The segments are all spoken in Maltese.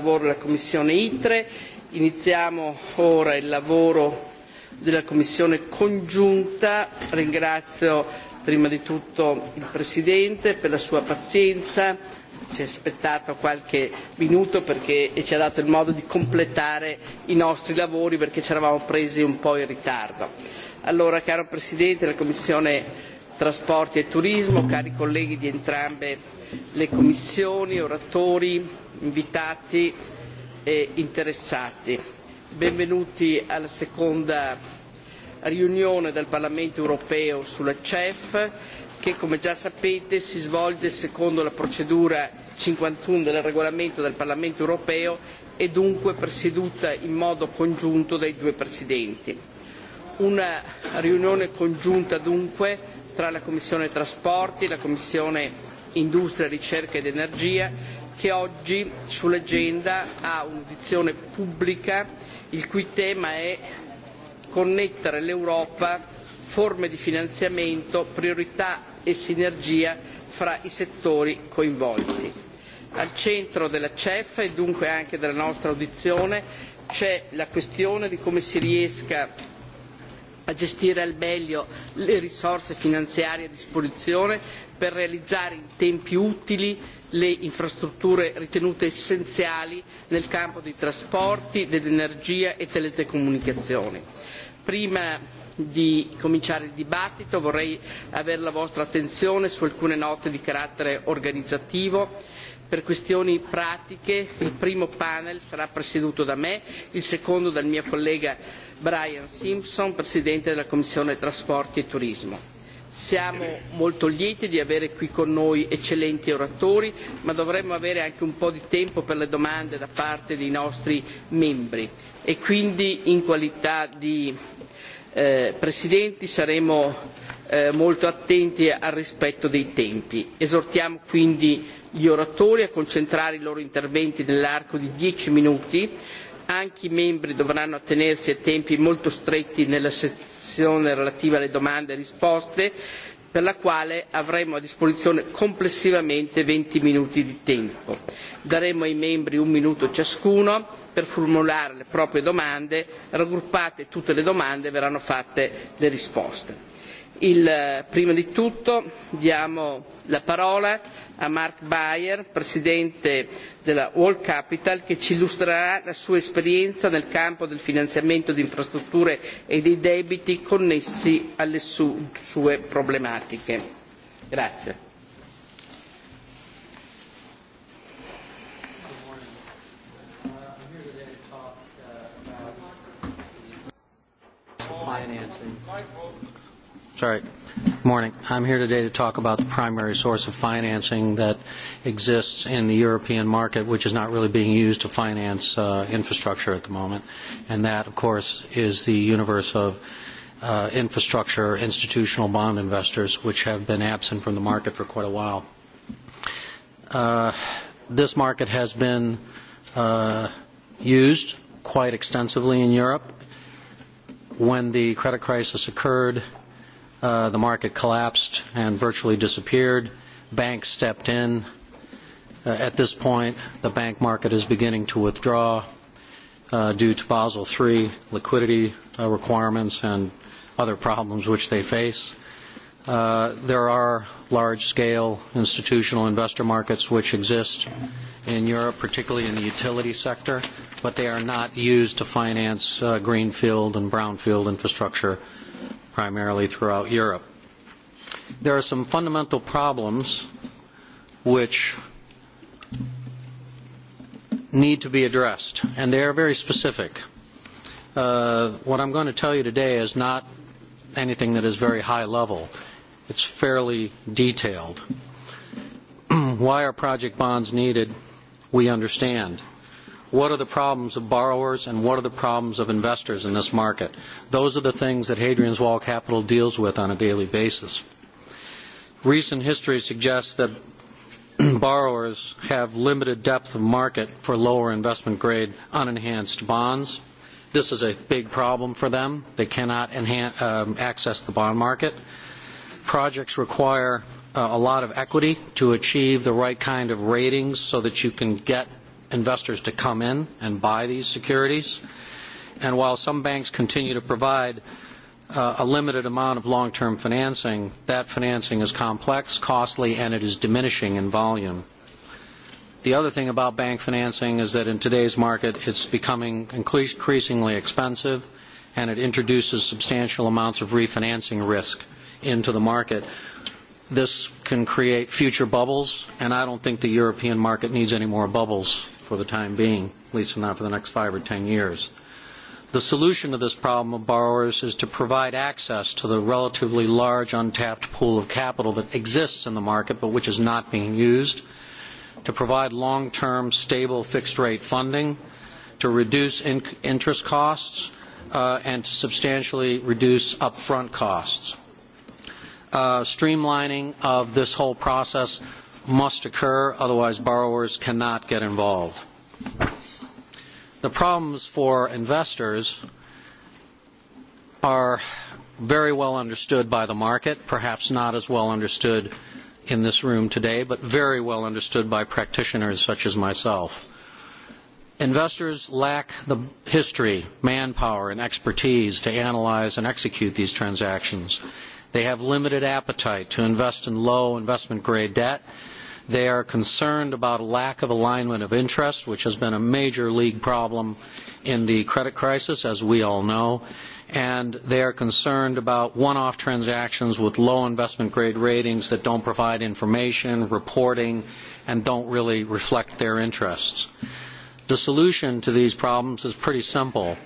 lavoro della Commissione ITRE, iniziamo ora il lavoro della Commissione congiunta, ringrazio prima di tutto il Presidente per la sua pazienza, ci ha aspettato qualche minuto perché e ci ha dato il modo di completare i nostri lavori perché ci eravamo presi un po' in ritardo. Allora, caro Presidente della Commissione Trasporti e Turismo, cari colleghi di entrambe le commissioni, oratori, invitati e interessati. Benvenuti alla seconda riunione del Parlamento europeo sulla CEF che come già sapete si svolge secondo la procedura 51 del regolamento del Parlamento europeo e dunque presieduta in modo congiunto dai due Presidenti. Una riunione congiunta dunque tra la Commissione Trasporti, la Commissione Industria, Ricerca ed Energia che oggi sull'agenda ha un'edizione pubblica il cui tema è connettere l'Europa, forme di finanziamento, priorità e sinergia fra i settori coinvolti. Al centro della CEF e dunque anche della nostra audizione c'è la questione di come si riesca a gestire al meglio le risorse finanziarie a disposizione per realizzare in tempi utili le infrastrutture ritenute essenziali nel campo dei trasporti, dell'energia e delle telecomunicazioni. Prima di cominciare il dibattito vorrei avere la vostra attenzione su alcune note di carattere organizzativo. Per questioni pratiche il primo panel sarà presieduto da me, il secondo dal mio collega Brian Simpson, Presidente della Commissione Trasporti e Turismo. Siamo molto lieti di avere qui con noi eccellenti oratori, ma dovremmo avere anche un po' di tempo per le domande da parte dei nostri membri e quindi in qualità di eh, Presidenti saremo eh, molto attenti al rispetto dei tempi. Esortiamo quindi gli oratori a concentrare i loro interventi nell'arco di dieci minuti, anche i membri dovranno attenersi a tempi molto stretti nella sezione sessione relativa alle domande e risposte per la quale avremo a disposizione complessivamente venti minuti di tempo. Daremo ai membri un minuto ciascuno per formulare le proprie domande, raggruppate tutte le domande e verranno fatte le risposte. Il, eh, prima di tutto diamo la parola a Mark Bayer, presidente della World Capital, che ci illustrerà la sua esperienza nel campo del finanziamento di infrastrutture e dei debiti connessi alle su sue problematiche. Grazie. Financing. Sorry. Morning. I'm here today to talk about the primary source of financing that exists in the European market, which is not really being used to finance uh, infrastructure at the moment. And that, of course, is the universe of uh, infrastructure institutional bond investors, which have been absent from the market for quite a while. Uh, this market has been uh, used quite extensively in Europe. When the credit crisis occurred, Uh, the market collapsed and virtually disappeared. Banks stepped in. Uh, at this point, the bank market is beginning to withdraw uh, due to Basel III liquidity uh, requirements and other problems which they face. Uh, there are large-scale institutional investor markets which exist in Europe, particularly in the utility sector, but they are not used to finance uh, greenfield and brownfield infrastructure uh, primarily throughout Europe. There are some fundamental problems which need to be addressed, and they are very specific. Uh, what I'm going to tell you today is not anything that is very high level. It's fairly detailed. Why are project bonds needed? We understand. What are the problems of borrowers and what are the problems of investors in this market? Those are the things that Hadrian's Wall Capital deals with on a daily basis. Recent history suggests that borrowers have limited depth of market for lower investment grade unenhanced bonds. This is a big problem for them. They cannot enhance, um, access the bond market. Projects require uh, a lot of equity to achieve the right kind of ratings so that you can get investors to come in and buy these securities. And while some banks continue to provide uh, a limited amount of long-term financing, that financing is complex, costly, and it is diminishing in volume. The other thing about bank financing is that in today's market, it's becoming increasingly expensive, and it introduces substantial amounts of refinancing risk into the market. This can create future bubbles, and I don't think the European market needs any more bubbles for the time being, at least not for the next five or ten years. The solution to this problem of borrowers is to provide access to the relatively large untapped pool of capital that exists in the market but which is not being used, to provide long-term stable fixed-rate funding, to reduce in interest costs, uh, and to substantially reduce upfront costs. Uh, streamlining of this whole process must occur, otherwise borrowers cannot get involved. The problems for investors are very well understood by the market, perhaps not as well understood in this room today, but very well understood by practitioners such as myself. Investors lack the history, manpower, and expertise to analyze and execute these transactions. They have limited appetite to invest in low investment grade debt They are concerned about a lack of alignment of interest, which has been a major league problem in the credit crisis, as we all know. And they are concerned about one-off transactions with low investment grade ratings that don't provide information, reporting, and don't really reflect their interests. The solution to these problems is pretty simple.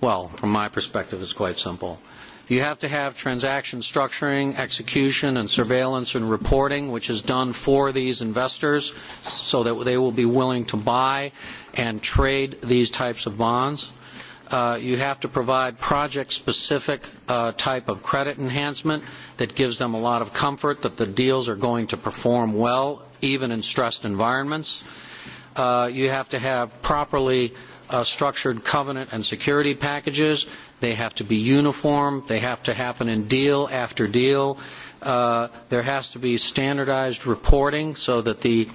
Well, from my perspective, it's quite simple. You have to have transaction structuring, execution, and surveillance and reporting, which is done for these investors so that they will be willing to buy and trade these types of bonds. Uh, you have to provide project-specific uh, type of credit enhancement that gives them a lot of comfort that the deals are going to perform well, even in stressed environments. Uh, you have to have properly uh, structured covenant and security packages They have to be uniform. They have to happen in deal after deal. Uh, there has to be standardized reporting so that the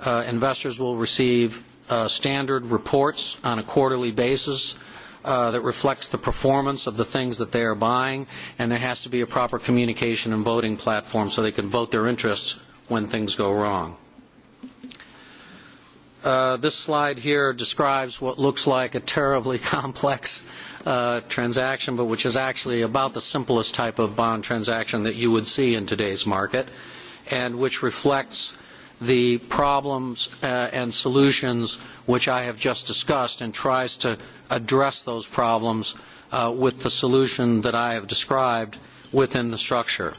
uh, investors will receive uh, standard reports on a quarterly basis uh, that reflects the performance of the things that they are buying, and there has to be a proper communication and voting platform so they can vote their interests when things go wrong. Uh, this slide here describes what looks like a terribly complex uh, transaction, but which is actually about the simplest type of bond transaction that you would see in today's market, and which reflects the problems uh, and solutions which I have just discussed and tries to address those problems uh, with the solution that I have described within the structure.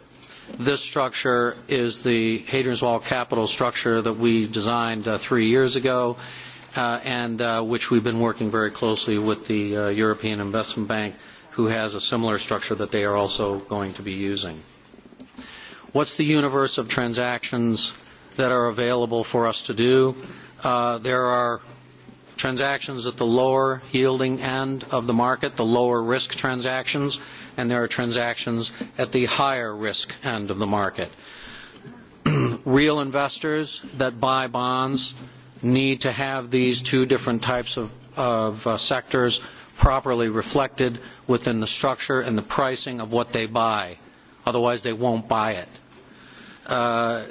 This structure is the Hadrian's Wall capital structure that we designed uh, three years ago uh, and uh, which we've been working very closely with the uh, European Investment Bank who has a similar structure that they are also going to be using. What's the universe of transactions that are available for us to do? Uh, there are transactions at the lower yielding end of the market, the lower risk transactions, and there are transactions at the higher risk end of the market. Real investors that buy bonds need to have these two different types of, of uh, sectors properly reflected within the structure and the pricing of what they buy. Otherwise, they won't buy it. Uh,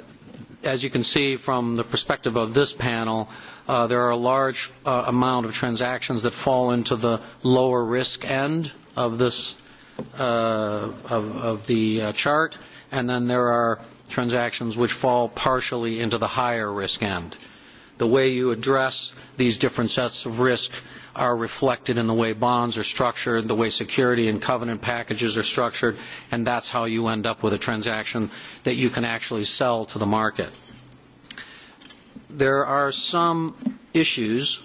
as you can see from the perspective of this panel, uh, Uh, there are a large uh, amount of transactions that fall into the lower risk end of this uh, of, of the uh, chart, and then there are transactions which fall partially into the higher risk end. The way you address these different sets of risk are reflected in the way bonds are structured, the way security and covenant packages are structured, and that's how you end up with a transaction that you can actually sell to the market there are some issues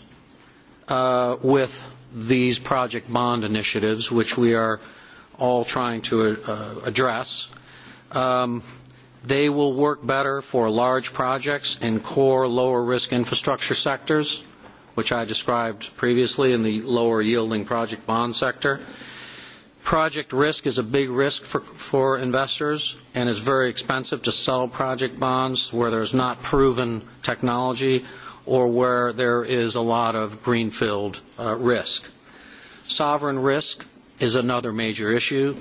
uh, with these project bond initiatives, which we are all trying to uh, address. Um, they will work better for large projects in core lower risk infrastructure sectors, which I described previously in the lower yielding project bond sector. Uh, Project risk is a big risk for, for investors and it's very expensive to sell project bonds where there's not proven technology or where there is a lot of greenfield uh, risk. Sovereign risk is another major issue,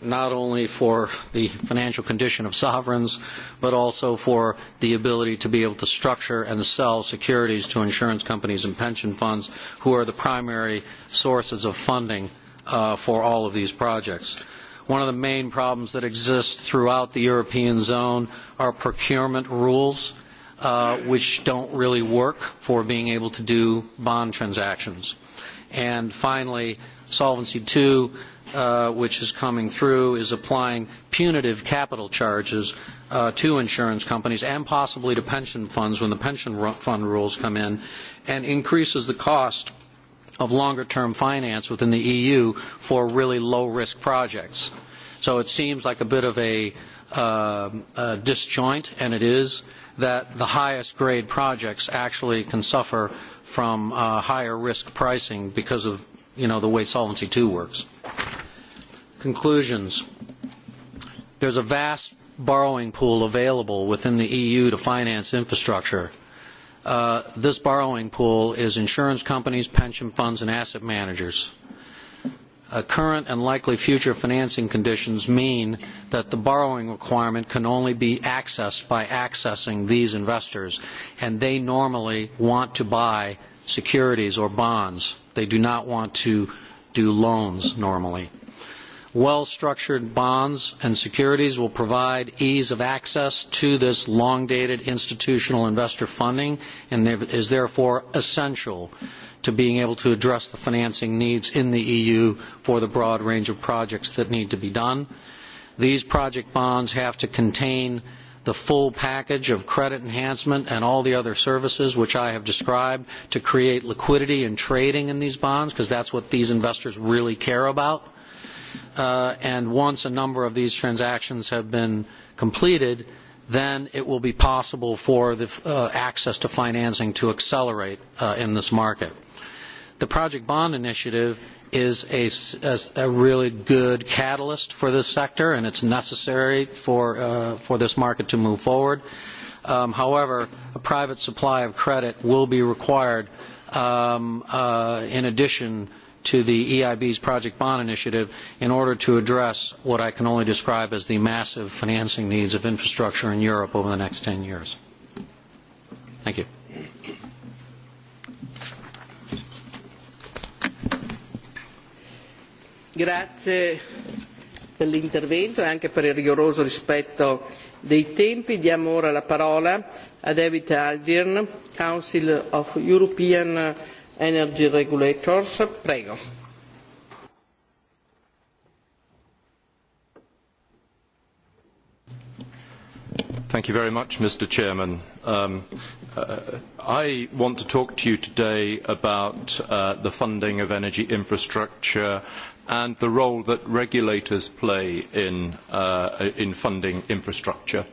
not only for the financial condition of sovereigns, but also for the ability to be able to structure and sell securities to insurance companies and pension funds, who are the primary sources of funding uh, for all of these projects. One of the main problems that exist throughout the European zone are procurement rules, uh, which don't really work for being able to do bond transactions. And finally, Solvency II, uh, which is coming through, is applying punitive capital charges uh, to insurance companies and possibly to pension funds when the pension fund rules come in and increases the cost of longer term finance within the EU for really low risk projects. So it seems like a bit of a, uh, a disjoint, and it is, that the highest grade projects actually can suffer from uh, higher risk pricing because of you know, the way Solvency II works. Conclusions. There's a vast borrowing pool available within the EU to finance infrastructure. Uh, this borrowing pool is insurance companies, pension funds, and asset managers. Uh, current and likely future financing conditions mean that the borrowing requirement can only be accessed by accessing these investors, and they normally want to buy securities or bonds. They do not want to do loans normally. Well-structured bonds and securities will provide ease of access to this long-dated institutional investor funding and is therefore essential to being able to address the financing needs in the EU for the broad range of projects that need to be done. These project bonds have to contain the full package of credit enhancement and all the other services which I have described to create liquidity and trading in these bonds because that's what these investors really care about uh, and once a number of these transactions have been completed, then it will be possible for the uh, access to financing to accelerate uh, in this market. The Project Bond Initiative is a, a, a really good catalyst for this sector, and it's necessary for, uh, for this market to move forward. Um, however, a private supply of credit will be required um, uh, in addition to the EIB's Project Bond Initiative in order to address what I can only describe as the massive financing needs of infrastructure in Europe over the next 10 years. Thank you. Grazie per l'intervento e anche per il rigoroso rispetto dei tempi. Diamo ora la parola a David Aldirn, Council of European Energy Regulators. Prego. Thank you very much, Mr. Chairman. Um, uh, I want to talk to you today about uh, the funding of energy infrastructure and the role that regulators play in, uh, in funding infrastructure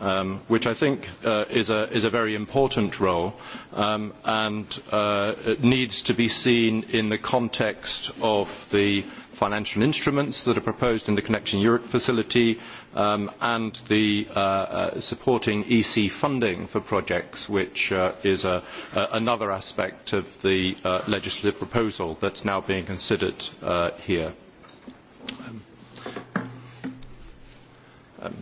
um, which I think uh, is, a, is a very important role um, and uh, needs to be seen in the context of the financial instruments that are proposed in the Connection Europe facility um, and the uh, uh, supporting EC funding for projects, which uh, is a, uh, another aspect of the uh, legislative proposal that's now being considered uh, here. Um, um,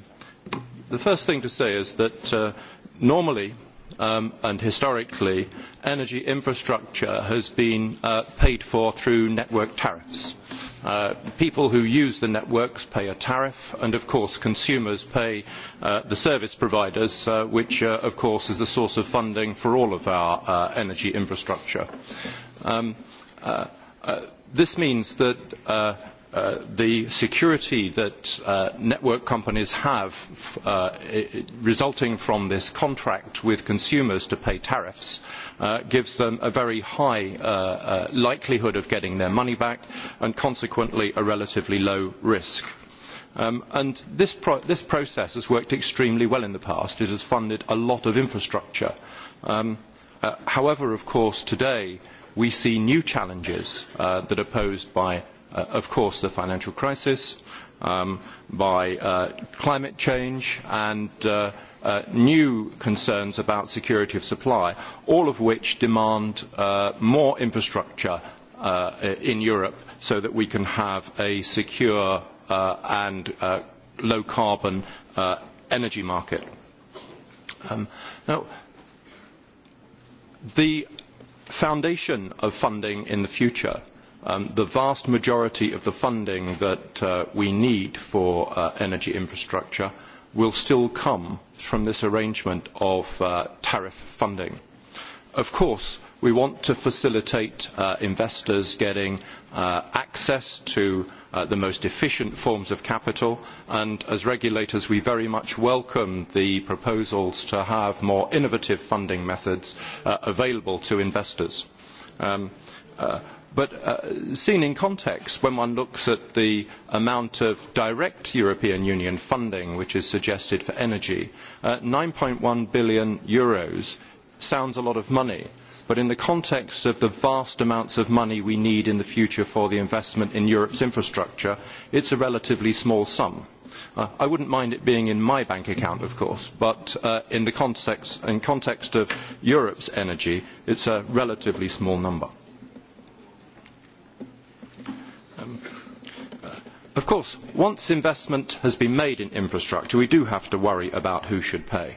the first thing to say is that uh, normally um, and historically, energy infrastructure has been uh, paid for through network tariffs. Uh, people who use the networks pay a tariff, and of course consumers pay uh, the service providers, uh, which uh, of course is the source of funding for all of our uh, energy infrastructure. Um, this means that Uh, the security that uh, network companies have uh, resulting from this contract with consumers to pay tariffs uh, gives them a very high uh, likelihood of getting their money back and consequently a relatively low risk. Um, this, pro this, process has worked extremely well in the past. It has funded a lot of infrastructure. Um, however, of course, today we see new challenges that are posed by uh, of course, the financial crisis, um, by uh, climate change and uh, uh, new concerns about security of supply, all of which demand uh, more infrastructure uh, in Europe so that we can have a secure uh, and uh, low carbon uh, energy market. Um, now, the foundation of funding in the future Um, the vast majority of the funding that uh, we need for uh, energy infrastructure will still come from this arrangement of uh, tariff funding. Of course, we want to facilitate uh, investors getting uh, access to uh, the most efficient forms of capital and as regulators we very much welcome the proposals to have more innovative funding methods available to investors. Um, But uh, seen in context, when one looks at the amount of direct European Union funding which is suggested for energy, uh, 9.1 billion euros sounds a lot of money. But in the context of the vast amounts of money we need in the future for the investment in Europe's infrastructure, it is a relatively small sum. Uh, I would not mind it being in my bank account, of course, but uh, in the context, in context of Europe's energy, it is a relatively small number. Of course, once investment has been made in infrastructure, we do have to worry about who should pay.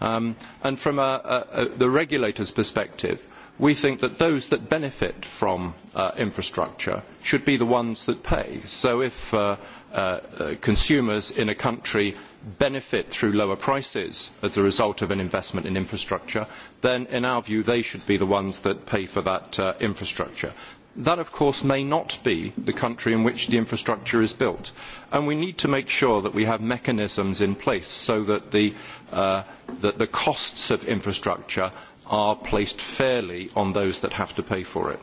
Um, and from a, a, a, the regulator's perspective, we think that those that benefit from uh, infrastructure should be the ones that pay. So if uh, uh, uh consumers in a country benefit through lower prices as a result of an investment in infrastructure, then in our view they should be the ones that pay for that uh, infrastructure that of course may not be the country in which the infrastructure is built. And we need to make sure that we have mechanisms in place so that the, uh, that the costs of infrastructure are placed fairly on those that have to pay for it.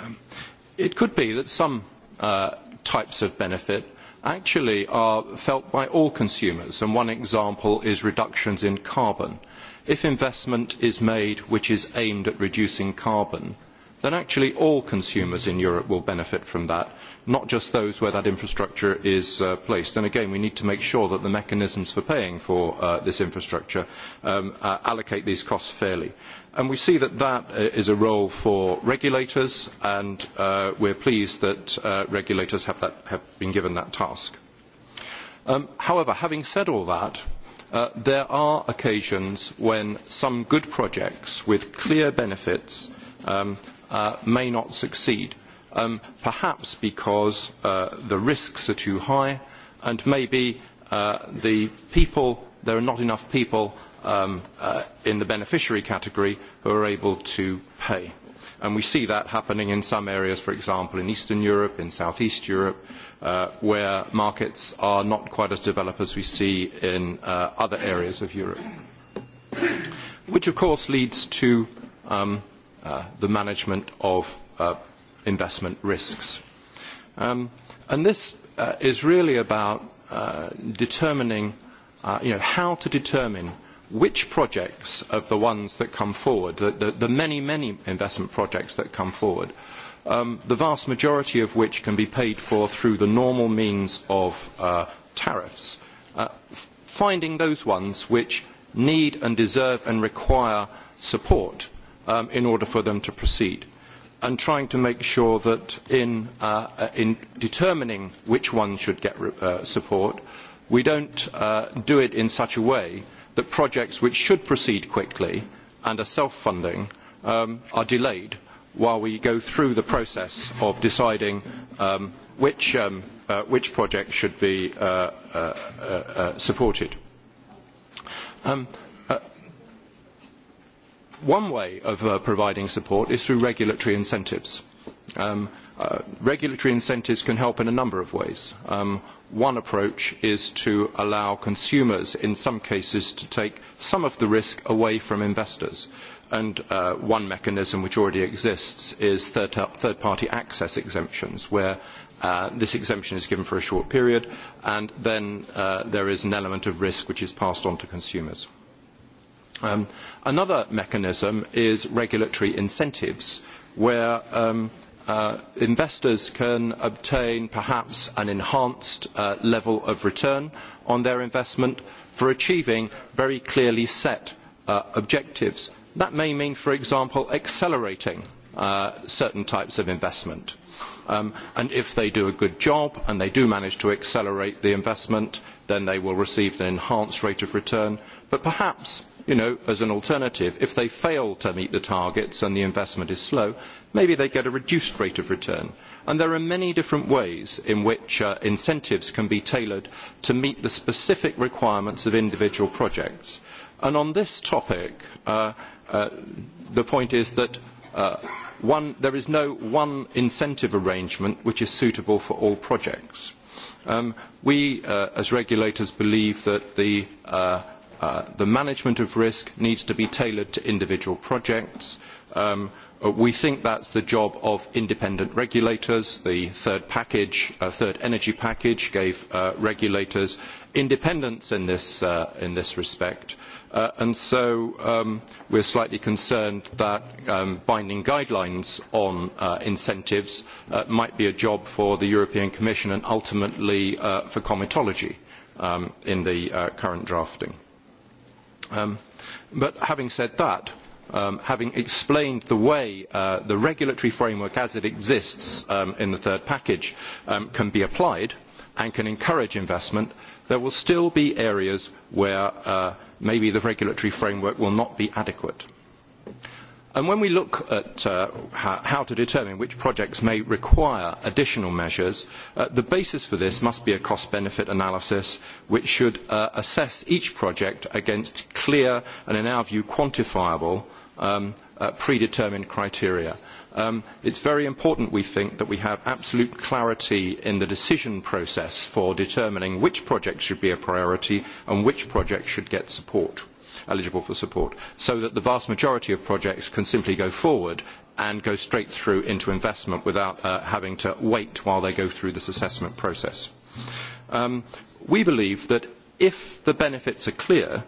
Um, it could be that some uh, types of benefit actually are felt by all consumers, and one example is reductions in carbon. If investment is made which is aimed at reducing carbon, then actually all consumers in Europe will benefit from that, not just those where that infrastructure is uh, placed. And again, we need to make sure that the mechanisms for paying for uh, this infrastructure um, uh, allocate these costs fairly. And we see that that uh, is a role for regulators, and uh, we're pleased that uh, regulators have, that, have been given that task. Um, however, having said all that, uh, there are occasions when some good projects with clear benefits um, Uh, may not succeed, um, perhaps because uh, the risks are too high and maybe uh, the people, there are not enough people um, uh, in the beneficiary category who are able to pay. And we see that happening in some areas, for example, in Eastern Europe, in Southeast Europe, uh, where markets are not quite as developed as we see in uh, other areas of Europe. Which, of course, leads to um, Uh, the management of uh, investment risks. Um, and this uh, is really about uh, determining, uh, you know, how to determine which projects of the ones that come forward, the, the, the many, many investment projects that come forward, um, the vast majority of which can be paid for through the normal means of uh, tariffs, uh, finding those ones which need and deserve and require support um, in order for them to proceed and trying to make sure that in, uh, uh in determining which one should get uh, support, we do not uh, do it in such a way that projects which should proceed quickly and are self-funding um, are delayed while we go through the process of deciding um, which, um, uh, which project should be uh, supported. Um, One way of uh, providing support is through regulatory incentives. Um, uh, regulatory incentives can help in a number of ways. Um, one approach is to allow consumers, in some cases, to take some of the risk away from investors. And uh, one mechanism which already exists is third, third party access exemptions, where Uh, this exemption is given for a short period, and then uh, there is an element of risk which is passed on to consumers. Um, another mechanism is regulatory incentives, where um, uh, investors can obtain perhaps an enhanced uh, level of return on their investment for achieving very clearly set uh, objectives. That may mean, for example, accelerating uh, certain types of investment. Um, and if they do a good job and they do manage to accelerate the investment, then they will receive an enhanced rate of return. But perhaps you know, as an alternative. If they fail to meet the targets and the investment is slow, maybe they get a reduced rate of return. And there are many different ways in which uh, incentives can be tailored to meet the specific requirements of individual projects. And on this topic, uh, uh, the point is that uh, one, there is no one incentive arrangement which is suitable for all projects. Um, we, uh, as regulators, believe that the uh, Uh, the management of risk needs to be tailored to individual projects. Um, uh, we think that is the job of independent regulators. The third package, uh, third energy package gave uh, regulators independence in this, uh, in this respect. Uh, and so um, we are slightly concerned that um, binding guidelines on incentives might be a job for the European Commission and ultimately for comitology um, in the current drafting. Um, but having said that, um, having explained the way uh, the regulatory framework as it exists um, in the third package um, can be applied and can encourage investment, there will still be areas where uh, maybe the regulatory framework will not be adequate. And when we look at uh, how to determine which projects may require additional measures, uh, the basis for this must be a cost-benefit analysis which should uh, assess each project against clear and, in our view, quantifiable um, uh, predetermined criteria. Um, It is very important, we think, that we have absolute clarity in the decision process for determining which projects should be a priority and which projects should get support eligible for support, so that the vast majority of projects can simply go forward and go straight through into investment without uh, having to wait while they go through this assessment process. Um, we believe that if the benefits are clear,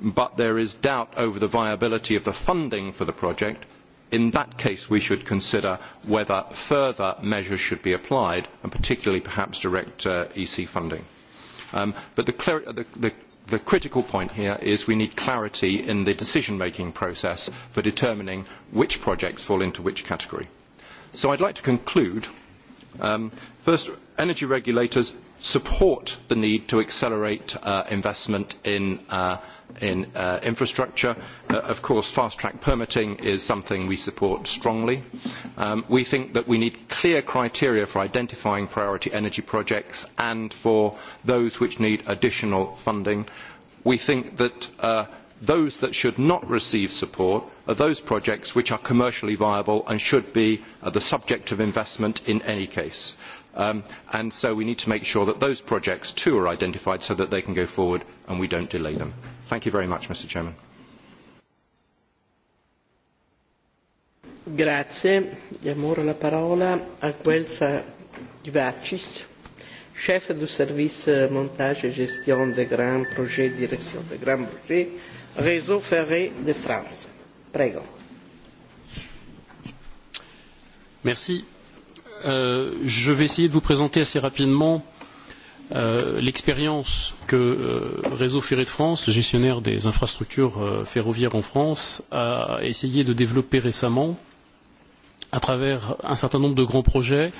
but there is doubt over the viability of the funding for the project, in that case we should consider whether further measures should be applied, and particularly perhaps direct uh, EC funding. Um, but the, uh, the, the the critical point here is we need clarity in the decision-making process for determining which projects fall into which category. So I would like to conclude. Um, first, energy regulators support the need to accelerate uh, investment in uh, in uh, infrastructure. Uh, of course, fast-track permitting is something we support strongly. Um, we think that we need clear criteria for identifying priority energy projects and for those which need additional funding. We think that uh, those that should not receive support are those projects which are commercially viable and should be uh, the subject of investment in any case. Um, and so we need to make sure that those projects too are identified so that they can go forward and we do not delay them. Thank you very much, Mr. Chairman. Grazie. Diamo ora la parola a Guelza chef du service montage gestion direction Réseau ferré de France. Prego. Merci. Euh, je vais essayer de vous présenter assez rapidement euh, l'expérience que euh, Réseau Ferré de France, le gestionnaire des infrastructures euh, ferroviaires en France, a essayé de développer récemment à travers un certain nombre de grands projets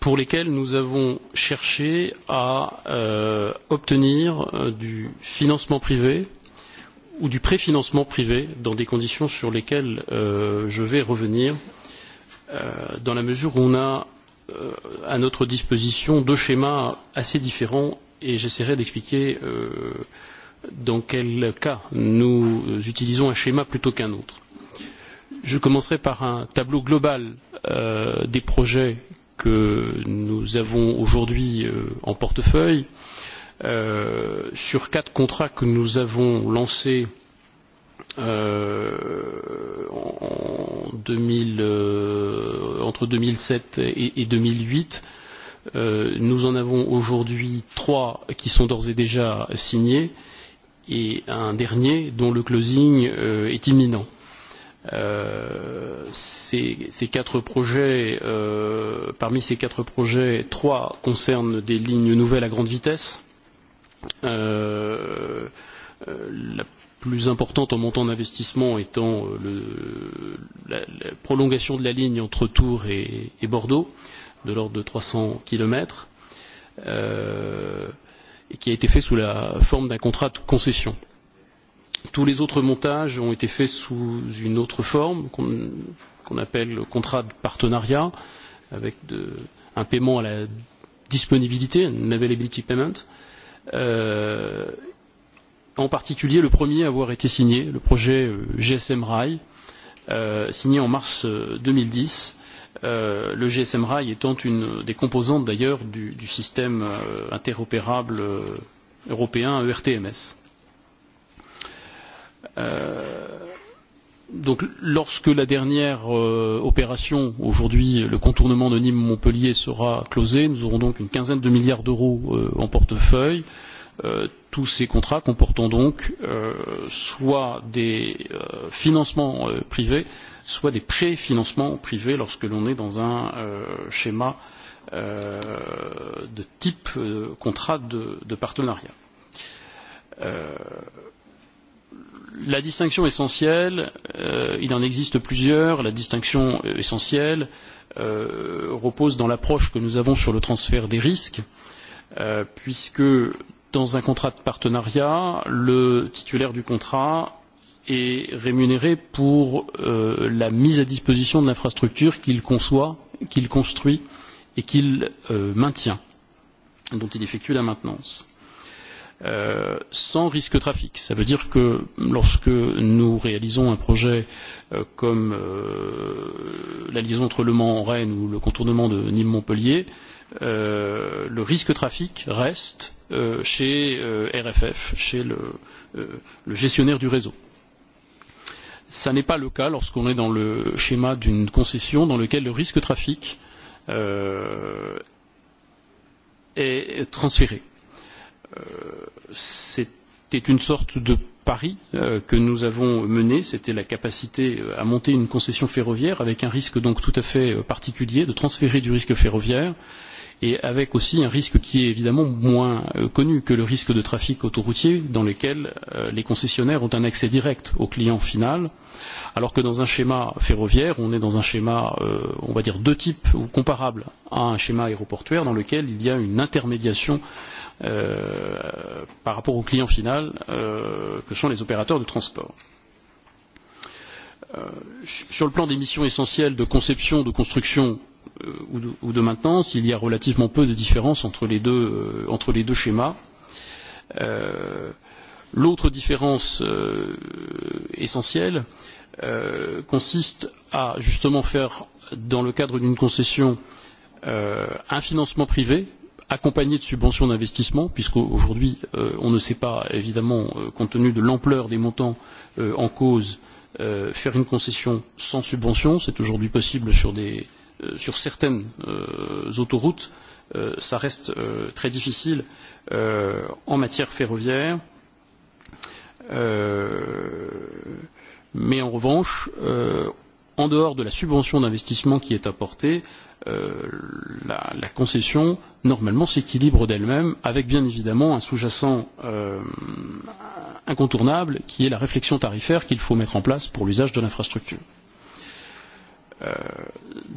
pour lesquels nous avons cherché à euh, obtenir euh, du financement privé ou du préfinancement privé dans des conditions sur lesquelles euh, je vais revenir euh, dans la mesure où on a euh, à notre disposition deux schémas assez différents et j'essaierai d'expliquer euh, dans quel cas nous utilisons un schéma plutôt qu'un autre. Je commencerai par un tableau global euh, des projets que nous avons aujourd'hui euh, en portefeuille. Euh, Euh, sur quatre contrats que nous avons lancés euh, en 2000, euh, entre 2007 et, et 2008, euh, nous en avons aujourd'hui trois qui sont d'ores et déjà signés et un dernier dont le closing euh, est imminent. Euh, ces, ces quatre projets, euh, parmi ces quatre projets, trois concernent des lignes nouvelles à grande vitesse Euh, la plus importante en montant d'investissement étant euh, le, la, la prolongation de la ligne entre Tours et, et Bordeaux, de l'ordre de 300 km, euh, et qui a été fait sous la forme d'un contrat de concession. Tous les autres montages ont été faits sous une autre forme qu'on qu appelle le contrat de partenariat, avec de, un paiement à la disponibilité, un availability payment, euh, Euh, en particulier le premier à avoir été signé, le projet euh, GSM Rail, euh, signé en mars 2010. Euh, euh, le GSM Rail étant une des composantes d'ailleurs du, du système euh, interopérable euh, européen ERTMS. Euh, donc lorsque la dernière euh, opération, aujourd'hui le contournement de Nîmes-Montpellier sera closée, nous aurons donc une quinzaine de milliards d'euros euh, en portefeuille. Euh, tous ces contrats comportant donc euh, soit des euh, financements euh, privés, soit des préfinancements privés lorsque l'on est dans un euh, schéma euh, de type euh, contrat de, de partenariat. Euh, la distinction essentielle, euh, il en existe plusieurs, la distinction essentielle euh, repose dans l'approche que nous avons sur le transfert des risques, euh, puisque dans un contrat de partenariat, le titulaire du contrat est rémunéré pour euh, la mise à disposition de l'infrastructure qu'il conçoit, qu'il construit et qu'il euh, maintient, dont il effectue la maintenance. Euh, sans risque trafic. Ça veut dire que lorsque nous réalisons un projet euh, comme euh, la liaison entre Le Mans-Rennes ou le contournement de Nîmes-Montpellier, euh, le risque trafic reste euh, chez euh, RFF, chez le, euh, le gestionnaire du réseau. Ça n'est pas le cas lorsqu'on est dans le schéma d'une concession dans lequel le risque trafic euh, est transféré. Euh, c'était une sorte de pari euh, que nous avons mené, c'était la capacité euh, à monter une concession ferroviaire avec un risque donc tout à fait euh, particulier de transférer du risque ferroviaire et avec aussi un risque qui est évidemment moins euh, connu que le risque de trafic autoroutier dans lequel les concessionnaires ont un accès direct au client final, alors que dans un schéma ferroviaire, on est dans un schéma, on va dire, deux types ou comparable à un schéma aéroportuaire dans lequel il y a une intermédiation Euh, par rapport au client final euh, que sont les opérateurs de transport. Euh, sur le plan des missions essentielles de conception, de construction euh, ou, de, ou de maintenance, il y a relativement peu de différence entre les deux, euh, entre les deux schémas. Euh, L'autre différence euh, essentielle euh, consiste à justement faire, dans le cadre d'une concession, euh, un financement privé accompagné de subventions d'investissement, puisqu'aujourd'hui euh, on ne sait pas, évidemment, euh, compte tenu de l'ampleur des montants euh, en cause, euh, faire une concession sans subvention. C'est aujourd'hui possible sur, des, euh, sur certaines euh, autoroutes. Euh, ça reste euh, très difficile euh, en matière ferroviaire. Euh, mais en revanche, euh, en dehors de la subvention d'investissement qui est apportée, euh, euh, la, la concession, normalement, s'équilibre d'elle-même, avec bien évidemment un sous-jacent euh, incontournable qui est la réflexion tarifaire qu'il faut mettre en place pour l'usage de l'infrastructure. Euh,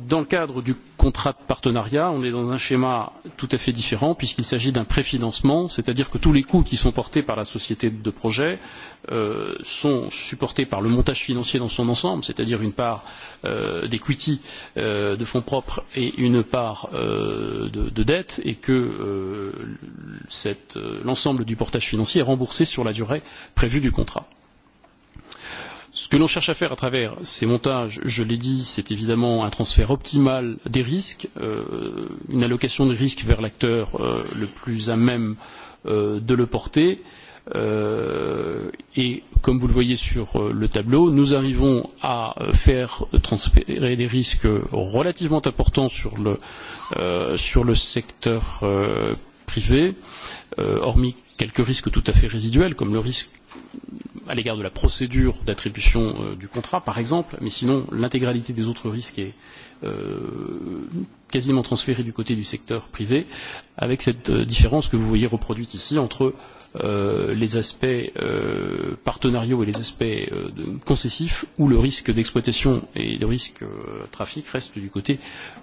dans le cadre du contrat de partenariat, on est dans un schéma tout à fait différent puisqu'il s'agit d'un préfinancement, c'est-à-dire que tous les coûts qui sont portés par la société de projet euh, sont supportés par le montage financier dans son ensemble, c'est-à-dire une part euh, d'equity euh, de fonds propres et une part euh, de, de dette, et que euh, euh, l'ensemble du portage financier est remboursé sur la durée prévue du contrat. Ce que l'on cherche à faire à travers ces montages, je l'ai dit, c'est évidemment un transfert optimal des risques, euh, une allocation de risques vers l'acteur euh, le plus à même euh, de le porter. Euh, et comme vous le voyez sur euh, le tableau, nous arrivons à euh, faire transférer des risques relativement importants sur le, euh, sur le secteur euh, privé, euh, hormis quelques risques tout à fait résiduels, comme le risque à l'égard de la procédure d'attribution euh, du contrat, par exemple, mais sinon l'intégralité des autres risques est euh, quasiment transférée du côté du secteur privé, avec cette euh, différence que vous voyez reproduite ici entre euh, les aspects euh, partenariaux et les aspects euh, de, concessifs, où le risque d'exploitation et le risque euh, trafic restent du côté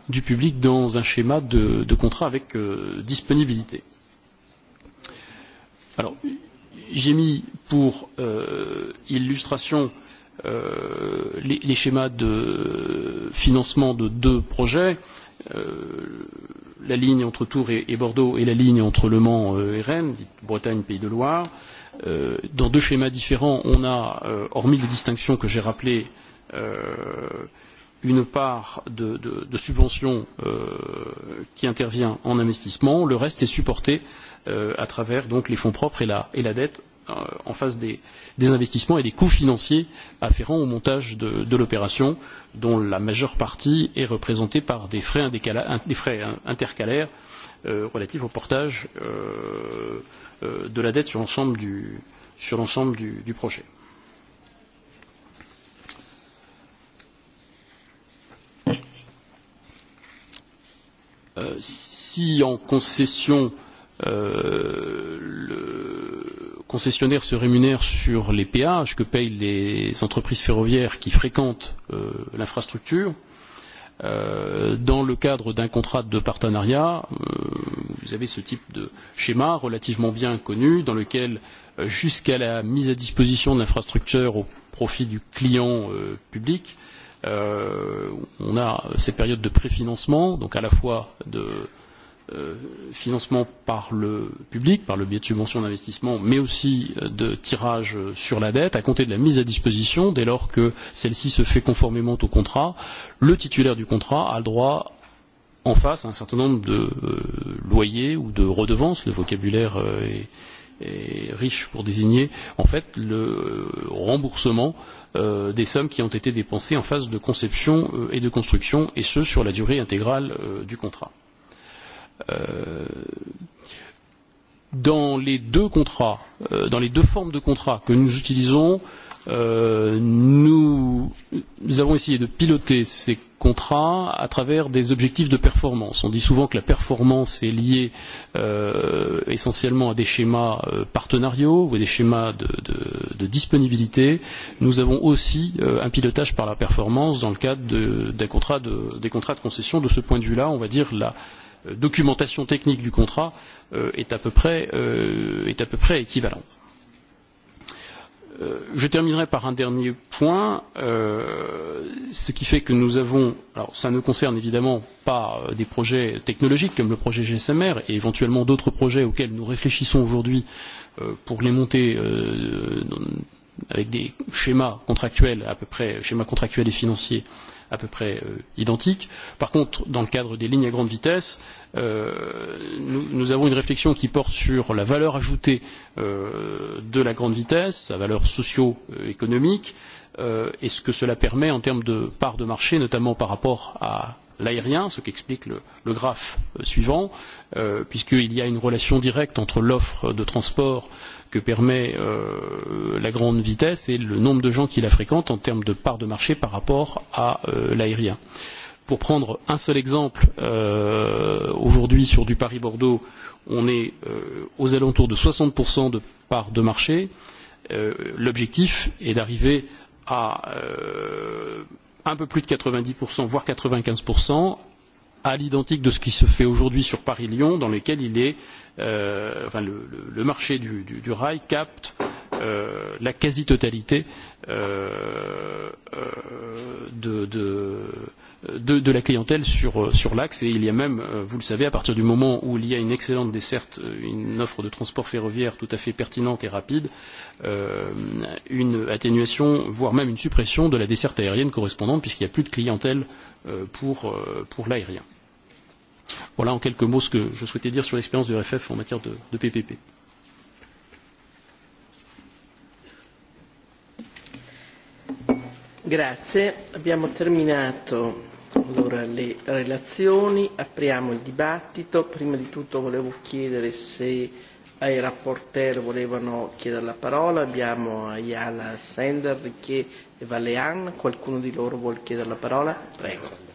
du public dans un schéma de, de contrat avec euh, disponibilité. Alors, j'ai mis pour euh, illustration euh, les, les schémas de financement de deux projets, euh, la ligne entre Tours et, et Bordeaux et la ligne entre Le Mans euh, et Rennes, dite Bretagne, Pays de Loire. Euh, dans deux schémas différents, on a, euh, hormis les distinctions que j'ai rappelées, euh, une part de, de, de subvention euh, qui intervient en investissement, le reste est supporté euh, à travers donc les fonds propres et la, et la dette euh, en face des, des investissements et des coûts financiers afférents au montage de, de l'opération, dont la majeure partie est représentée par des frais, des frais intercalaires euh, relatifs au portage euh, euh, de la dette sur l'ensemble du, sur l'ensemble du, du projet. Euh, si en concession euh, le concessionnaire se rémunère sur les péages que payent les entreprises ferroviaires qui fréquentent euh, l'infrastructure, euh, dans le cadre d'un contrat de partenariat, euh, vous avez ce type de schéma relativement bien connu dans lequel euh, jusqu'à la mise à disposition de l'infrastructure au profit du client euh, public, euh, euh, on a ces périodes de préfinancement, donc à la fois de euh, financement par le public, par le biais de subventions d'investissement, mais aussi euh, de tirage sur la dette, à compter de la mise à disposition, dès lors que celle-ci se fait conformément au contrat, le titulaire du contrat a le droit en face à un certain nombre de euh, loyers ou de redevances, le vocabulaire euh, est, est riche pour désigner en fait le euh, remboursement euh, euh, des sommes qui ont été dépensées en phase de conception euh, et de construction, et ce sur la durée intégrale euh, du contrat. Euh, dans les deux contrats, euh, dans les deux formes de contrats que nous utilisons, euh, nous, nous avons essayé de piloter ces contrat à travers des objectifs de performance. On dit souvent que la performance est liée euh, essentiellement à des schémas euh, partenariaux ou à des schémas de, de, de disponibilité. Nous avons aussi euh, un pilotage par la performance dans le cadre de, des, contrats de, des contrats de concession. De ce point de vue-là, on va dire la euh, documentation technique du contrat euh, est, à peu près, euh, est à peu près équivalente. Euh, je terminerai par un dernier point, euh, ce qui fait que nous avons, alors ça ne concerne évidemment pas euh, des projets technologiques comme le projet GSMR et éventuellement d'autres projets auxquels nous réfléchissons aujourd'hui euh, pour les monter euh, avec des schémas contractuels à peu près, schémas contractuels et financiers euh, à peu près euh, identiques. Par contre, dans le cadre des lignes à grande vitesse, euh, nous, nous avons une réflexion qui porte sur la valeur ajoutée euh, de la grande vitesse, sa valeur socio-économique, euh, et ce que cela permet en termes de part de marché, notamment par rapport à l'aérien, ce qu'explique le, le graphe euh, suivant, euh, puisqu'il y a une relation directe entre l'offre de transport euh, que permet euh, la grande vitesse et le nombre de gens qui la fréquentent en termes de part de marché par rapport à euh, l'aérien. Pour prendre un seul exemple, euh, aujourd'hui sur du Paris-Bordeaux, on est euh, aux alentours de 60% de part de marché. Euh, L'objectif est d'arriver à euh, un peu plus de 90%, voire 95% à l'identique de ce qui se fait aujourd'hui sur Paris-Lyon, dans lequel il est, euh, enfin, le, le, le marché du, du, du rail capte euh, la quasi-totalité euh, euh de, de, de, de la clientèle sur, sur l'axe. Et il y a même, euh, vous le savez, à partir du moment où il y a une excellente desserte, une offre de transport ferroviaire tout à fait pertinente et rapide, euh, une atténuation, voire même une suppression de la desserte aérienne correspondante, puisqu'il n'y a plus de clientèle euh, pour, euh, pour l'aérien. Voilà en quelques mots ce que je souhaitais dire sur l'expérience du RFF en matière de, de PPP. Grazie, abbiamo terminato allora le relazioni, apriamo il dibattito. Prima di tutto volevo chiedere se ai rapporteur volevano chiedere la parola, abbiamo Ayala Sender, Ricchie e Valean, qualcuno di loro vuole chiedere la parola? Prego.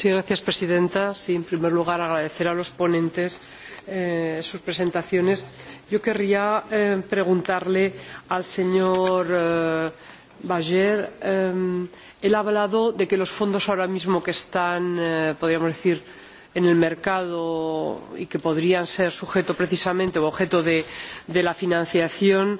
Señora Presidenta. Sí, en primer lugar, agradecer a los ponentes eh, sus presentaciones. Yo querría eh, preguntarle al señor eh, Bayer. Eh, él ha hablado de que los fondos ahora mismo que están, eh, podríamos decir, en el mercado y que podrían ser sujeto precisamente o objeto de, de la financiación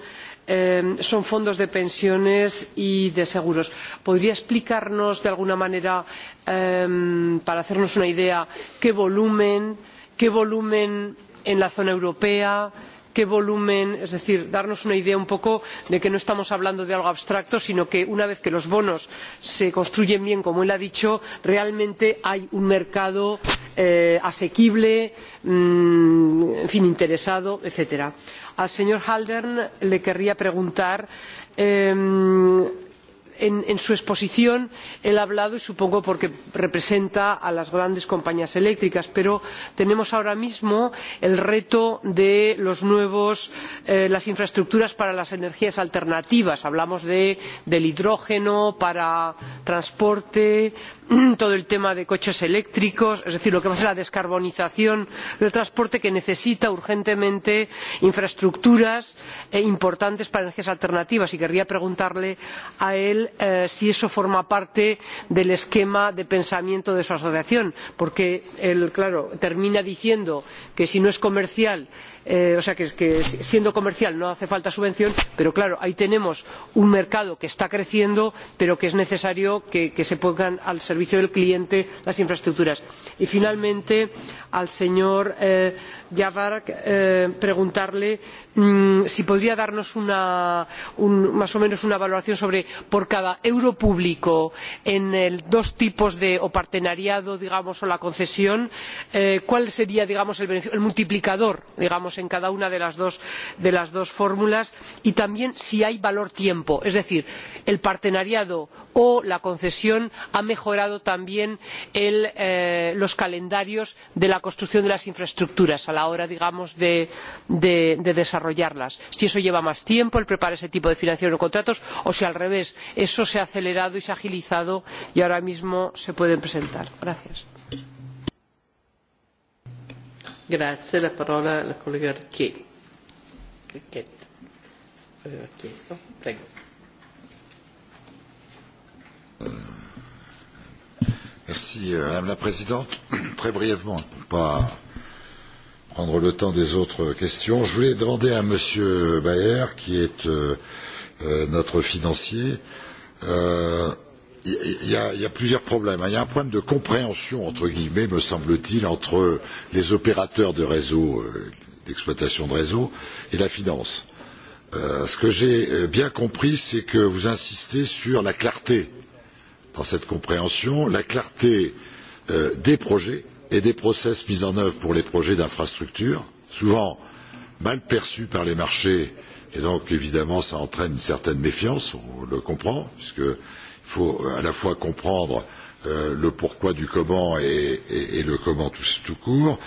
eh, son fondos de pensiones y de seguros. ¿Podría explicarnos de alguna manera, eh, para hacernos una idea, qué volumen, qué volumen en la zona europea, qué volumen es decir darnos una idea un poco de que no estamos hablando de algo abstracto sino que una vez que los bonos se construyen bien como él ha dicho realmente hay un mercado eh, asequible mmm, en fin interesado etcétera. Al señor Haldern le querría preguntar eh, en, en su exposición él ha hablado y supongo porque representa a las grandes compañías eléctricas pero tenemos ahora mismo el reto de nuevos, eh, las infraestructuras para las energías alternativas hablamos de, del hidrógeno para transporte todo el tema de coches eléctricos es decir lo que va a ser la descarbonización del transporte que necesita urgentemente infraestructuras eh, importantes para energías alternativas y querría preguntarle a él Eh, si eso forma parte del esquema de pensamiento de su asociación porque él claro termina diciendo que si no es comercial eh, o sea que, que siendo comercial no hace falta subvención pero claro ahí tenemos un mercado que está creciendo pero que es necesario que, que se pongan al servicio del cliente las infraestructuras. y finalmente al señor eh, eh, preguntarle mmm, si podría darnos una, un, más o menos una valoración sobre por cada euro público en el, dos tipos de o partenariado digamos o la concesión eh, cuál sería digamos el, el multiplicador digamos estamos en cada una de las dos, de las dos fórmulas y también si hay valor tiempo es decir el partenariado o la concesión han mejorado también el, eh, los calendarios de la construcción de las infraestructuras a la hora digamos de, de, de desarrollarlas si eso lleva más tiempo el preparar ese tipo de financiación o contratos o si al revés eso se ha acelerado y se ha agilizado y ahora mismo se pueden presentar. Gracias. Grazie, la parola alla collega Ricchetti. Aveva chiesto. Prego. Merci, euh, Madame la Présidente. Très brièvement, pour ne pas prendre le temps des autres questions, je voulais demander à Monsieur Bayer, qui est euh, euh, notre financier, euh, il y, a, y a plusieurs problèmes. Il y a un problème de compréhension, entre guillemets, me semble-t-il, entre les opérateurs de réseau, euh, d'exploitation de réseau, et la finance. Euh, ce que j'ai euh, bien compris, c'est que vous insistez sur la clarté dans cette compréhension, la clarté euh, des projets et des process mis en œuvre pour les projets d'infrastructure, souvent mal perçus par les marchés, et donc évidemment ça entraîne une certaine méfiance, on le comprend, puisque euh, faut à la fois comprendre euh, le pourquoi du comment et, et, et le comment tout, tout court.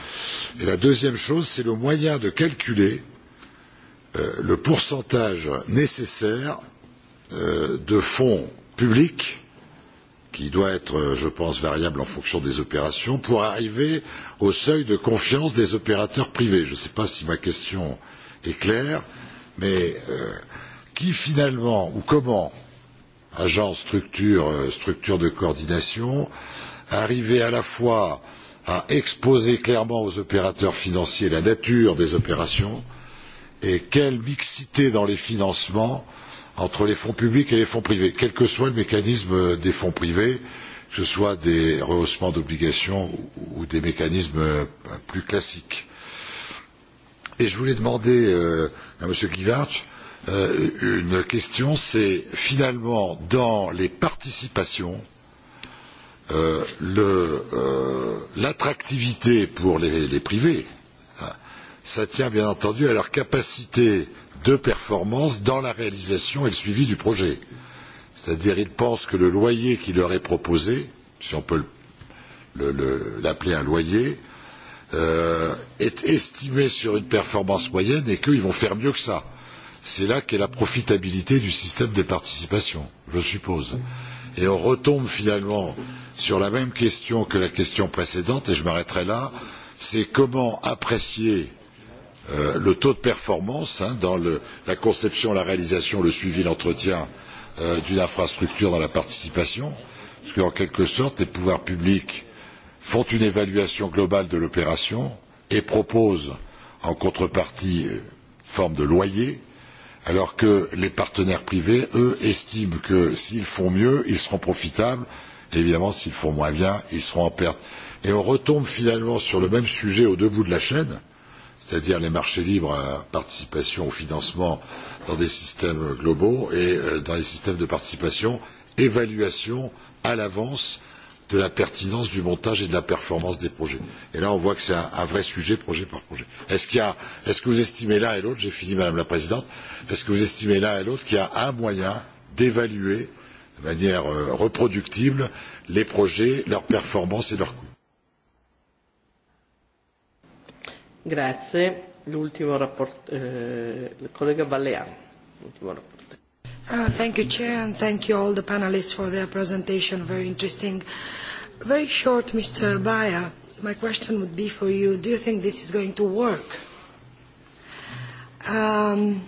Et la deuxième chose, c'est le moyen de calculer euh, le pourcentage nécessaire euh, de fonds publics qui doit être, euh, je pense, variable en fonction des opérations, pour arriver au seuil de confiance des opérateurs privés. Je ne sais pas si ma question est claire, mais euh, qui finalement ou comment agents, structure euh, structure de coordination, arriver à la fois à exposer clairement aux opérateurs financiers la nature des opérations et quelle mixité dans les financements entre les fonds publics et les fonds privés, quel que soit le mécanisme des fonds privés, que ce soit des rehaussements d'obligations ou des mécanismes euh, plus classiques. Et je voulais demander euh, à M. euh, euh, une question, c'est finalement dans les participations, euh, euh l'attractivité euh, pour les, les privés, ça tient bien entendu à leur capacité de performance dans la réalisation et le suivi du projet. C'est-à-dire ils pensent que le loyer qui leur est proposé, si on peut l'appeler un loyer, euh, est estimé sur une performance moyenne et qu'ils vont faire mieux que ça c'est là qu'est la profitabilité du système des participations, je suppose. Et on retombe finalement sur la même question que la question précédente, et je m'arrêterai là, c'est comment apprécier euh, le taux de performance hein, dans le, la conception, la réalisation, le suivi, l'entretien euh, d'une infrastructure dans la participation, parce qu'en quelque sorte, les pouvoirs publics font une évaluation globale de l'opération et proposent en contrepartie une euh, forme de loyer alors que les partenaires privés, eux, estiment que s'ils font mieux, ils seront profitables. Et évidemment, s'ils font moins bien, ils seront en perte. Et on retombe finalement sur le même sujet au debout de la chaîne, c'est-à-dire les marchés libres à participation au financement dans des systèmes globaux et euh, dans les systèmes de participation, évaluation à l'avance de la pertinence du montage et de la performance des projets. Et là, on voit que c'est un, un vrai sujet, projet par projet. Est-ce qu'il y a, est-ce que vous estimez l'un et l'autre, j'ai fini Madame la Présidente, est-ce que vous estimez l'un et l'autre qu'il y a un moyen d'évaluer de manière euh, reproductible les projets, leur performance et leur coût? Grazie. L'ultimo rapporto, eh, il collega Ballean. L'ultimo rapporto. Uh, thank you, Chair, and thank you all the panelists for their presentation. Very interesting. Uh, Very short, Mr. Baya. My question would be for you, do you think this is going to work? Um,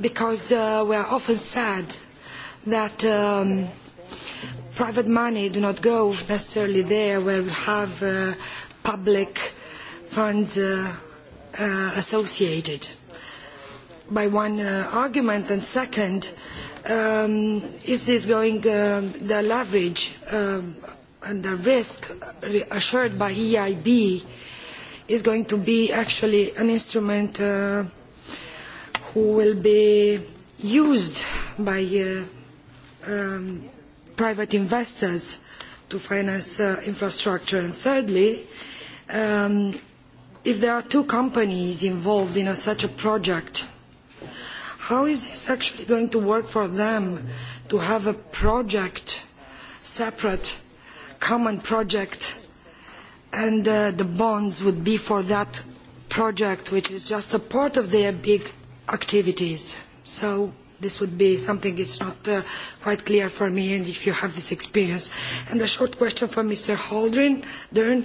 because uh, we are often sad that um, private money do not go necessarily there where we have uh, public funds uh, uh, associated by one uh, argument and second um, is this going uh, the leverage uh, and the risk assured by EIB is going to be actually an instrument uh, who will be used by uh, um, private investors to finance uh, infrastructure. And thirdly, um, if there are two companies involved in a, such a project, how is this actually going to work for them to have a project separate common project and uh, the bonds would be for that project, which is just a part of their big activities. So this would be something it's not uh, quite clear for me, and if you have this experience. And a short question for Mr. Holdren. Dern.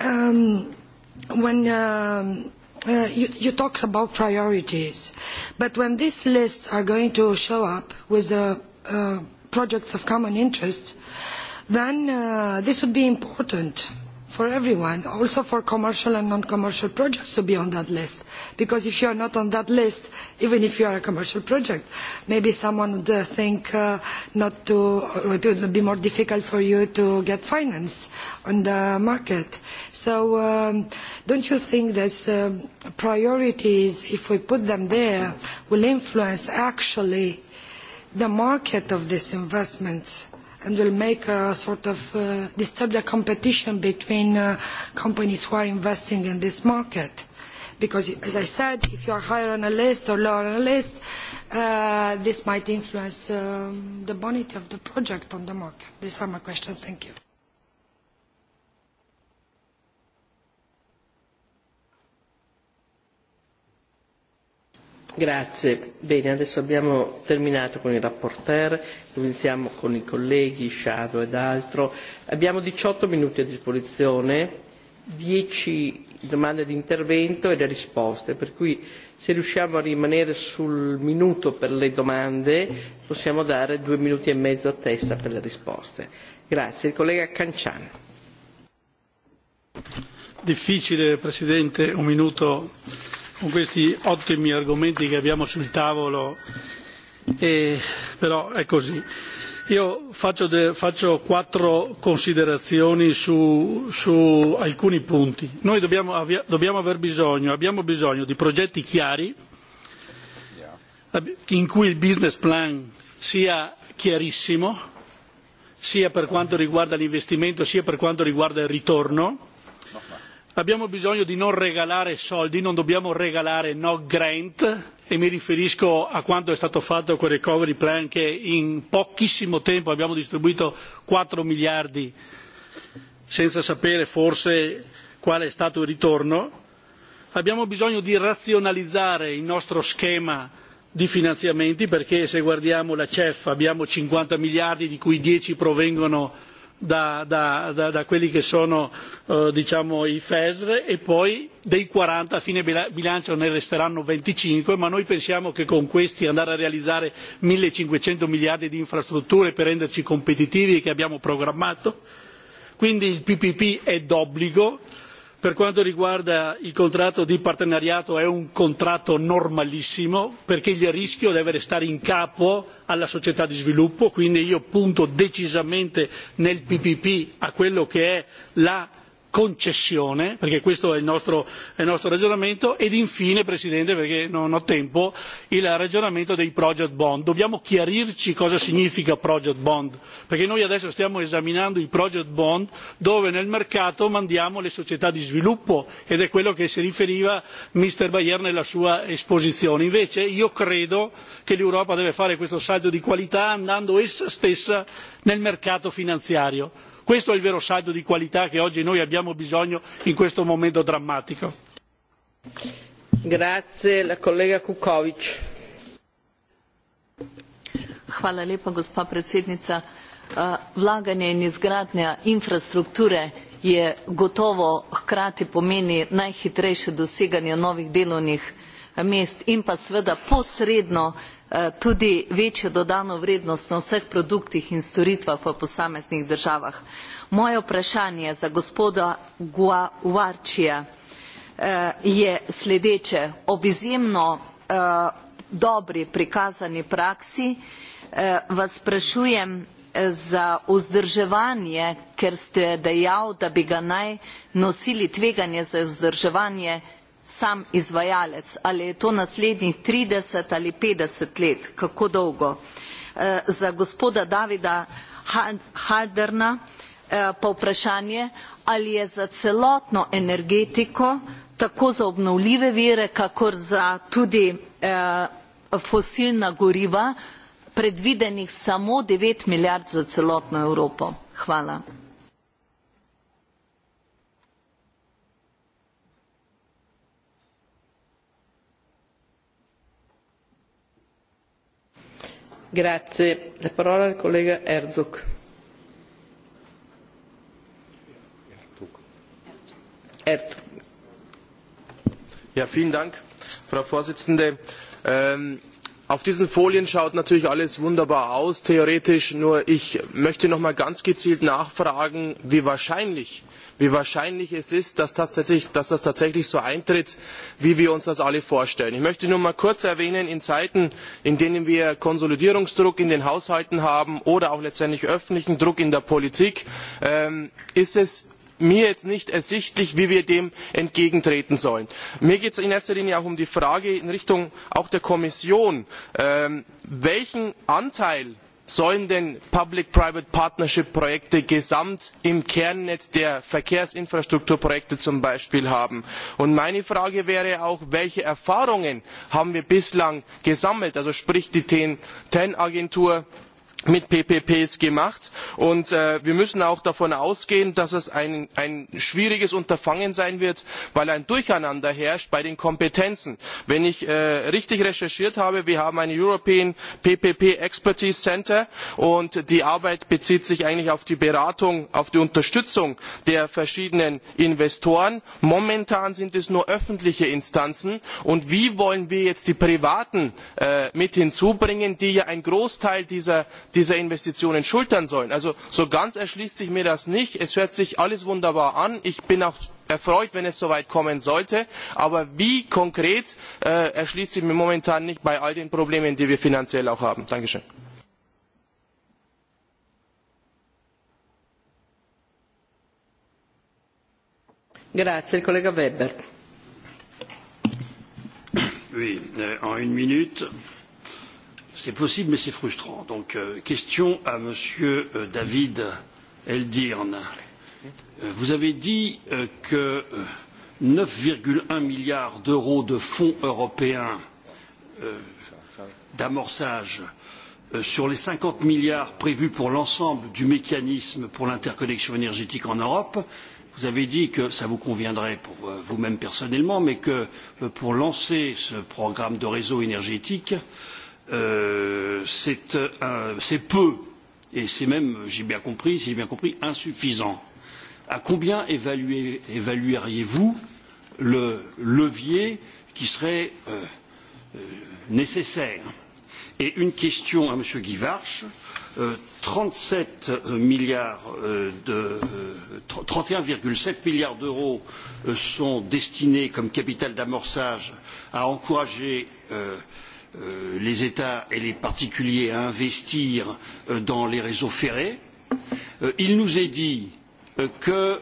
Um, when um, uh, you, you talk about priorities, but when these lists are going to show up with the uh, projects of common interest, uh, then uh, this would be important for everyone, also for commercial and non-commercial projects to be on that list. Because if you are not on that list, even if you are a commercial project, maybe someone would uh, think uh, not to, uh, it would be more difficult for you to get finance on the market. So um, don't you think that um, uh, priorities, if we put them there, will influence actually the market of these investments? and will make a sort of uh, disturb the competition between uh, companies who are investing in this market. Because, as I said, if you are higher on a list or lower on a list, uh, this might influence um, the bonity of the project on the market. These are my questions. Thank you. Grazie. Bene, adesso abbiamo terminato con il rapporteur, cominciamo con i colleghi, Shadow ed altro. Abbiamo 18 minuti a disposizione, 10 domande di intervento e le risposte, per cui se riusciamo a rimanere sul minuto per le domande possiamo dare due minuti e mezzo a testa per le risposte. Grazie. Il collega Cancian. Difficile, Presidente, un minuto con questi ottimi argomenti che abbiamo sul tavolo, e, però è così. Io faccio, de, faccio quattro considerazioni su, su alcuni punti. Noi dobbiamo, avvia, dobbiamo aver bisogno, abbiamo bisogno di progetti chiari in cui il business plan sia chiarissimo, sia per quanto riguarda l'investimento sia per quanto riguarda il ritorno abbiamo bisogno di non regalare soldi, non dobbiamo regalare no grant e mi riferisco a quanto è stato fatto con il recovery plan che in pochissimo tempo abbiamo distribuito quattro miliardi senza sapere forse quale è stato il ritorno. Abbiamo bisogno di razionalizzare il nostro schema di finanziamenti perché se guardiamo la CEF abbiamo cinquanta miliardi di cui dieci provengono da, da, da, da quelli che sono eh, diciamo, i FESR e poi dei quaranta a fine bilancio ne resteranno venticinque, ma noi pensiamo che con questi andare a realizzare 1500 miliardi di infrastrutture per renderci competitivi e che abbiamo programmato. Quindi il PPP è d'obbligo Per quanto riguarda il contratto di partenariato è un contratto normalissimo perché il rischio deve restare in capo alla società di sviluppo, quindi io punto decisamente nel PPP a quello che è la concessione, perché questo è il nostro, è il nostro ragionamento, ed infine, Presidente, perché non ho tempo, il ragionamento dei project bond. Dobbiamo chiarirci cosa significa project bond, perché noi adesso stiamo esaminando i project bond dove nel mercato mandiamo le società di sviluppo ed è quello che si riferiva Mr. Bayer nella sua esposizione. Invece io credo che l'Europa deve fare questo salto di qualità andando essa stessa nel mercato finanziario Questo è il vero saldo di qualità che oggi noi abbiamo bisogno in questo momento drammatico. Grazie, la collega Kukovic. Hvala lepa, gospa predsednica. Eh, vlaganje in izgradnja infrastrukture je gotovo hkrati pomeni najhitrejše doseganje novih delovnih mest in pa seveda posredno Eh, tudi večjo dodano vrednost na vseh produktih in storitvah v posameznih državah. Moje vprašanje za gospoda Guarčija eh, je sledeče. Ob izjemno eh, dobri prikazani praksi vas sprašujem za vzdrževanje, ker ste dejal, da bi ga naj nosili tveganje za vzdrževanje sam izvajalec, ali je to naslednjih 30 ali 50 let, kako dolgo. Eh, za gospoda Davida Halderna eh, pa vprašanje, ali je za celotno energetiko, tako za obnovljive vire, kakor za tudi eh, fosilna goriva, predvidenih samo 9 milijard za celotno Evropo. Hvala. Grazie. La parola al collega Ja, vielen Dank, Frau Vorsitzende. Ähm, auf diesen Folien schaut natürlich alles wunderbar aus, theoretisch. Nur ich möchte noch mal ganz gezielt nachfragen, wie wahrscheinlich wie wahrscheinlich es ist, dass das, dass das tatsächlich so eintritt, wie wir uns das alle vorstellen. Ich möchte nur mal kurz erwähnen, in Zeiten, in denen wir Konsolidierungsdruck in den Haushalten haben oder auch letztendlich öffentlichen Druck in der Politik, ähm, ist es mir jetzt nicht ersichtlich, wie wir dem entgegentreten sollen. Mir geht es in erster Linie auch um die Frage in Richtung auch der Kommission, ähm, welchen Anteil sollen denn Public-Private Partnership-Projekte gesamt im Kernnetz der Verkehrsinfrastrukturprojekte zum Beispiel haben? Und meine Frage wäre auch, welche Erfahrungen haben wir bislang gesammelt? Also sprich die TEN-Agentur, mit PPPs gemacht. Und äh, wir müssen auch davon ausgehen, dass es ein, ein schwieriges Unterfangen sein wird, weil ein Durcheinander herrscht bei den Kompetenzen. Wenn ich äh, richtig recherchiert habe, wir haben ein European PPP Expertise Center und die Arbeit bezieht sich eigentlich auf die Beratung, auf die Unterstützung der verschiedenen Investoren. Momentan sind es nur öffentliche Instanzen. Und wie wollen wir jetzt die Privaten äh, mit hinzubringen, die ja einen Großteil dieser dieser Investitionen schultern sollen. Also so ganz erschließt sich mir das nicht. Es hört sich alles wunderbar an. Ich bin auch erfreut, wenn es soweit kommen sollte. Aber wie konkret äh, erschließt sich mir momentan nicht bei all den Problemen, die wir finanziell auch haben. Dankeschön. Grazie, oui, euh, en une minute, C'est possible, mais c'est frustrant. Donc, euh, question à Monsieur euh, David euh, Eldirne Euh, vous avez dit euh, que 9,1 euh, milliards d'euros de fonds européens euh, d'amorçage euh, sur les 50 milliards prévus pour l'ensemble du mécanisme pour l'interconnexion énergétique en Europe, vous avez dit que ça vous conviendrait pour euh, vous-même personnellement, mais que euh, pour lancer ce programme de réseau énergétique, euh, euh, c'est euh, peu et c'est même, j'ai bien compris, si j'ai bien compris, insuffisant. À combien évalueriez-vous le levier qui serait euh, euh, nécessaire Et une question à M. Guivarch. Euh, 37 milliards euh, de, euh, 31,7 milliards d'euros euh, sont destinés comme capital d'amorçage à encourager euh, Euh, les États et les particuliers à investir euh, dans les réseaux ferrés. Euh, il nous est dit que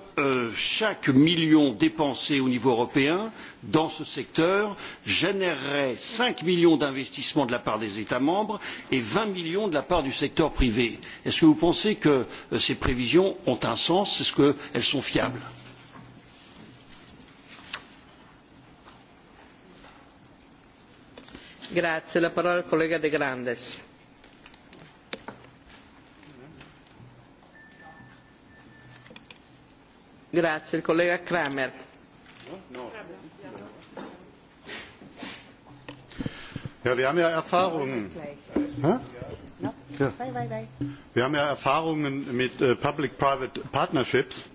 chaque million dépensé au niveau européen dans ce secteur générerait cinq millions d'investissements de la part des États membres et vingt millions de la part du secteur privé. Est-ce que vous pensez que ces prévisions ont un sens Est-ce qu'elles sont fiables Grazie, la parola al collega De Grandes. Grazie, il collega Kramer. Ja, wir haben ja Erfahrungen. Ja? Wir haben ja Erfahrungen mit äh, Public-Private Partnerships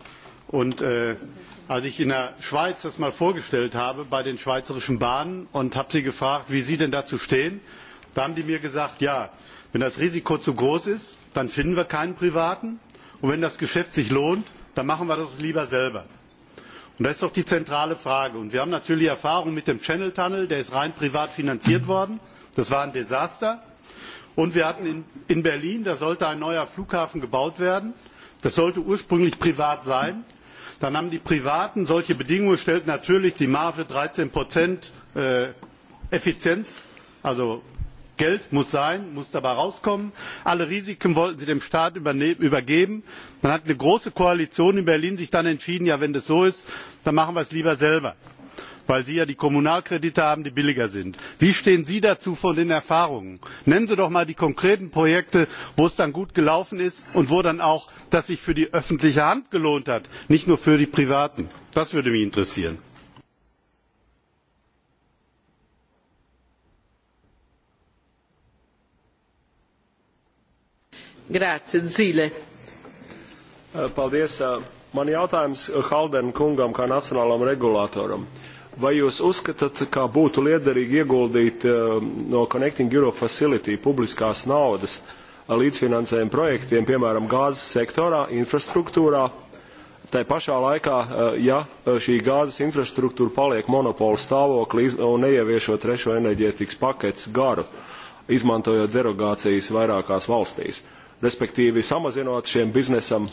und äh, als ich in der Schweiz das mal vorgestellt habe bei den schweizerischen Bahnen und habe sie gefragt, wie sie denn dazu stehen. Da haben die mir gesagt, ja, wenn das Risiko zu groß ist, dann finden wir keinen Privaten und wenn das Geschäft sich lohnt, dann machen wir das lieber selber. Und das ist doch die zentrale Frage. Und wir haben natürlich Erfahrung mit dem Channel Tunnel, der ist rein privat finanziert worden. Das war ein Desaster. Und wir hatten in, in Berlin, da sollte ein neuer Flughafen gebaut werden. Das sollte ursprünglich privat sein. Dann haben die Privaten solche Bedingungen, stellt natürlich die Marge dreizehn äh, Effizienz, also Geld muss sein, muss dabei rauskommen. Alle Risiken wollten sie dem Staat übergeben. Dann hat eine große Koalition in Berlin sich dann entschieden, ja, wenn das so ist, dann machen wir es lieber selber weil Sie ja die Kommunalkredite haben, die billiger sind. Wie stehen Sie dazu von den Erfahrungen? Nennen Sie doch mal die konkreten Projekte, wo es dann gut gelaufen ist und wo dann auch das sich für die öffentliche Hand gelohnt hat, nicht nur für die Privaten. Das würde mich interessieren. Grazie, Zile. Paldies. Man jautājums kā nacionālam regulātoram. Vai jūs uzskatāt, kā būtu liederīgi ieguldīt eh, no Connecting Europe Facility publiskās naudas līdzfinansējuma projektiem, piemēram, gāzes sektorā, infrastruktūrā? Tā pašā laikā, eh, ja eh, šī gāzes infrastruktūra paliek monopola stāvoklī un neieviešo trešo enerģētikas paketes garu, izmantojot derogācijas vairākās valstīs, respektīvi samazinot šiem biznesam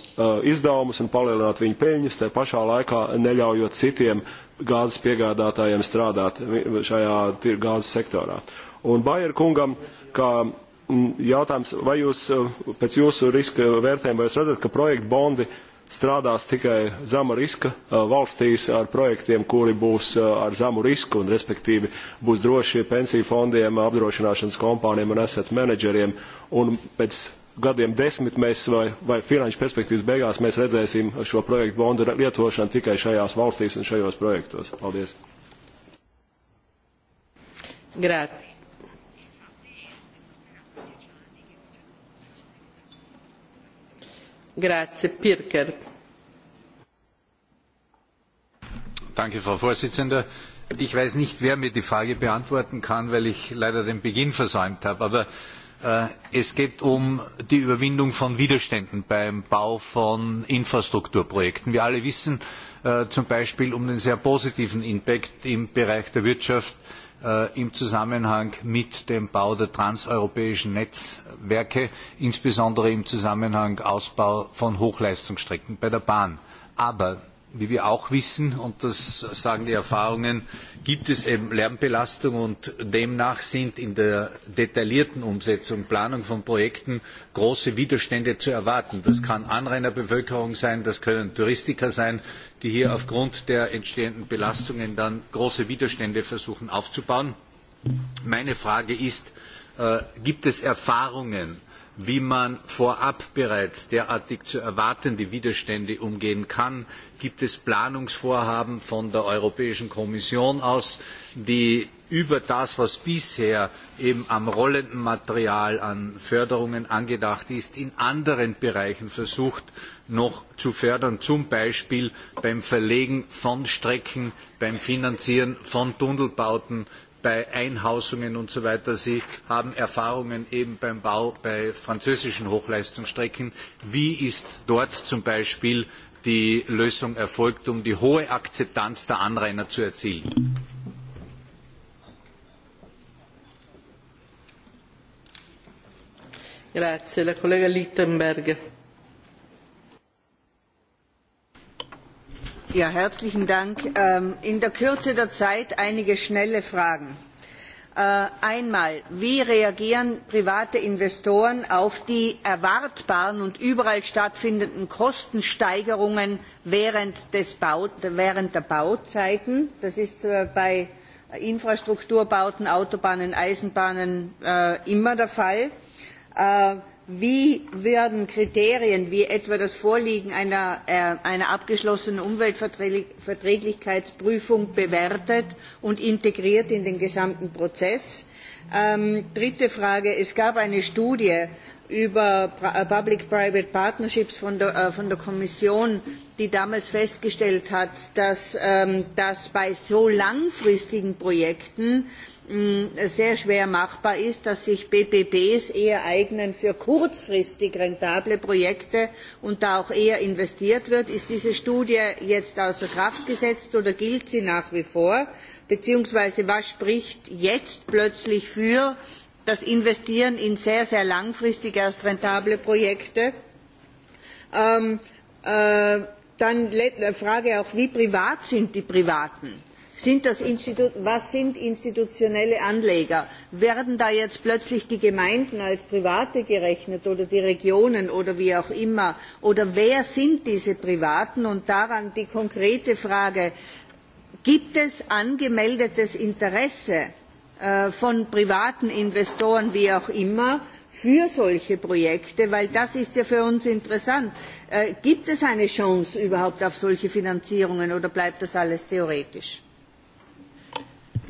izdevumus un palielināt viņu peļņas, tai pašā laikā neļaujot citiem gāzes piegādātājiem strādāt šajā gāzes sektorā. Un Bajer kungam, kā mm, jautājums, vai jūs eh, pēc jūsu riska vērtējuma, vai jūs redzat, ka projekta bondi strādās tikai zemu riska eh, valstīs ar projektiem, kuri būs eh, ar zemu risku un respektīvi būs droši pensiju fondiem, apdrošināšanas kompānijiem un asset menedžeriem un pēc gadiem desmit mēs vai, vai finanšu perspektīvas beigās mēs redzēsim šo projektu bondu lietošanu tikai šajās valstīs un šajos projektos. Paldies. Grāti. Grazie, Pirker. Danke, Frau Vorsitzende. Ich weiß nicht, wer mir die Frage beantworten kann, weil ich leider den Beginn versäumt habe. Aber äh, Äh, es geht um die Überwindung von Widerständen beim Bau von Infrastrukturprojekten. Wir alle wissen äh, zum Beispiel um den sehr positiven Impact im Bereich der Wirtschaft äh, im Zusammenhang mit dem Bau der transeuropäischen Netzwerke, insbesondere im Zusammenhang mit dem Ausbau von Hochleistungsstrecken bei der Bahn. Aber wie wir auch wissen, und das sagen die Erfahrungen, gibt es eben Lärmbelastung und demnach sind in der detaillierten Umsetzung, Planung von Projekten große Widerstände zu erwarten. Das kann Anrainerbevölkerung sein, das können Touristiker sein, die hier aufgrund der entstehenden Belastungen dann große Widerstände versuchen aufzubauen. Meine Frage ist, äh, gibt es Erfahrungen wie man vorab bereits derartig zu erwartende Widerstände umgehen kann. Gibt es Planungsvorhaben von der Europäischen Kommission aus, die über das, was bisher eben am rollenden Material an Förderungen angedacht ist, in anderen Bereichen versucht noch zu fördern, zum Beispiel beim Verlegen von Strecken, beim Finanzieren von Tunnelbauten, bei Einhausungen und so weiter. Sie haben Erfahrungen eben beim Bau bei französischen Hochleistungsstrecken. Wie ist dort zum Beispiel die Lösung erfolgt, um die hohe Akzeptanz der Anrainer zu erzielen? Grazie, Ja, herzlichen Dank. Ähm, in der Kürze der Zeit einige schnelle Fragen. Äh, einmal, wie reagieren private Investoren auf die erwartbaren und überall stattfindenden Kostensteigerungen während, des Bau, während der Bauzeiten? Das ist äh, bei Infrastrukturbauten, Autobahnen, Eisenbahnen äh, immer der Fall. Äh, wie werden Kriterien wie etwa das Vorliegen einer, äh, einer abgeschlossenen Umweltverträglichkeitsprüfung bewertet und integriert in den gesamten Prozess? Ähm, dritte Frage. Es gab eine Studie über äh, Public-Private Partnerships von der, äh, von der Kommission, die damals festgestellt hat, dass, ähm, dass bei so langfristigen Projekten Mm, sehr schwer machbar ist, dass sich PPPs eher eignen für kurzfristig rentable Projekte und da auch eher investiert wird. Ist diese Studie jetzt außer Kraft gesetzt oder gilt sie nach wie vor? Beziehungsweise was spricht jetzt plötzlich für das Investieren in sehr, sehr langfristig erst rentable Projekte? Ähm, äh, dann äh, Frage auch, wie privat sind die Privaten? Sind das Institu was sind institutionelle Anleger? Werden da jetzt plötzlich die Gemeinden als Private gerechnet oder die Regionen oder wie auch immer? Oder wer sind diese Privaten? Und daran die konkrete Frage, gibt es angemeldetes Interesse äh, von privaten Investoren, wie auch immer, für solche Projekte, weil das ist ja für uns interessant. Äh, gibt es eine Chance überhaupt auf solche Finanzierungen oder bleibt das alles theoretisch?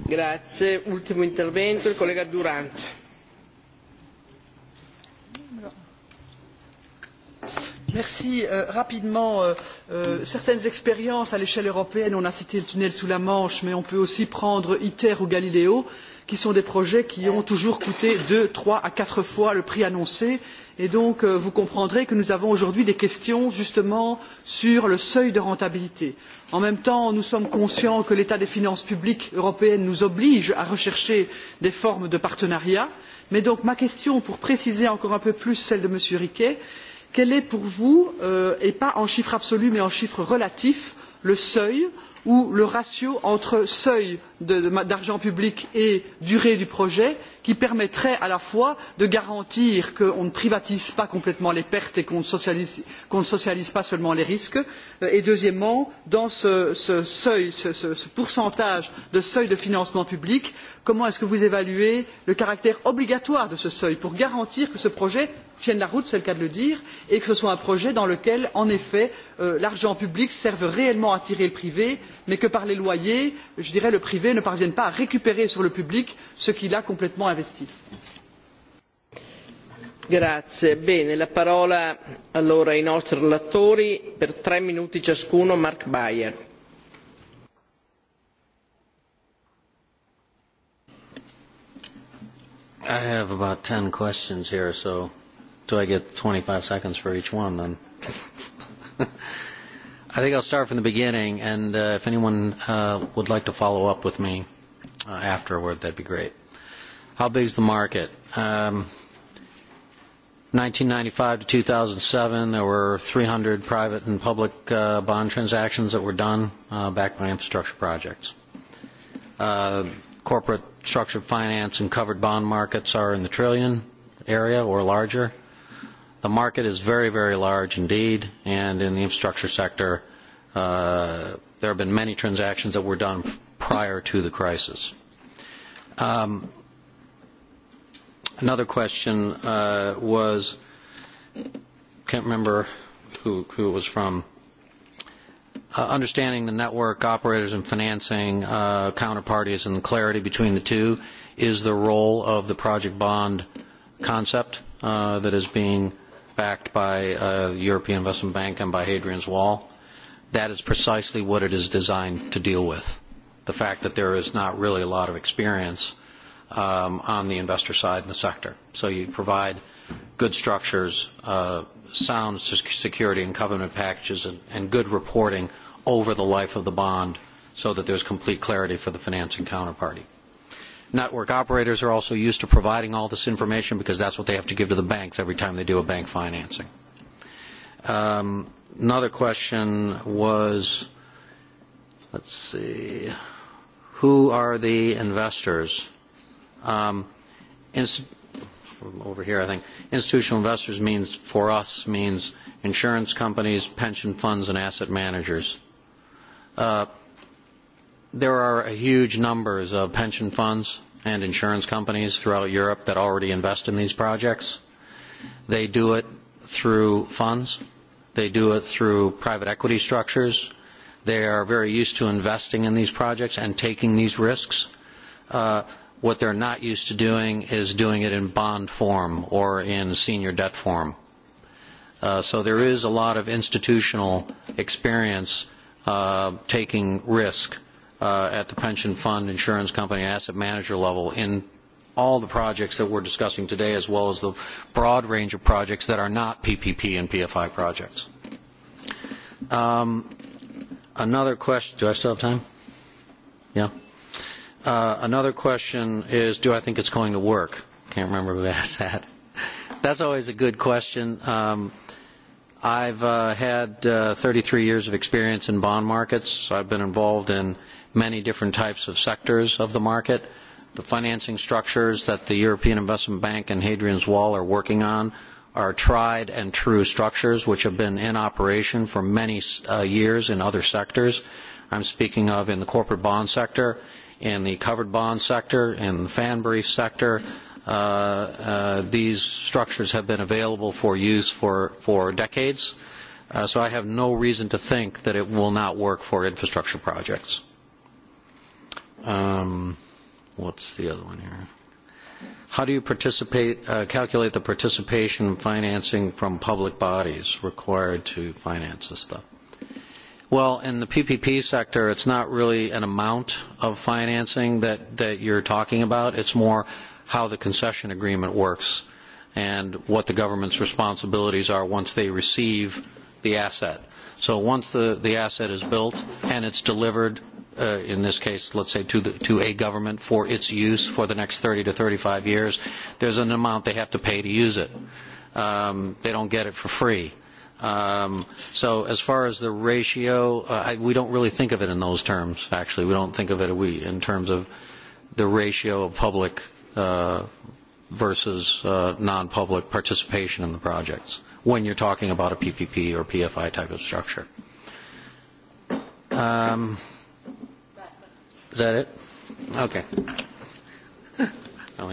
Grazie. Ultimo intervento, il collega Durante. Merci. Euh, rapidement, euh, euh, certaines expériences à l'échelle européenne, on a cité le tunnel sous la Manche, mais on peut aussi prendre ITER ou Galileo, qui sont des projets qui ont toujours coûté deux, trois à quatre fois le prix annoncé. Et donc, euh, vous comprendrez que nous avons aujourd'hui des questions justement sur le seuil de rentabilité. En même temps, nous sommes conscients que l'état des finances publiques européennes nous oblige à rechercher des formes de partenariat. Mais donc, ma question, pour préciser encore un peu plus celle de M. Riquet, quel est pour vous, euh, et pas en chiffres absolus mais en chiffres relatifs, le seuil ou le ratio entre seuil d'argent public et durée du projet qui permettrait à la fois de garantir qu'on ne privatise pas complètement les pertes et qu'on ne socialise, qu ne socialise pas seulement les risques euh, et deuxièmement dans ce, ce seuil, ce, ce, pourcentage de seuil de financement public, comment est-ce que vous évaluez le caractère obligatoire de ce seuil pour garantir que ce projet tienne la route, c'est le cas de le dire, et que ce soit un projet dans lequel, en effet, euh, l'argent public serve réellement à attirer le privé, mais que par les loyers, je dirais, le privé ne parvienne pas à récupérer sur le public ce qu'il a complètement travesti. Grazie. Bene, la parola allora ai nostri relatori per tre minuti ciascuno, Mark Bayer. I have about 10 questions here, so do I get 25 seconds for each one then? I think I'll start from the beginning, and uh, if anyone uh, would like to follow up with me uh, afterward, that'd be great. How big is the market? Um, 1995 to 2007, there were 300 private and public uh, bond transactions that were done uh, backed by infrastructure projects. Uh, corporate structured finance and covered bond markets are in the trillion area or larger. The market is very, very large indeed, and in the infrastructure sector, uh, there have been many transactions that were done prior to the crisis. Um, Another question uh, was, can't remember who, who it was from, uh, understanding the network operators and financing uh, counterparties and the clarity between the two is the role of the project bond concept uh, that is being backed by uh, European Investment Bank and by Hadrian's Wall. That is precisely what it is designed to deal with. The fact that there is not really a lot of experience um, on the investor side in the sector. So you provide good structures, uh, sound security and covenant packages, and, and good reporting over the life of the bond so that there's complete clarity for the financing counterparty. Network operators are also used to providing all this information because that's what they have to give to the banks every time they do a bank financing. Um, another question was, let's see, who are the investors? Um, from over here, I think institutional investors means for us means insurance companies, pension funds, and asset managers. Uh, there are a huge numbers of pension funds and insurance companies throughout Europe that already invest in these projects. They do it through funds. They do it through private equity structures. They are very used to investing in these projects and taking these risks. Uh, What they're not used to doing is doing it in bond form or in senior debt form. Uh, so there is a lot of institutional experience uh, taking risk uh, at the pension fund, insurance company, asset manager level in all the projects that we're discussing today, as well as the broad range of projects that are not PPP and PFI projects. Um, another question. Do I still have time? Yeah. Uh, another question is, do I think it's going to work? Can't remember who asked that. That's always a good question. Um, I've uh, had uh, 33 years of experience in bond markets. I've been involved in many different types of sectors of the market. The financing structures that the European Investment Bank and Hadrian's Wall are working on are tried and true structures which have been in operation for many uh, years in other sectors. I'm speaking of in the corporate bond sector in the covered bond sector, in the fan brief sector. Uh, uh, these structures have been available for use for, for decades, uh, so I have no reason to think that it will not work for infrastructure projects. Um, what's the other one here? How do you participate, uh, calculate the participation financing from public bodies required to finance this stuff? Well, in the PPP sector, it's not really an amount of financing that, that you're talking about. It's more how the concession agreement works and what the government's responsibilities are once they receive the asset. So once the, the asset is built and it's delivered, uh, in this case, let's say to, the, to a government for its use for the next 30 to 35 years, there's an amount they have to pay to use it. Um, they don't get it for free. Uh, Um, so as far as the ratio, uh, I, we don't really think of it in those terms, actually. We don't think of it we, in terms of the ratio of public uh, versus uh, non-public participation in the projects when you're talking about a PPP or PFI type of structure. Um, is that it? Okay. Mi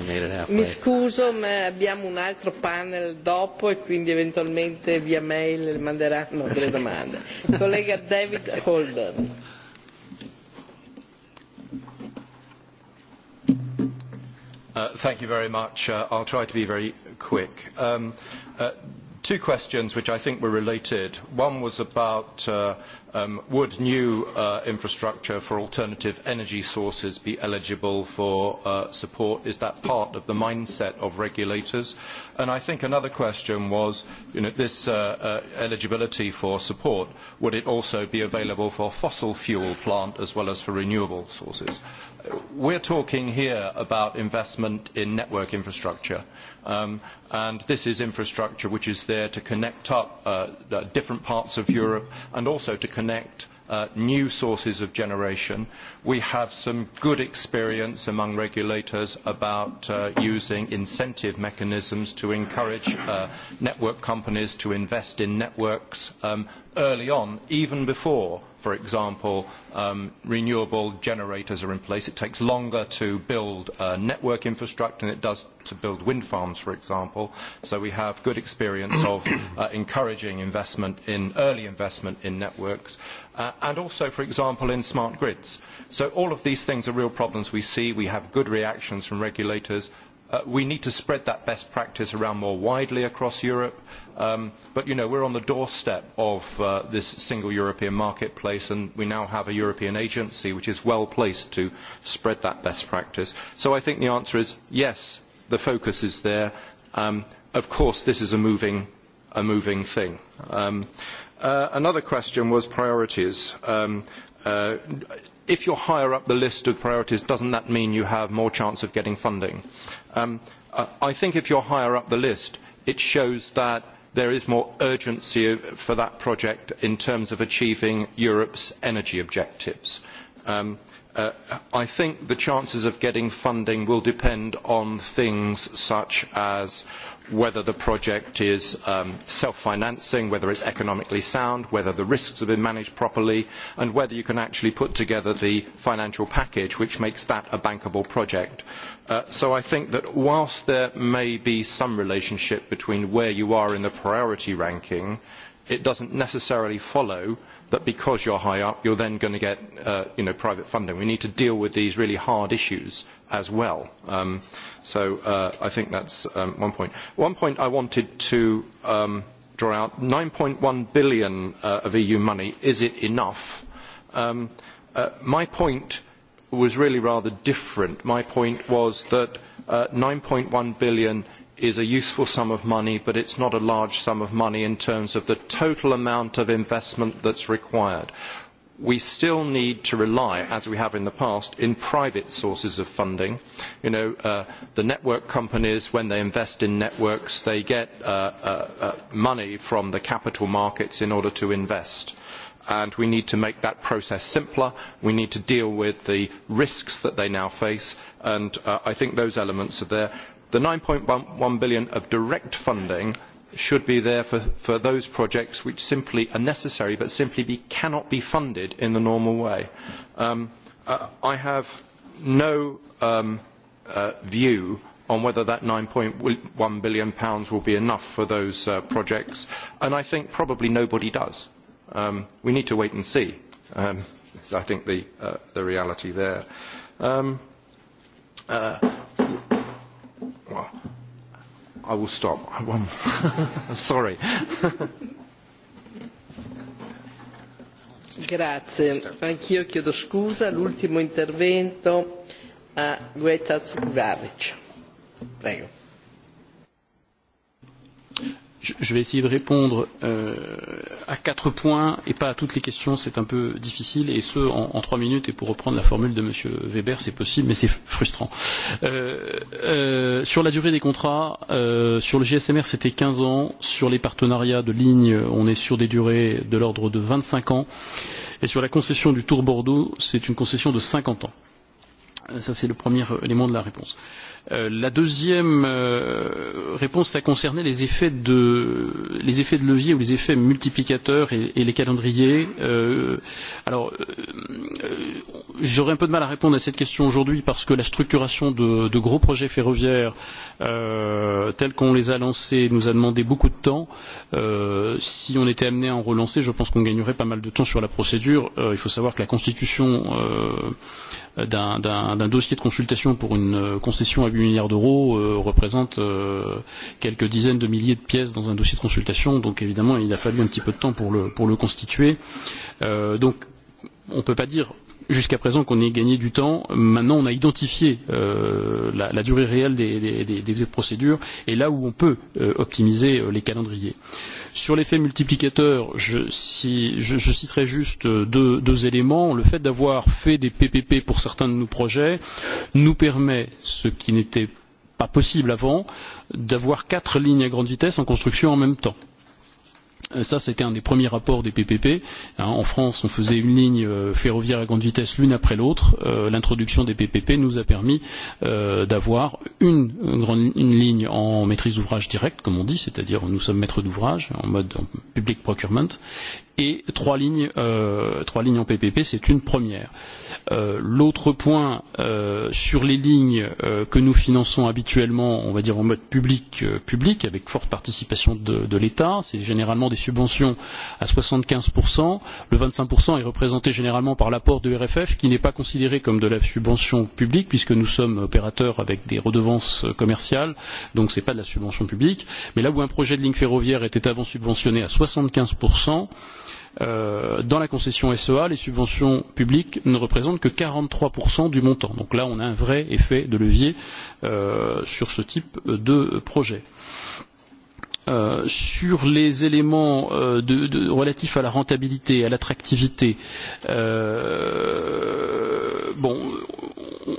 scuso, ma abbiamo un altro panel dopo e quindi eventualmente via mail le manderanno delle domande. collega David Holden. Uh, thank you very much. Uh, I'll try to be very quick. Um, uh, two questions which I think were related. One was about uh, Um, would new uh, infrastructure for alternative energy sources be eligible for uh, support? Is that part of the mindset of regulators? And I think another question was, you know, this uh, uh eligibility for support, would it also be available for fossil fuel plant as well as for renewable sources? we're talking here about investment in network infrastructure. Um, and this is infrastructure which is there to connect up uh, different parts of Europe and also to connect uh, new sources of generation. We have some good experience among regulators about uh, using incentive mechanisms to encourage uh, network companies to invest in networks um, early on, even before for example, um, renewable generators are in place. It takes longer to build uh, network infrastructure than it does to build wind farms, for example. So we have good experience of uh, encouraging investment in early investment in networks uh, and also, for example, in smart grids. So all of these things are real problems we see. We have good reactions from regulators. Uh, we need to spread that best practice around more widely across Europe Um, but you know, we're on the doorstep of uh, this single European marketplace, and we now have a European agency which is well placed to spread that best practice. So I think the answer is yes, the focus is there. Um, of course, this is a moving, a moving thing. Um, uh, another question was priorities. Um, uh, if you are higher up the list of priorities, does not that mean you have more chance of getting funding? Um, uh, I think if you are higher up the list, it shows that there is more urgency for that project in terms of achieving Europe's energy objectives. Um, uh, I think the chances of getting funding will depend on things such as whether the project is um, self-financing, whether it is economically sound, whether the risks have been managed properly, and whether you can actually put together the financial package which makes that a bankable project. Uh, so I think that whilst there may be some relationship between where you are in the priority ranking, it does not necessarily follow uh, that because you're high up, you're then going to get uh, you know, private funding. We need to deal with these really hard issues as well. Um, so uh, I think that's um, one point. One point I wanted to um, draw out, 9.1 billion uh, of EU money, is it enough? Um, uh, my point was really rather different. My point was that uh, 9.1 billion is a useful sum of money, but it is not a large sum of money in terms of the total amount of investment that is required. We still need to rely, as we have in the past, on private sources of funding. You know, uh, the network companies, when they invest in networks, they get uh, uh, uh, money from the capital markets in order to invest and we need to make that process simpler. We need to deal with the risks that they now face, and uh, I think those elements are there. The EUR nine one billion of direct funding should be there for, for those projects which simply are necessary but simply be, cannot be funded in the normal way. Um, uh, I have no um, uh, view on whether that nine one billion pounds will be enough for those uh, projects, and I think probably nobody does. Um, we need to wait and see. Um, is I think the, uh, the reality there. Um, uh, Well, I will stop. I'm sorry. Grazie, anch'io chiedo scusa, l'ultimo intervento a eh, Guetta Zugaric. Prego. Je vais essayer de répondre euh, à quatre points et pas à toutes les questions, c'est un peu difficile, et ce en, en trois minutes, et pour reprendre la formule de M. Weber, c'est possible, mais c'est frustrant. Euh, euh, sur la durée des contrats, euh, sur le GSMR, c'était 15 ans, sur les partenariats de ligne, on est sur des durées de l'ordre de 25 ans, et sur la concession du Tour Bordeaux, c'est une concession de 50 ans. Euh, ça, c'est le premier élément de la réponse. Euh, Euh, la deuxième euh, réponse, ça concernait les effets de, les effets de levier ou les effets multiplicateurs et, et les calendriers. Euh, alors, euh, j'aurais un peu de mal à répondre à cette question aujourd'hui parce que la structuration de, de gros projets ferroviaires euh, tels qu'on les a lancés nous a demandé beaucoup de temps. Euh, si on était amené à en relancer, je pense qu'on gagnerait pas mal de temps sur la procédure. Euh, il faut savoir que la constitution euh, d'un dossier de consultation pour une euh, concession à 8 milliards d'euros euh, représente euh, quelques dizaines de milliers de pièces dans un dossier de consultation. Donc évidemment, il a fallu un petit peu de temps pour le, pour le constituer. Euh, donc on ne peut pas dire jusqu'à présent qu'on ait gagné du temps. Maintenant, on a identifié euh, la, la durée réelle des, des, des, des procédures et là où on peut euh, optimiser euh, les calendriers. Euh, Sur l'effet multiplicateur, je, si, je, je citerai juste euh, deux, deux éléments. Le fait d'avoir fait des PPP pour certains de nos projets nous permet, ce qui n'était pas possible avant, d'avoir quatre lignes à grande vitesse en construction en même temps Euh, ça, c'était un des premiers rapports des PPP. Hein, en France, on faisait une ligne euh, ferroviaire à grande vitesse l'une après l'autre. Euh, L'introduction des PPP nous a permis euh, d'avoir une, une, une ligne en maîtrise d'ouvrage directe, comme on dit, c'est-à-dire nous sommes maîtres d'ouvrage en mode en public procurement, et trois lignes, euh, trois lignes en PPP, c'est une première. Euh, L'autre point euh, sur les lignes euh, que nous finançons habituellement, on va dire en mode public, euh, public avec forte participation de, de l'État, c'est généralement des subventions à 75%. Le 25% est représenté généralement par l'apport de RFF qui n'est pas considéré comme de la subvention publique puisque nous sommes opérateurs avec des redevances euh, commerciales, donc ce n'est pas de la subvention publique. Mais là où un projet de ligne ferroviaire était avant subventionné à 75%, euh, dans la concession SEA, les subventions publiques ne représentent que 43% du montant. Donc là, on a un vrai effet de levier euh, sur ce type de projet. Euh, Euh, sur les éléments euh, de, de, relatifs à la rentabilité, à l'attractivité, euh, bon,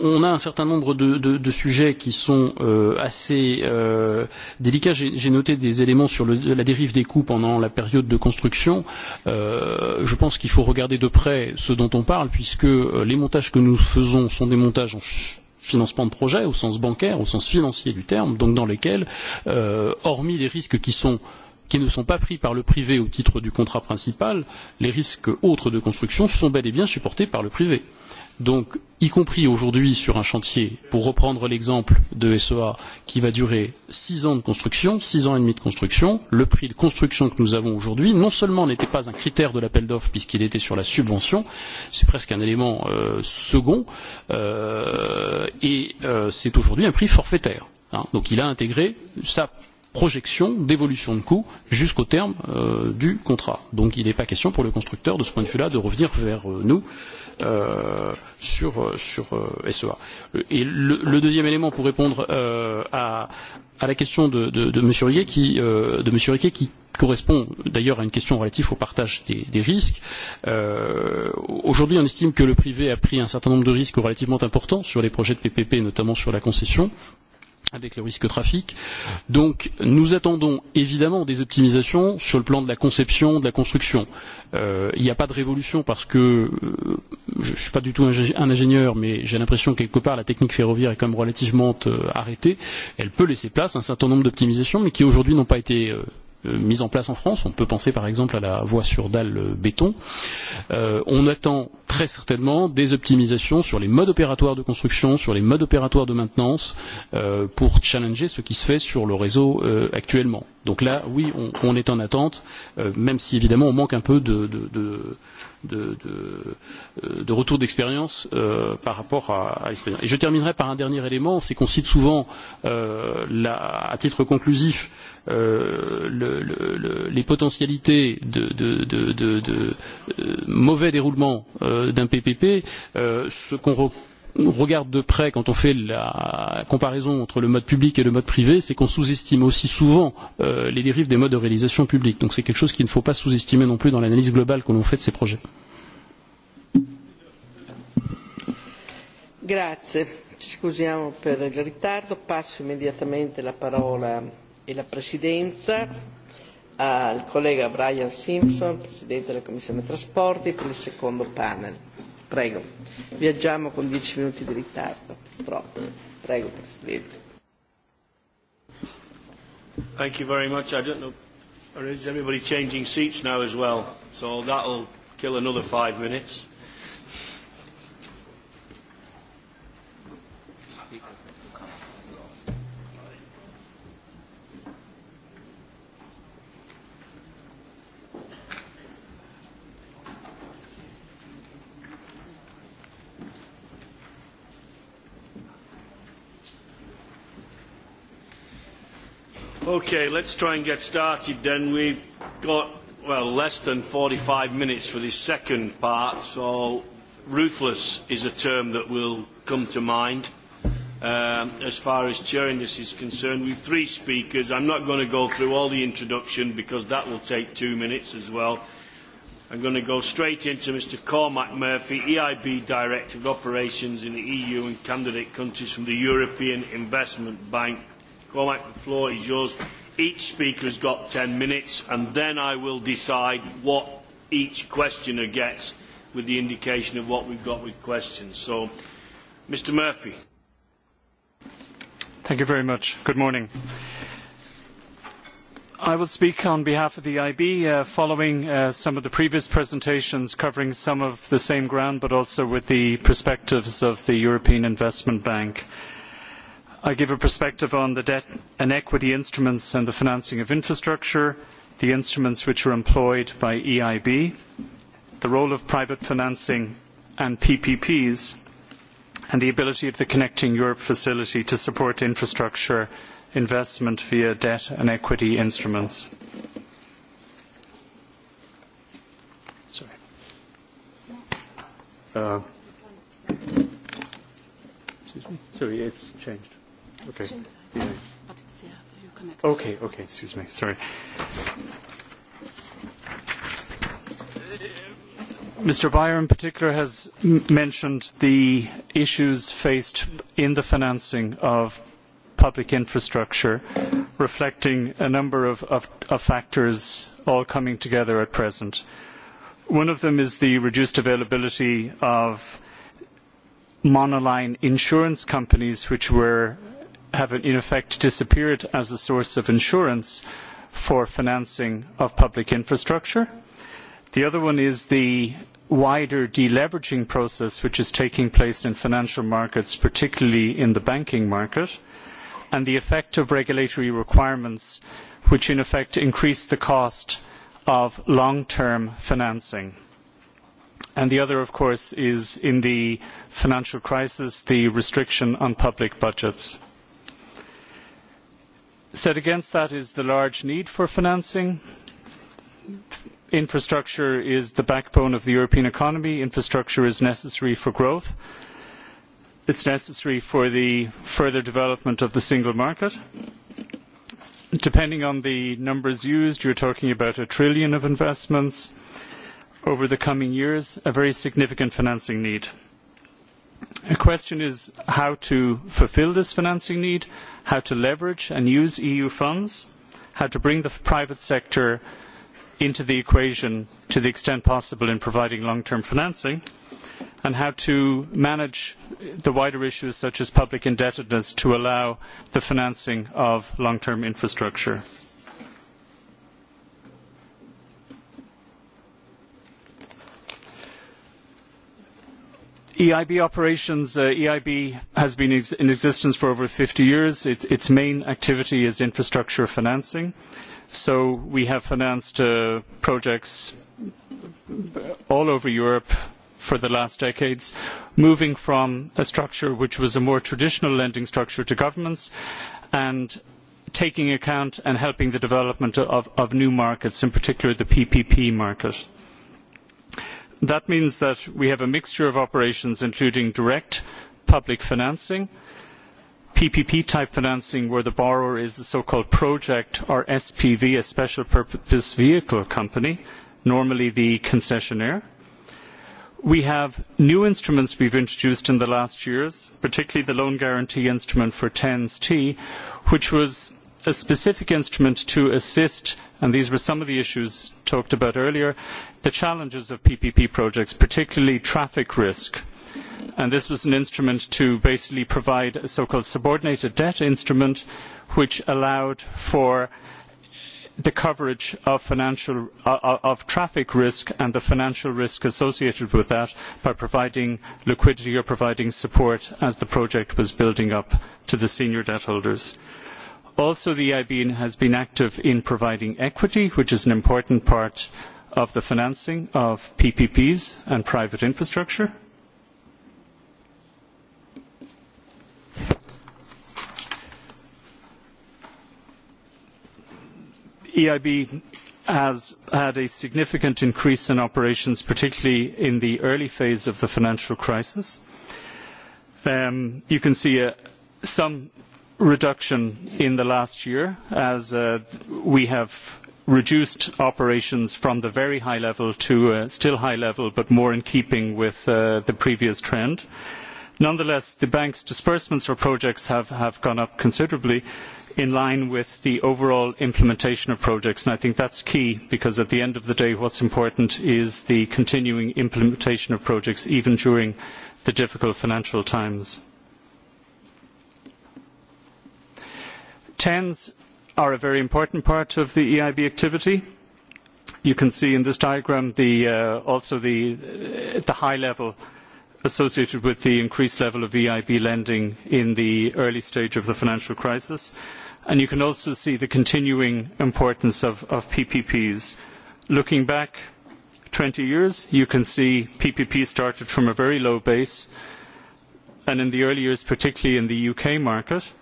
on a un certain nombre de, de, de sujets qui sont euh, assez euh, délicats. J'ai noté des éléments sur le, la dérive des coûts pendant la période de construction. Euh, je pense qu'il faut regarder de près ce dont on parle, puisque euh, les montages que nous faisons sont des montages en financement de projet au sens bancaire, au sens financier du terme, donc dans lesquels, euh, hormis les risques qui sont qui ne sont pas pris par le privé au titre du contrat principal, les risques autres de construction sont bel et bien supportés par le privé. Donc, y compris aujourd'hui sur un chantier, pour reprendre l'exemple de SEA, qui va durer six ans de construction, six ans et demi de construction, le prix de construction que nous avons aujourd'hui, non seulement n'était pas un critère de l'appel d'offres puisqu'il était sur la subvention, c'est presque un élément euh, second, euh, et euh, c'est aujourd'hui un prix forfaitaire. Hein. Donc il a intégré sa projection d'évolution de coûts jusqu'au terme euh, du contrat. Donc il n'est pas question pour le constructeur, de ce point de vue-là, de revenir vers euh, nous. Euh, sur, sur euh, SEA. Et le, le deuxième élément pour répondre euh, à, à la question de, de, de M. Riquet qui, euh, de Monsieur Riquet qui correspond d'ailleurs à une question relative au partage des, des risques. Euh, Aujourd'hui, on estime que le privé a pris un certain nombre de risques relativement importants sur les projets de PPP, notamment sur la concession. Euh, avec le risque trafic. Donc nous attendons évidemment des optimisations sur le plan de la conception, de la construction. Euh, il n'y a pas de révolution parce que euh, je ne suis pas du tout un ingénieur, mais j'ai l'impression que quelque part la technique ferroviaire est quand même relativement euh, arrêtée. Elle peut laisser place à un certain nombre d'optimisations, mais qui aujourd'hui n'ont pas été euh, Euh, mise en place en France. On peut penser par exemple à la voie sur dalle euh, béton. Euh, on attend très certainement des optimisations sur les modes opératoires de construction, sur les modes opératoires de maintenance, euh, pour challenger ce qui se fait sur le réseau euh, actuellement. Donc là, oui, on, on est en attente, euh, même si évidemment on manque un peu de, de, de de, de, euh, de retour d'expérience euh, par rapport à, à l'expérience. Et je terminerai par un dernier élément, c'est qu'on cite souvent, euh, la, à titre conclusif, euh, le, le, le, les potentialités de, de, de, de, de euh, mauvais déroulement euh, d'un PPP, euh, ce qu'on regarde de près quand on fait la comparaison entre le mode public et le mode privé, c'est qu'on sous-estime aussi souvent euh, les dérives des modes de réalisation publique. Donc c'est quelque chose qu'il ne faut pas sous-estimer non plus dans l'analyse globale que l'on fait de ces projets. Grazie. Ci scusiamo per il ritardo, passo immediatamente la parola e la presidenza al collega Brian Simpson, Presidente della Commissione Trasporti, per il secondo panel. Prego. Viaggiamo con dieci minuti di ritardo, troppo. Prego, Presidente. Thank you very much. I don't know. Is everybody changing seats now as well? So that'll kill another five minutes. Okay, let's try and get started then. We've got, well, less than 45 minutes for this second part, so ruthless is a term that will come to mind. Um, as far as chairing this is concerned, we've three speakers. I'm not going to go through all the introduction because that will take two minutes as well. I'm going to go straight into Mr Cormac Murphy, EIB Director of Operations in the EU and candidate countries from the European Investment Bank Cormac, the floor is yours. Each speaker has got 10 minutes, and then I will decide what each questioner gets with the indication of what we've got with questions. So, Mr. Murphy. Thank you very much. Good morning. I will speak on behalf of the IB uh, following uh, some of the previous presentations covering some of the same ground but also with the perspectives of the European Investment Bank. I give a perspective on the debt and equity instruments and the financing of infrastructure, the instruments which are employed by EIB, the role of private financing and PPPs, and the ability of the Connecting Europe facility to support infrastructure investment via debt and equity instruments. Uh, excuse me. Sorry, it's changed. Okay. Yeah. Okay, okay, excuse me, sorry. Mr. Beyer in particular has mentioned the issues faced in the financing of public infrastructure, reflecting a number of, of, of factors all coming together at present. One of them is the reduced availability of monoline insurance companies, which were have in effect disappeared as a source of insurance for financing of public infrastructure. The other one is the wider deleveraging process which is taking place in financial markets, particularly in the banking market, and the effect of regulatory requirements which in effect increase the cost of long-term financing. And the other, of course, is in the financial crisis, the restriction on public budgets. Set against that is the large need for financing. Infrastructure is the backbone of the European economy. Infrastructure is necessary for growth. It is necessary for the further development of the single market. Depending on the numbers used, you are talking about a trillion of investments over the coming years, a very significant financing need. The question is how to fulfil this financing need, how to leverage and use EU funds, how to bring the private sector into the equation to the extent possible in providing long-term financing, and how to manage the wider issues such as public indebtedness to allow the financing of long-term infrastructure. EIB operations, uh, EIB has been ex in existence for over 50 years. It's, its main activity is infrastructure financing. So we have financed uh, projects all over Europe for the last decades, moving from a structure which was a more traditional lending structure to governments and taking account and helping the development of, of new markets, in particular the PPP market. That means that we have a mixture of operations including direct public financing, PPP type financing where the borrower is the so-called project or SPV, a special purpose vehicle company, normally the concessionaire. We have new instruments we have introduced in the last years, particularly the loan guarantee instrument for TENS T, which was a specific instrument to assist, and these were some of the issues talked about earlier, the challenges of PPP projects, particularly traffic risk. And this was an instrument to basically provide a so-called subordinated debt instrument, which allowed for the coverage of financial uh, of traffic risk and the financial risk associated with that by providing liquidity or providing support as the project was building up to the senior debt holders. Also, the EIB has been active in providing equity, which is an important part of the financing of PPPs and private infrastructure. EIB has had a significant increase in operations, particularly in the early phase of the financial crisis. Um, you can see uh, some reduction in the last year as uh, we have reduced operations from the very high level to a uh, still high level, but more in keeping with uh, the previous trend. Nonetheless, the bank's disbursements for projects have, have gone up considerably in line with the overall implementation of projects. And I think that is key because at the end of the day, what is important is the continuing implementation of projects even during the difficult financial times. Tens are a very important part of the EIB activity. You can see in this diagram the, uh, also the, uh, the high level associated with the increased level of EIB lending in the early stage of the financial crisis. And you can also see the continuing importance of, of PPPs. Looking back twenty years, you can see PPP started from a very low base, and in the early years, particularly in the UK market,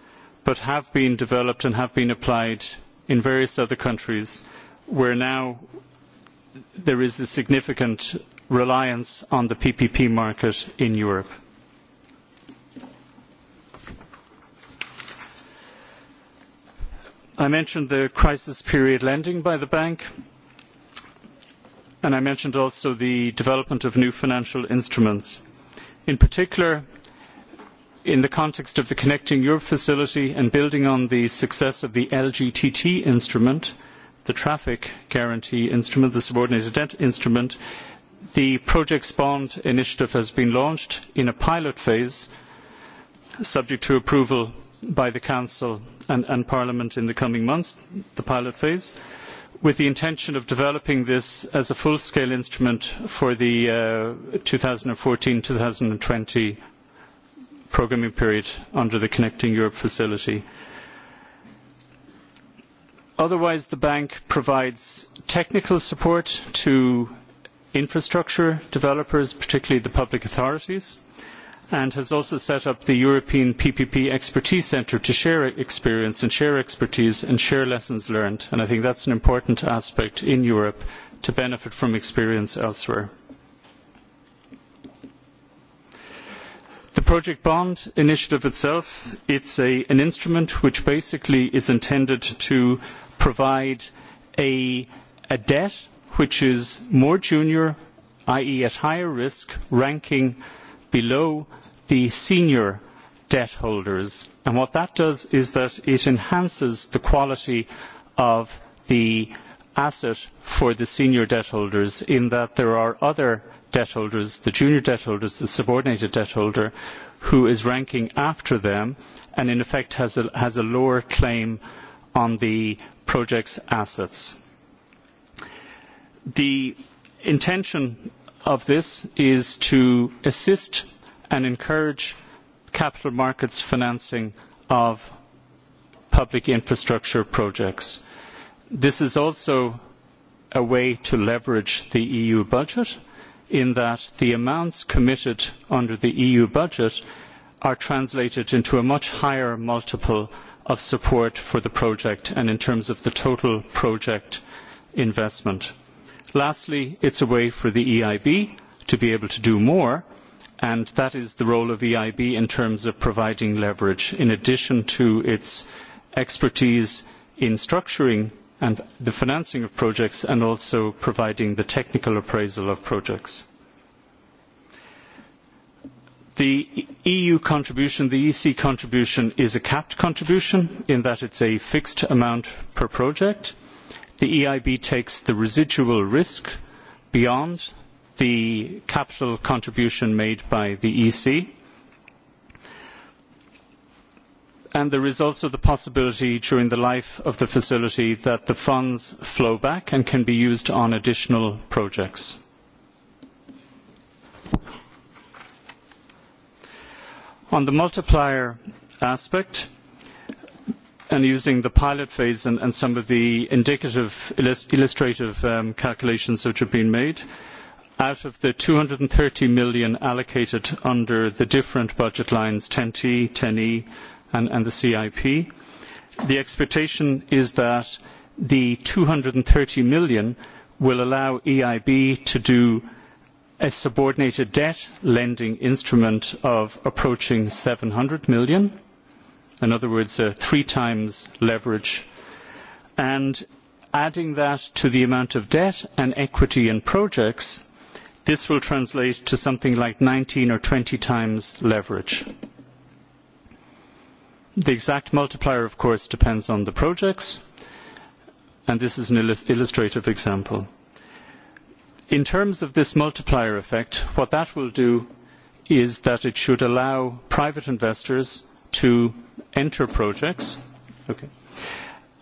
but have been developed and have been applied in various other countries where now there is a significant reliance on the PPP market in Europe. I mentioned the crisis period lending by the bank, and I mentioned also the development of new financial instruments. In particular, in the context of the Connecting Europe facility and building on the success of the LGTT instrument, the traffic guarantee instrument, the subordinated debt instrument, the Project bond initiative has been launched in a pilot phase, subject to approval by the Council and, and Parliament in the coming months, the pilot phase, with the intention of developing this as a full-scale instrument for the uh, 2014-2020 programming period under the Connecting Europe facility. Otherwise, the bank provides technical support to infrastructure developers, particularly the public authorities, and has also set up the European PPP Expertise Centre to share experience and share expertise and share lessons learned. And I think that is an important aspect in Europe to benefit from experience elsewhere. The project bond initiative itself, is a, an instrument which basically is intended to provide a, a debt which is more junior, i. e. at higher risk, ranking below the senior debt holders. And what that does is that it enhances the quality of the asset for the senior debt holders in that there are other debt holders, the junior debt holders, the subordinated debt holder, who is ranking after them and in effect has a, has a lower claim on the project's assets. The intention of this is to assist and encourage capital markets financing of public infrastructure projects. This is also a way to leverage the EU budget in that the amounts committed under the EU budget are translated into a much higher multiple of support for the project and in terms of the total project investment. Lastly, it is a way for the EIB to be able to do more, and that is the role of the EIB in terms of providing leverage in addition to its expertise in structuring and the financing of projects and also providing the technical appraisal of projects. The EU contribution, the EC contribution is a capped contribution in that it is a fixed amount per project. The EIB takes the residual risk beyond the capital contribution made by the EC and there is also the possibility during the life of the facility that the funds flow back and can be used on additional projects. On the multiplier aspect, and using the pilot phase and, and some of the indicative illustrative um, calculations which have been made, out of the 230 million allocated under the different budget lines 10T, 10E, and, and the CIP. The expectation is that the 230 million will allow EIB to do a subordinated debt lending instrument of approaching 700 million, in other words, a uh, three times leverage, and adding that to the amount of debt and equity in projects, this will translate to something like 19 or 20 times leverage. The exact multiplier, of course, depends on the projects, and this is an illust illustrative example. In terms of this multiplier effect, what that will do is that it should allow private investors to enter projects okay,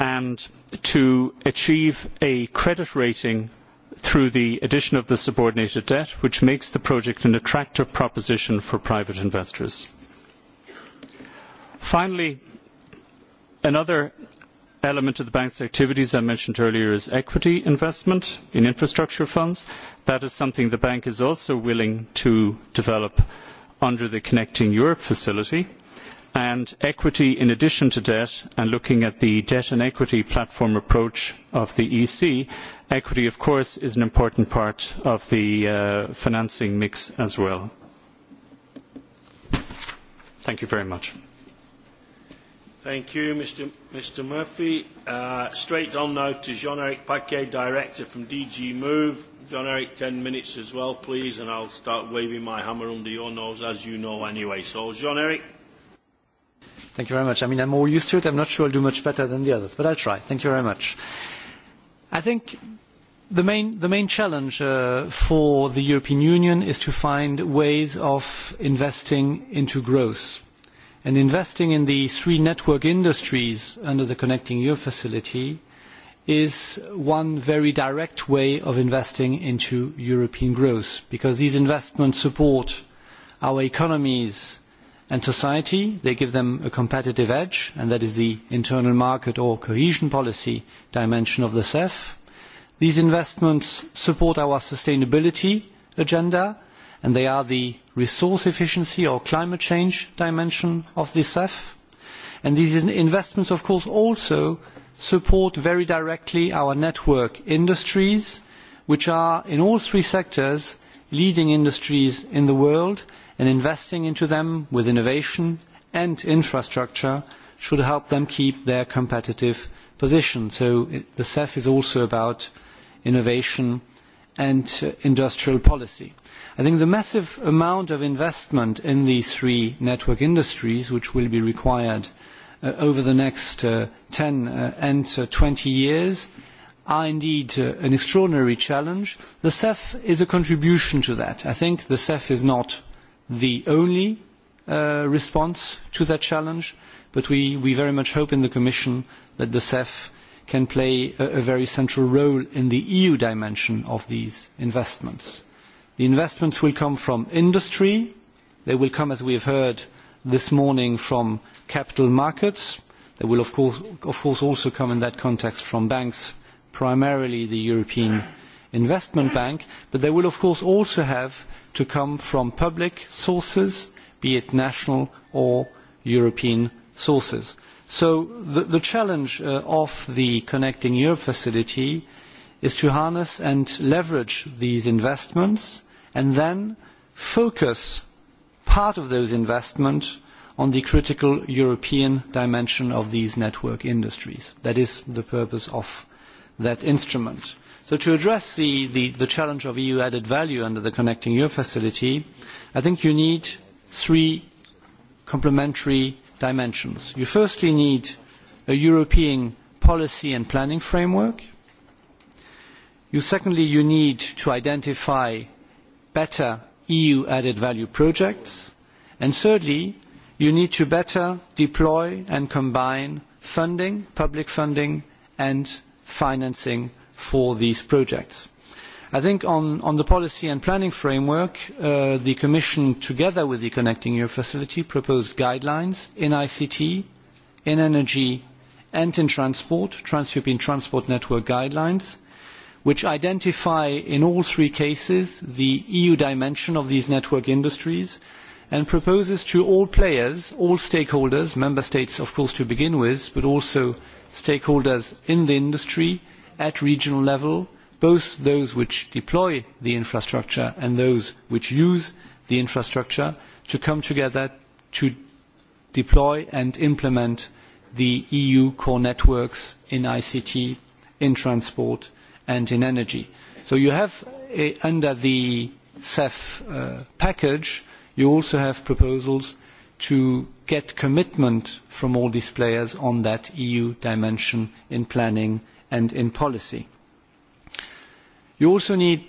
and to achieve a credit rating through the addition of the subordinated debt, which makes the project an attractive proposition for private investors. Finally, another element of the bank's activities I mentioned earlier is equity investment in infrastructure funds. That is something the bank is also willing to develop under the Connecting Europe facility. And equity in addition to debt, and looking at the debt and equity platform approach of the EC, equity, of course, is an important part of the uh, financing mix as well. Thank you very much. Thank you, Mr. Mr. Murphy. Uh, straight on now to Jean-Eric Paquet, Director from DG Move. Jean-Eric, 10 minutes as well, please, and I'll start waving my hammer under your nose, as you know anyway. So, Jean-Eric. Thank you very much. I mean, I'm more used to it. I'm not sure I'll do much better than the others, but I'll try. Thank you very much. I think the main, the main challenge uh, for the European Union is to find ways of investing into growth and investing in the three network industries under the Connecting Europe facility is one very direct way of investing into European growth because these investments support our economies and society. They give them a competitive edge, and that is the internal market or cohesion policy dimension of the CEF. These investments support our sustainability agenda, and they are the resource efficiency or climate change dimension of the CEF. And these investments, of course, also support very directly our network industries, which are in all three sectors leading industries in the world, and investing into them with innovation and infrastructure should help them keep their competitive position. So the CEF is also about innovation and uh, industrial policy. I think the massive amount of investment in these three network industries, which will be required uh, over the next uh, 10 uh, and uh, 20 years, are indeed uh, an extraordinary challenge. The CEF is a contribution to that. I think the CEF is not the only uh, response to that challenge, but we, we very much hope in the Commission that the CEF can play a, a very central role in the EU dimension of these investments. The investments will come from industry. They will come, as we have heard this morning, from capital markets. They will, of course, of course also come in that context from banks, primarily the European Investment Bank. But they will, of course, also have to come from public sources, be it national or European sources. So the, the challenge uh, of the Connecting Europe facility is to harness and leverage these investments and then focus part of those investments on the critical European dimension of these network industries. That is the purpose of that instrument. So to address the, the, the challenge of EU added value under the Connecting Europe facility, I think you need three complementary dimensions. You firstly need a European policy and planning framework. You, secondly, you need to identify better EU added value projects. And thirdly, you need to better deploy and combine funding, public funding and financing for these projects. I think on, on the policy and planning framework, uh, the Commission, together with the Connecting Europe Facility, proposed guidelines in ICT, in energy and in transport, Trans-European Transport Network guidelines, which identify in all three cases the EU dimension of these network industries and proposes to all players, all stakeholders, member states of course to begin with, but also stakeholders in the industry at regional level, both those which deploy the infrastructure and those which use the infrastructure, to come together to deploy and implement the EU core networks in ICT, in transport, and in energy. So you have, a, eh, under the CEF uh, package, you also have proposals to get commitment from all these players on that EU dimension in planning and in policy. You also need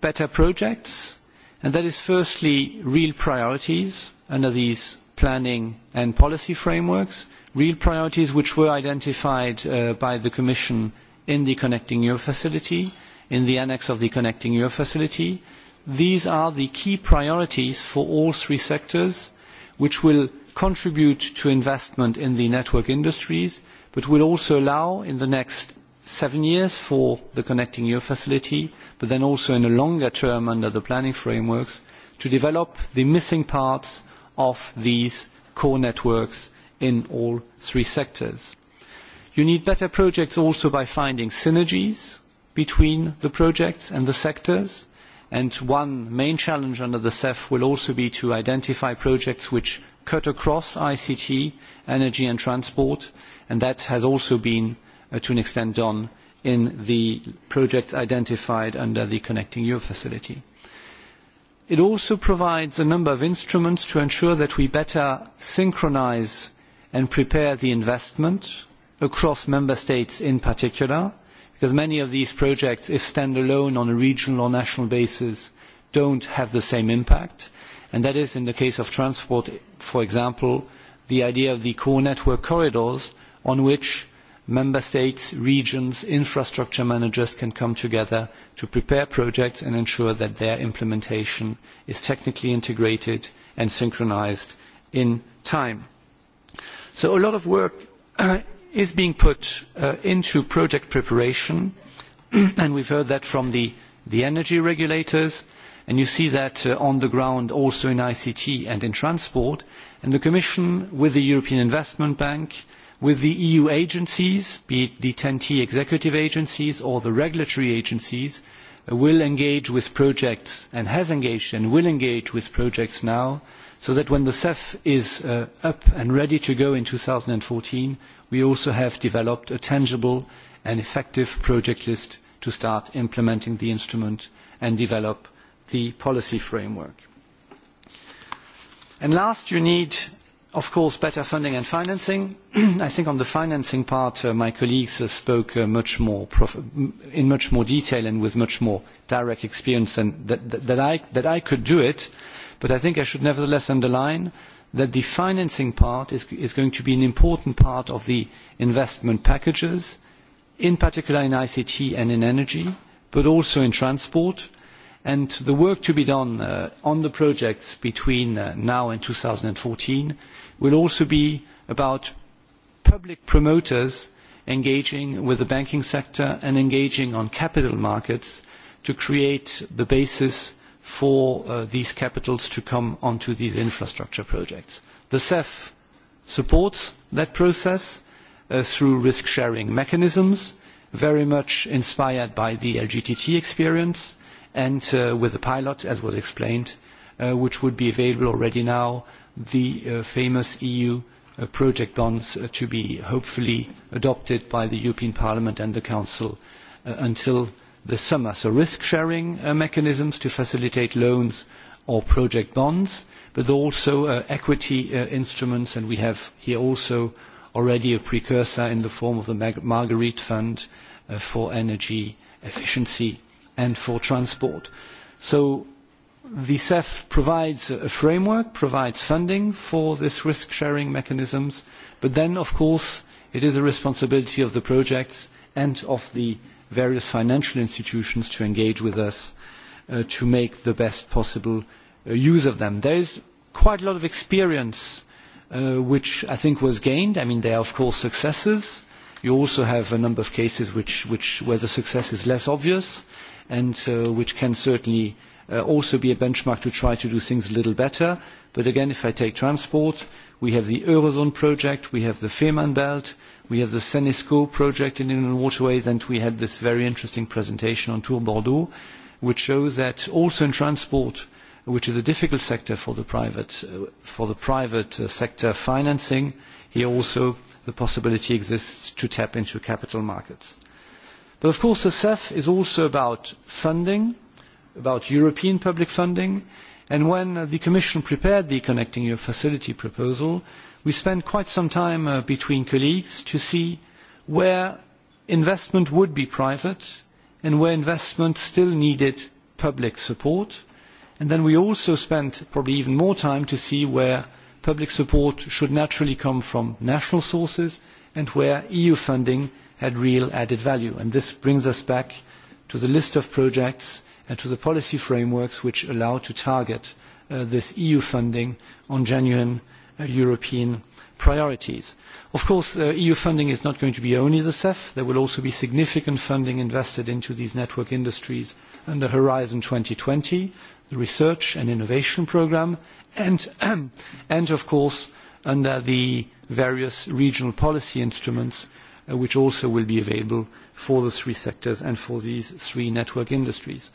better projects, and that is firstly real priorities under these planning and policy frameworks, real priorities which were identified uh, by the Commission in the Connecting Europe facility, in the annex of the Connecting Europe facility. These are the key priorities for all three sectors, which will contribute to investment in the network industries, but will also allow in the next seven years for the Connecting Europe facility, but then also in a longer term under the planning frameworks, to develop the missing parts of these core networks in all three sectors. You need better projects also by finding synergies between the projects and the sectors. And one main challenge under the CEF will also be to identify projects which cut across ICT, energy and transport, and that has also been, uh, to an extent, done in the projects identified under the Connecting Europe facility. It also provides a number of instruments to ensure that we better synchronise and prepare the investment across member states in particular, because many of these projects, if stand alone on a regional or national basis, do not have the same impact. And that is in the case of transport, for example, the idea of the core network corridors on which member states, regions, infrastructure managers can come together to prepare projects and ensure that their implementation is technically integrated and synchronised in time. So a lot of work is being put uh, into project preparation, and we have heard that from the, the, energy regulators, and you see that uh, on the ground also in ICT and in transport, and the Commission with the European Investment Bank, with the EU agencies, be it the TEN t executive agencies or the regulatory agencies, uh, will engage with projects and has engaged and will engage with projects now so that when the CEF is uh, up and ready to go in fourteen, we also have developed a tangible and effective project list to start implementing the instrument and develop the policy framework. And last, you need, of course, better funding and financing. I think on the financing part, uh, my colleagues uh, spoke uh, much more prof in much more detail and with much more direct experience than that, that, that, I, that I could do it. But I think I should nevertheless underline that the financing part is, is going to be an important part of the investment packages, in particular in ICT and in energy, but also in transport. And the work to be done uh, on the projects between uh, now and 2014 will also be about public promoters engaging with the banking sector and engaging on capital markets to create the basis for uh, these capitals to come onto these infrastructure projects. The CEF supports that process uh, through risk-sharing mechanisms, very much inspired by the LGTT experience and uh, with the pilot, as was explained, uh, which would be available already now, the uh, famous EU uh, project bonds uh, to be hopefully adopted by the European Parliament and the Council uh, until the summer, so risk-sharing uh, mechanisms to facilitate loans or project bonds, but also uh, equity uh, instruments, and we have here also already a precursor in the form of the Mar Marguerite Fund uh, for energy efficiency and for transport. So the CEF provides a framework, provides funding for this risk-sharing mechanisms, but then, of course, it is a responsibility of the projects and of the various financial institutions to engage with us uh, to make the best possible uh, use of them. There is quite a lot of experience uh, which I think was gained. I mean, there are of course successes. You also have a number of cases which, which, where the success is less obvious and uh, which can certainly uh, also be a benchmark to try to do things a little better. But again, if I take transport, we have the Eurozone project, we have the Fehmarn Belt, We have the Senesco project in inland waterways, and we had this very interesting presentation on Tour Bordeaux, which shows that also in transport, which is a difficult sector for the private, uh, for the private uh, sector financing, here also the possibility exists to tap into capital markets. But of course, the CEF is also about funding, about European public funding, and when the Commission prepared the Connecting Europe Facility proposal, we spent quite some time uh, between colleagues to see where investment would be private and where investment still needed public support. And then we also spent probably even more time to see where public support should naturally come from national sources and where EU funding had real added value. And this brings us back to the list of projects and to the policy frameworks which allow to target uh, this EU funding on genuine Uh, European priorities. Of course, uh, EU funding is not going to be only the CEF. There will also be significant funding invested into these network industries under Horizon twenty, the Research and Innovation Programme, and, and of course under the various regional policy instruments uh, which also will be available for the three sectors and for these three network industries.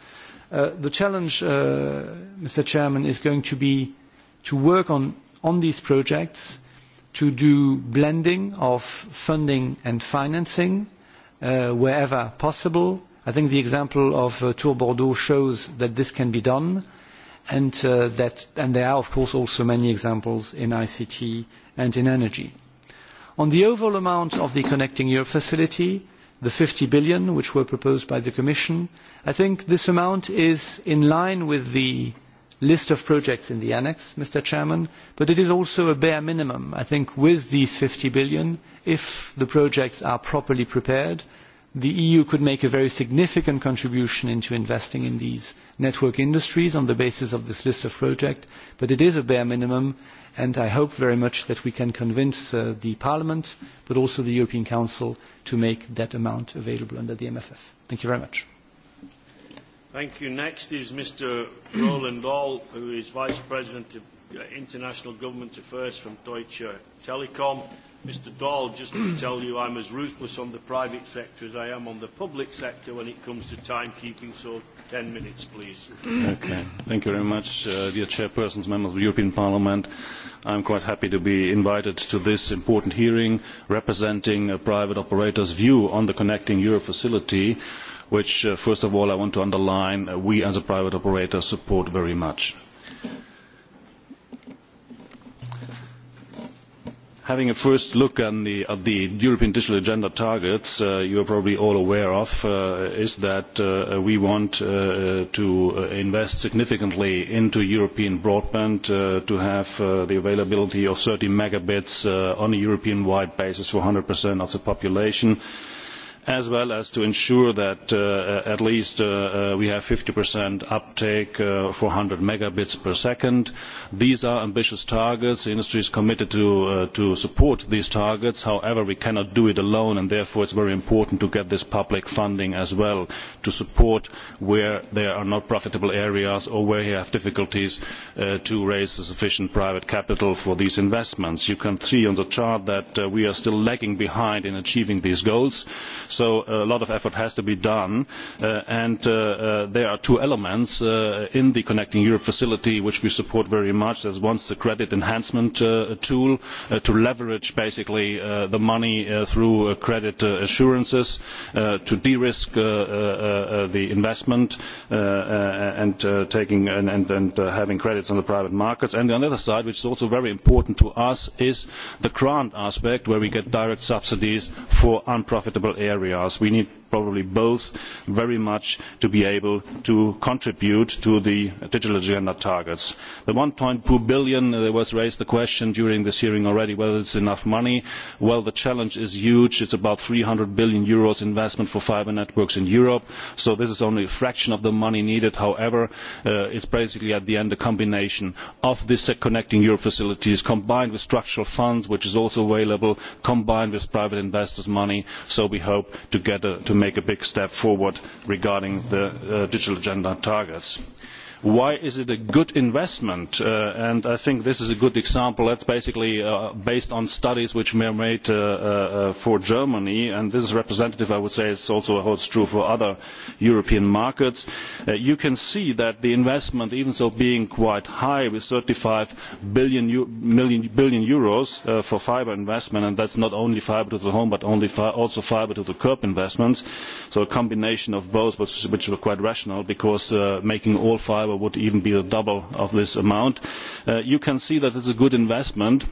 Uh, the challenge, uh, Mr. Chairman, is going to be to work on on these projects to do blending of funding and financing uh, wherever possible. I think the example of uh, Tour Bordeaux shows that this can be done and, uh, that, and there are of course also many examples in ICT and in energy. On the overall amount of the Connecting Europe facility, the 50 billion which were proposed by the Commission, I think this amount is in line with the list of projects in the annex, Mr. Chairman, but it is also a bare minimum. I think with these 50 billion, if the projects are properly prepared, the EU could make a very significant contribution into investing in these network industries on the basis of this list of projects, but it is a bare minimum, and I hope very much that we can convince uh, the Parliament, but also the European Council, to make that amount available under the MFF. Thank you very much. Thank you. Next is Mr. Roland Dahl, who is Vice President of uh, International Government Affairs from Deutsche Telekom. Mr. Dahl, just to tell you, I'm as ruthless on the private sector as I am on the public sector when it comes to timekeeping, so 10 minutes, please. Okay. Thank you very much, uh, dear chairpersons, members of the European Parliament. I'm quite happy to be invited to this important hearing representing a private operator's view on the Connecting Europe facility which, uh, first of all, I want to underline, uh, we as a private operator support very much. Having a first look the, at the European Digital Agenda targets, uh, you are probably all aware of, uh, is that uh, uh we want uh, to uh, invest significantly into European broadband to have the availability of 30 megabits on a European-wide basis for 100% of the population. Uh, as well as to ensure that uh, uh at least uh, uh we have 50% uptake uh, hundred megabits per second. These are ambitious targets. The industry is committed to, uh, to support these targets. However, we cannot do it alone, and therefore it's very important to get this public funding as well to support where there are not profitable areas or where you have difficulties uh, to raise sufficient private capital for these investments. You can see on the chart that uh, we are still lagging behind in achieving these goals. So uh, a lot of effort has to be done. Uh, and uh, there are two elements in the Connecting Europe facility which we support very much. There's one the credit enhancement tool to leverage basically the money through credit assurances to de-risk the investment and taking and, and, and having credits on the private markets. And on the other side, which is also very important to us, is the grant aspect where we get direct subsidies for unprofitable areas areas, we need probably both very much to be able to contribute to the digital agenda targets. The one two billion, there uh, was raised the question during this hearing already whether it's enough money. Well, the challenge is huge. It's about EUR three hundred billion Euros investment for fiber networks in Europe. So this is only a fraction of the money needed. However, uh, it's basically at the end a combination of the uh, connecting Europe facilities combined with structural funds, which is also available, combined with private investors' money. So we hope to get a, to make a big step forward regarding the uh, digital agenda targets why is it a good investment? Uh, and I think this is a good example. That's basically uh, based on studies which were made uh, uh, uh for Germany, and this is representative, I would say, it also holds true for other European markets. Uh, you can see that the investment, even so being quite high, with 35 billion, five million, billion euros uh, for fiber investment, and that's not only fiber to the home, but only fi also fiber to the curb investments. So a combination of both, which, which were quite rational, because uh, making all fiber would even be the double of this amount. Uh, you can see that it is a good investment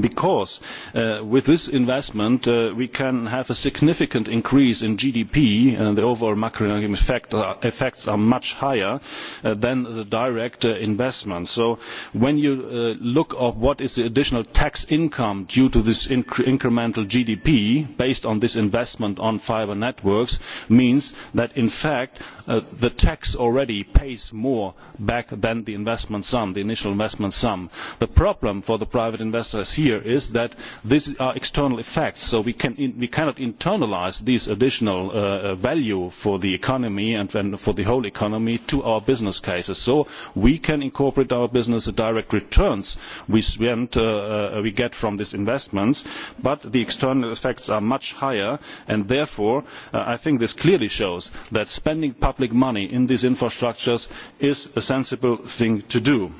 because uh, with this investment uh, we can have a significant increase in GDP and the overall macroeconomic effect, uh, effects are much higher uh, than the direct uh, investment. So when you uh, look at what is the additional tax income due to this incre incremental GDP based on this investment on fibre networks means that in fact the tax already pays more back than the investment sum, the initial investment sum. The problem for the private investors here is that these are external effects, so we, can in, we cannot internalize this additional uh, uh, value for the economy and, and for the whole economy to our business cases. So we can incorporate our business direct returns we, spend, uh, uh, we get from these investments, but the external effects are much higher, and therefore uh, I think this clearly shows that spending public money in these infrastructures is a sensible thing to do.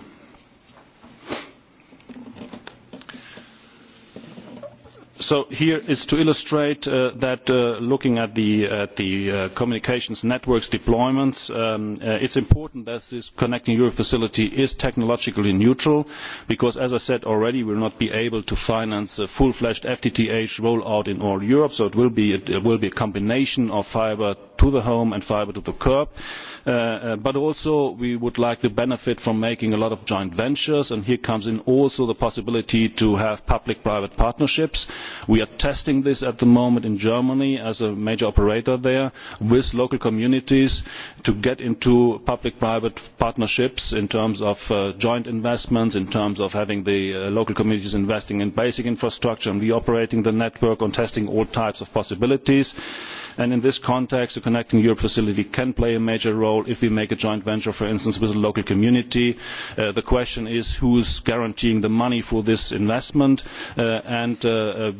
so here is to illustrate uh, that uh, looking at the, at the uh, communications networks deployments, um, uh, it's important that this Connecting Europe facility is technologically neutral because, as I said already, we will not be able to finance a full-fledged FTTH rollout in all Europe, so it will be, it will be a combination of fiber to the home and fiber to the curb. Uh, uh, but also we would like to benefit from making a lot of joint ventures, and here comes in also the possibility to have public-private partnerships. We are testing this at the moment in Germany as a major operator there with local communities to get into public-private partnerships in terms of uh, joint investments, in terms of having the uh, local communities investing in basic infrastructure and reoperating the network and testing all types of possibilities. in this context, the Connecting Europe facility can play a major role if we make a joint venture, for instance, with a local community. Uh, the question is who is guaranteeing the money for this investment and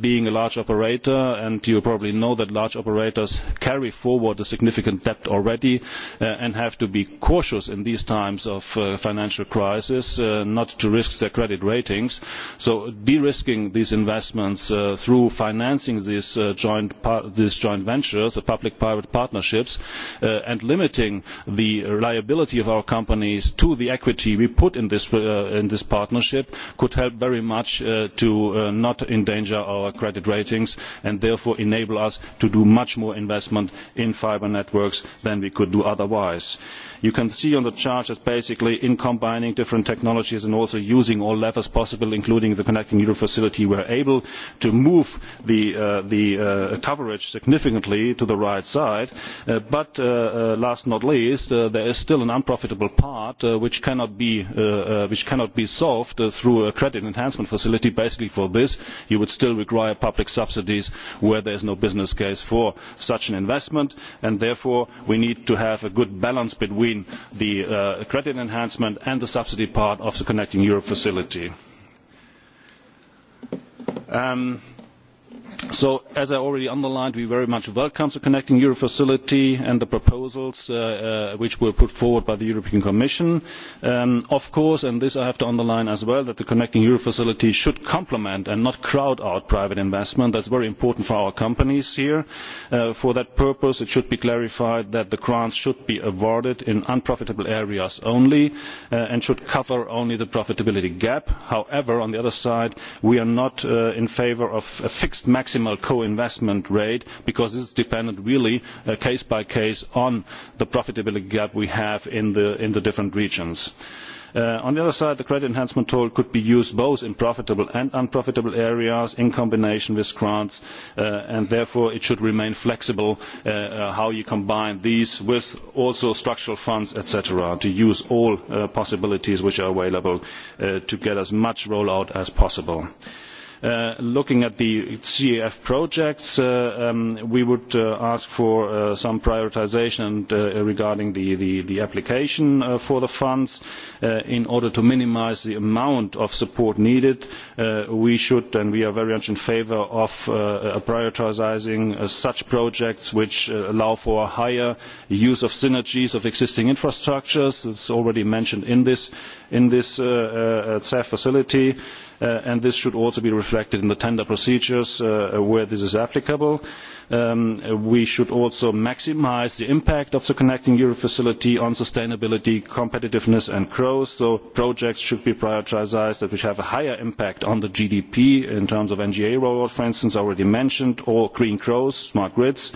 being a large operator, and you probably know that large operators carry forward a significant debt already uh, and have to be cautious in these times of uh, financial crisis uh, not to risk their credit ratings. So de-risking these investments uh, through financing these, uh, joint these joint ventures, the uh, public-private partnerships, uh, and limiting the liability of our companies to the equity we put in this, uh, in this partnership could help very much uh, to uh, not endanger our credit ratings and therefore enable us to do much more investment in fibre networks than we could do otherwise. You can see on the chart that basically in combining different technologies and also using all levers possible, including the Connecting Europe facility, we are able to move the, uh, the uh, coverage significantly to the right side. Uh, but uh, uh, last not least, uh, there is still an unprofitable part which cannot be which cannot be solved through a credit enhancement facility. Basically, for this, you would still require public subsidies where there is no business case for such an investment, and therefore we need to have a good balance between between the uh, credit enhancement and the subsidy part of the Connecting Europe facility. Um, So, as I already underlined, we very much welcome the Connecting Europe facility and the proposals uh, uh, which were put forward by the European Commission. Um, of course, and this I have to underline as well, that the Connecting Europe facility should complement and not crowd out private investment. That is very important for our companies here. Uh, for that purpose, it should be clarified that the grants should be awarded in unprofitable areas only uh, and should cover only the profitability gap. However, on the other side, we are not uh, in favour of a fixed maximum maximal co-investment rate because this is dependent really uh, case by case on the profitability gap we have in the, in the different regions. Uh, on the other side, the credit enhancement tool could be used both in profitable and unprofitable areas in combination with grants, uh, and therefore it should remain flexible uh, uh how you combine these with also structural funds, etc., to use all uh, possibilities which are available uh, to get as much rollout as possible. Uh, Uh, looking at the CEF projects, uh, um, we would uh, ask for some prioritisation regarding the, the, the application for the funds. in order to minimise the amount of support needed, we should, and we are very much in favour of prioritising such projects which allow for a higher use of synergies of existing infrastructures. It's already mentioned in this, in this CEF facility. Uh, uh, and this should also be reflected in the tender procedures uh, where this is applicable. Um, we should also maximize the impact of the Connecting Europe facility on sustainability, competitiveness and growth. So projects should be prioritized that which have a higher impact on the GDP in terms of NGA rollout, for instance, already mentioned, or green growth, smart grids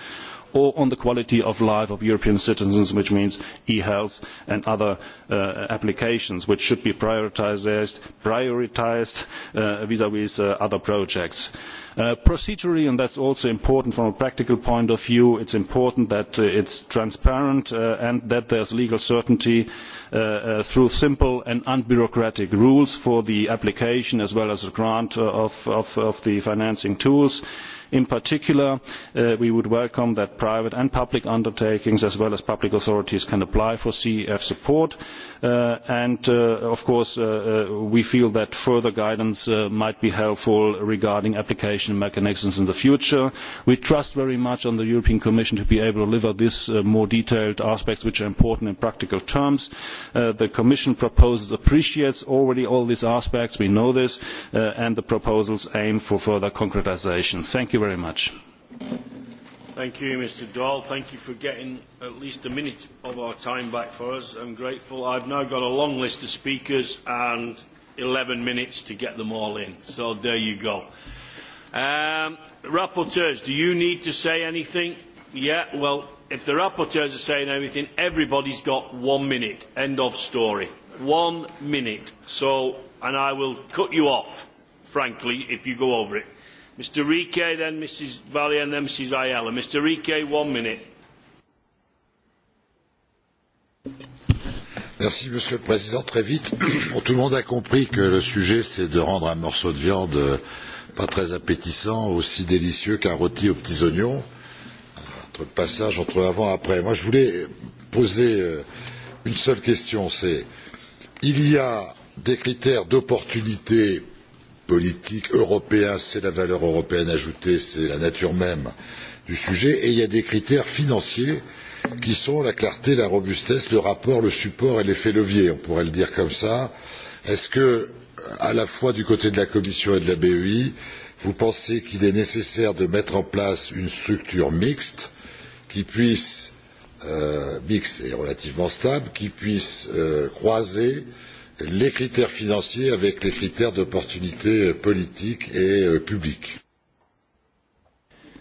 or on the quality of life of European citizens, which means e-health and other uh, applications, which should be prioritised uh, vis-à-vis -vis, uh, other projects. Uh, procedurally, and that is also important from a practical point of view, it is important that uh, it is transparent uh, and that there is legal certainty uh, uh, through simple and unbureaucratic rules for the application as well as the grant of, of, of the financing tools. In particular, uh, we would welcome that private and public undertakings as well as public authorities can apply for CEF support. Uh, and uh, of course, we feel that further guidance might be helpful regarding application evaluation mechanisms in the future. We trust very much on the European Commission to be able to deliver these uh, more detailed aspects which are important in practical terms. Uh, the Commission proposals appreciates already all these aspects, we know this, uh, and the proposals aim for further concretisation. Thank you very much. Thank you, Mr. Dahl. Thank you for getting at least a minute of our time back for us. I'm grateful. I've now got a long list of speakers and 11 minutes to get them all in. So there you go. Um, rapporteurs, do you need to say anything? Yeah, well, if the rapporteurs are saying everything, everybody's got one minute. End of story. One minute. So, and I will cut you off, frankly, if you go over it. Mr. Rike, then Mrs. Valley, and then Mrs. Ayala. Mr. Rike, one minute. Merci, Monsieur le Président. Très vite, bon, tout le monde a compris que le sujet, c'est de rendre un morceau de viande Euh, pas très appétissant, aussi délicieux qu'un rôti aux petits oignons, entre le passage entre avant et après. Moi, je voulais poser euh, une seule question, c'est il y a des critères d'opportunité politique européens, c'est la valeur européenne ajoutée, c'est la nature même du sujet, et il y a des critères financiers qui sont la clarté, la robustesse, le rapport, le support et l'effet levier, on pourrait le dire comme ça. Est-ce que à la fois du côté de la Commission et de la BEI, vous pensez qu'il est nécessaire de mettre en place une structure mixte qui puisse euh, mixte et relativement stable, qui puisse euh, croiser les critères financiers avec les critères d'opportunité euh, politique et euh, publique.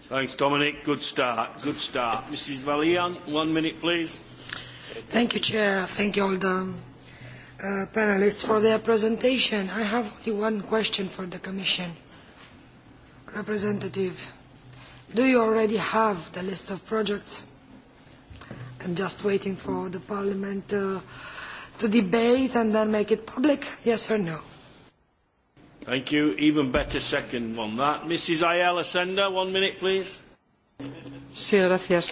Thanks, Dominic. Good start. Good start. Mrs. Valian, one minute, please. Thank you, Chair. Thank you all. Uh, panelists for their presentation. I have only one question for the Commission. Representative, do you already have the list of projects? I'm just waiting for the Parliament uh, to debate and then make it public, yes or no? Thank you. Even better second on that. Mrs. Ayala Sender, one minute, please. Sí, gracias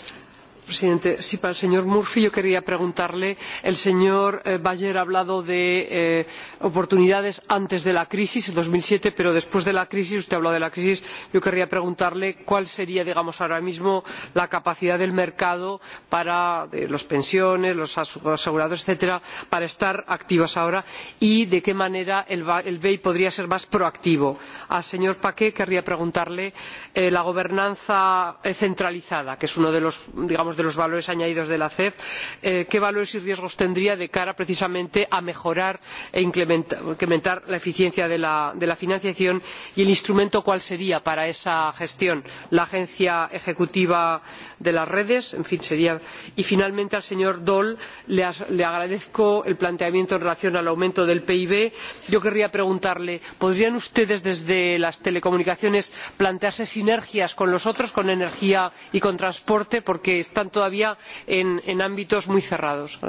presidente. Sí, para el señor Murphy yo quería preguntarle, el señor eh, Bayer ha hablado de eh, oportunidades antes de la crisis, en dos mil siete, pero después de la crisis, usted ha hablado de la crisis, yo querría preguntarle cuál sería, digamos, ahora mismo la capacidad del mercado para de las pensiones, los asegurados, etcétera, para estar activas ahora y de qué manera el, el BEI podría ser más proactivo. Al señor Paquet querría preguntarle eh, la gobernanza eh, centralizada, que es uno de los, digamos, de los valores añadidos de la CEF, eh, qué valores y riesgos tendría de cara precisamente a mejorar e incrementar la eficiencia de la, de la financiación y el instrumento cuál sería para esa gestión la agencia ejecutiva de las redes en fin sería y finalmente al señor daul le, le agradezco el planteamiento en relación con el aumento del pib yo querría preguntarle podrían ustedes desde las telecomunicaciones plantearse sinergias con los otros con energía y con transporte porque están están todavía en, en ámbitos muy cerrados.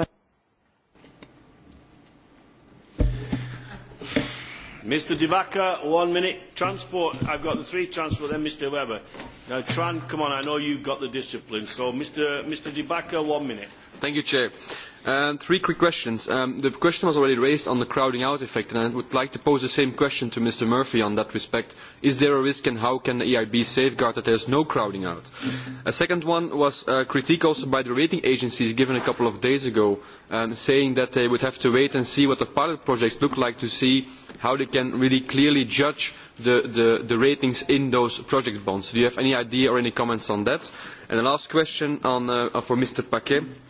Mr. Dibaka, one minute. Transport, I've got the three transport, then Mr. Weber. Now, Tran, come on, I know you've got the discipline. So, Mr. Mr. Dibaka, one minute. Thank you, Chair. Um, three quick questions. Um, the question was already raised on the crowding out effect, and I would like to pose the same question to Mr. Murphy on that respect. Is there a risk, and how can the EIB safeguard that there is no crowding out? a second one was a uh, critique also by the rating agencies given a couple of days ago, um, saying that they would have to wait and see what the pilot projects look like to see how they can really clearly judge the, the, the ratings in those project bonds. Do you have any idea or any comments on that? And the last question on, uh, for Mr. Paquet. Mm -hmm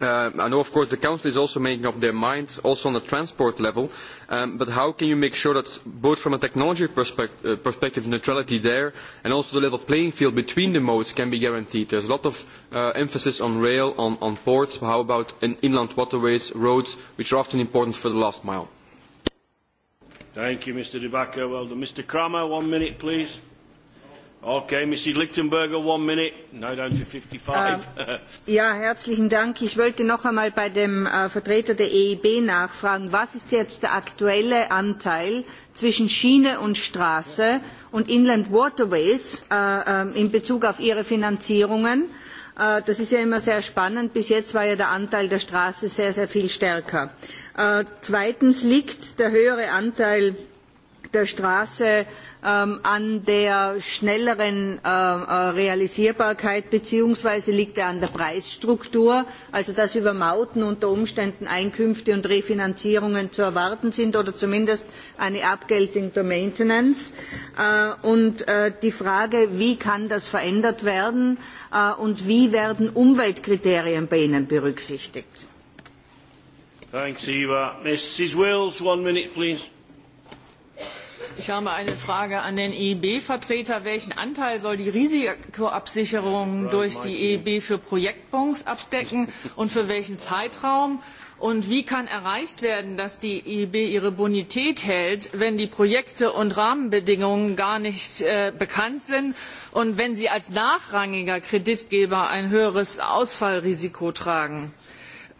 Uh, I know, of course, the Council is also making up their mind, also on the transport level, um, but how can you make sure that both from a technology perspect uh, perspective, neutrality there, and also the level playing field between the modes can be guaranteed? There is a lot of uh, emphasis on rail, on, on ports, but how about in inland waterways, roads, which are often important for the last mile? Thank you, Mr. DeBacco. Well done. Mr. Kramer, one minute, please. Okay, Mrs. Lichtenberger, one minute. No, down to 55. Ähm, ja, herzlichen Dank. Ich wollte noch einmal bei dem uh, Vertreter der EIB nachfragen. Was ist jetzt der aktuelle Anteil zwischen Schiene und Straße und Inland Waterways uh, um, in Bezug auf ihre Finanzierungen? Äh, das ist ja immer sehr spannend. Bis jetzt war ja der Anteil der Straße sehr, sehr viel stärker. Zweitens liegt der höhere Anteil der Straße ähm, an der schnelleren ähm, äh, Realisierbarkeit beziehungsweise liegt er an der Preisstruktur, also dass über Mauten unter Umständen Einkünfte und Refinanzierungen zu erwarten sind oder zumindest eine Abgeltung der Maintenance. Äh, und äh, die Frage, wie kann das verändert werden äh, und wie werden Umweltkriterien bei Ihnen berücksichtigt? Thanks, Eva. Mrs. Wills, one minute, please. Ich habe eine Frage an den EIB-Vertreter. Welchen Anteil soll die Risikoabsicherung durch die EIB für Projektbonds abdecken und für welchen Zeitraum? Und wie kann erreicht werden, dass die EIB ihre Bonität hält, wenn die Projekte und Rahmenbedingungen gar nicht äh, bekannt sind und wenn sie als nachrangiger Kreditgeber ein höheres Ausfallrisiko tragen?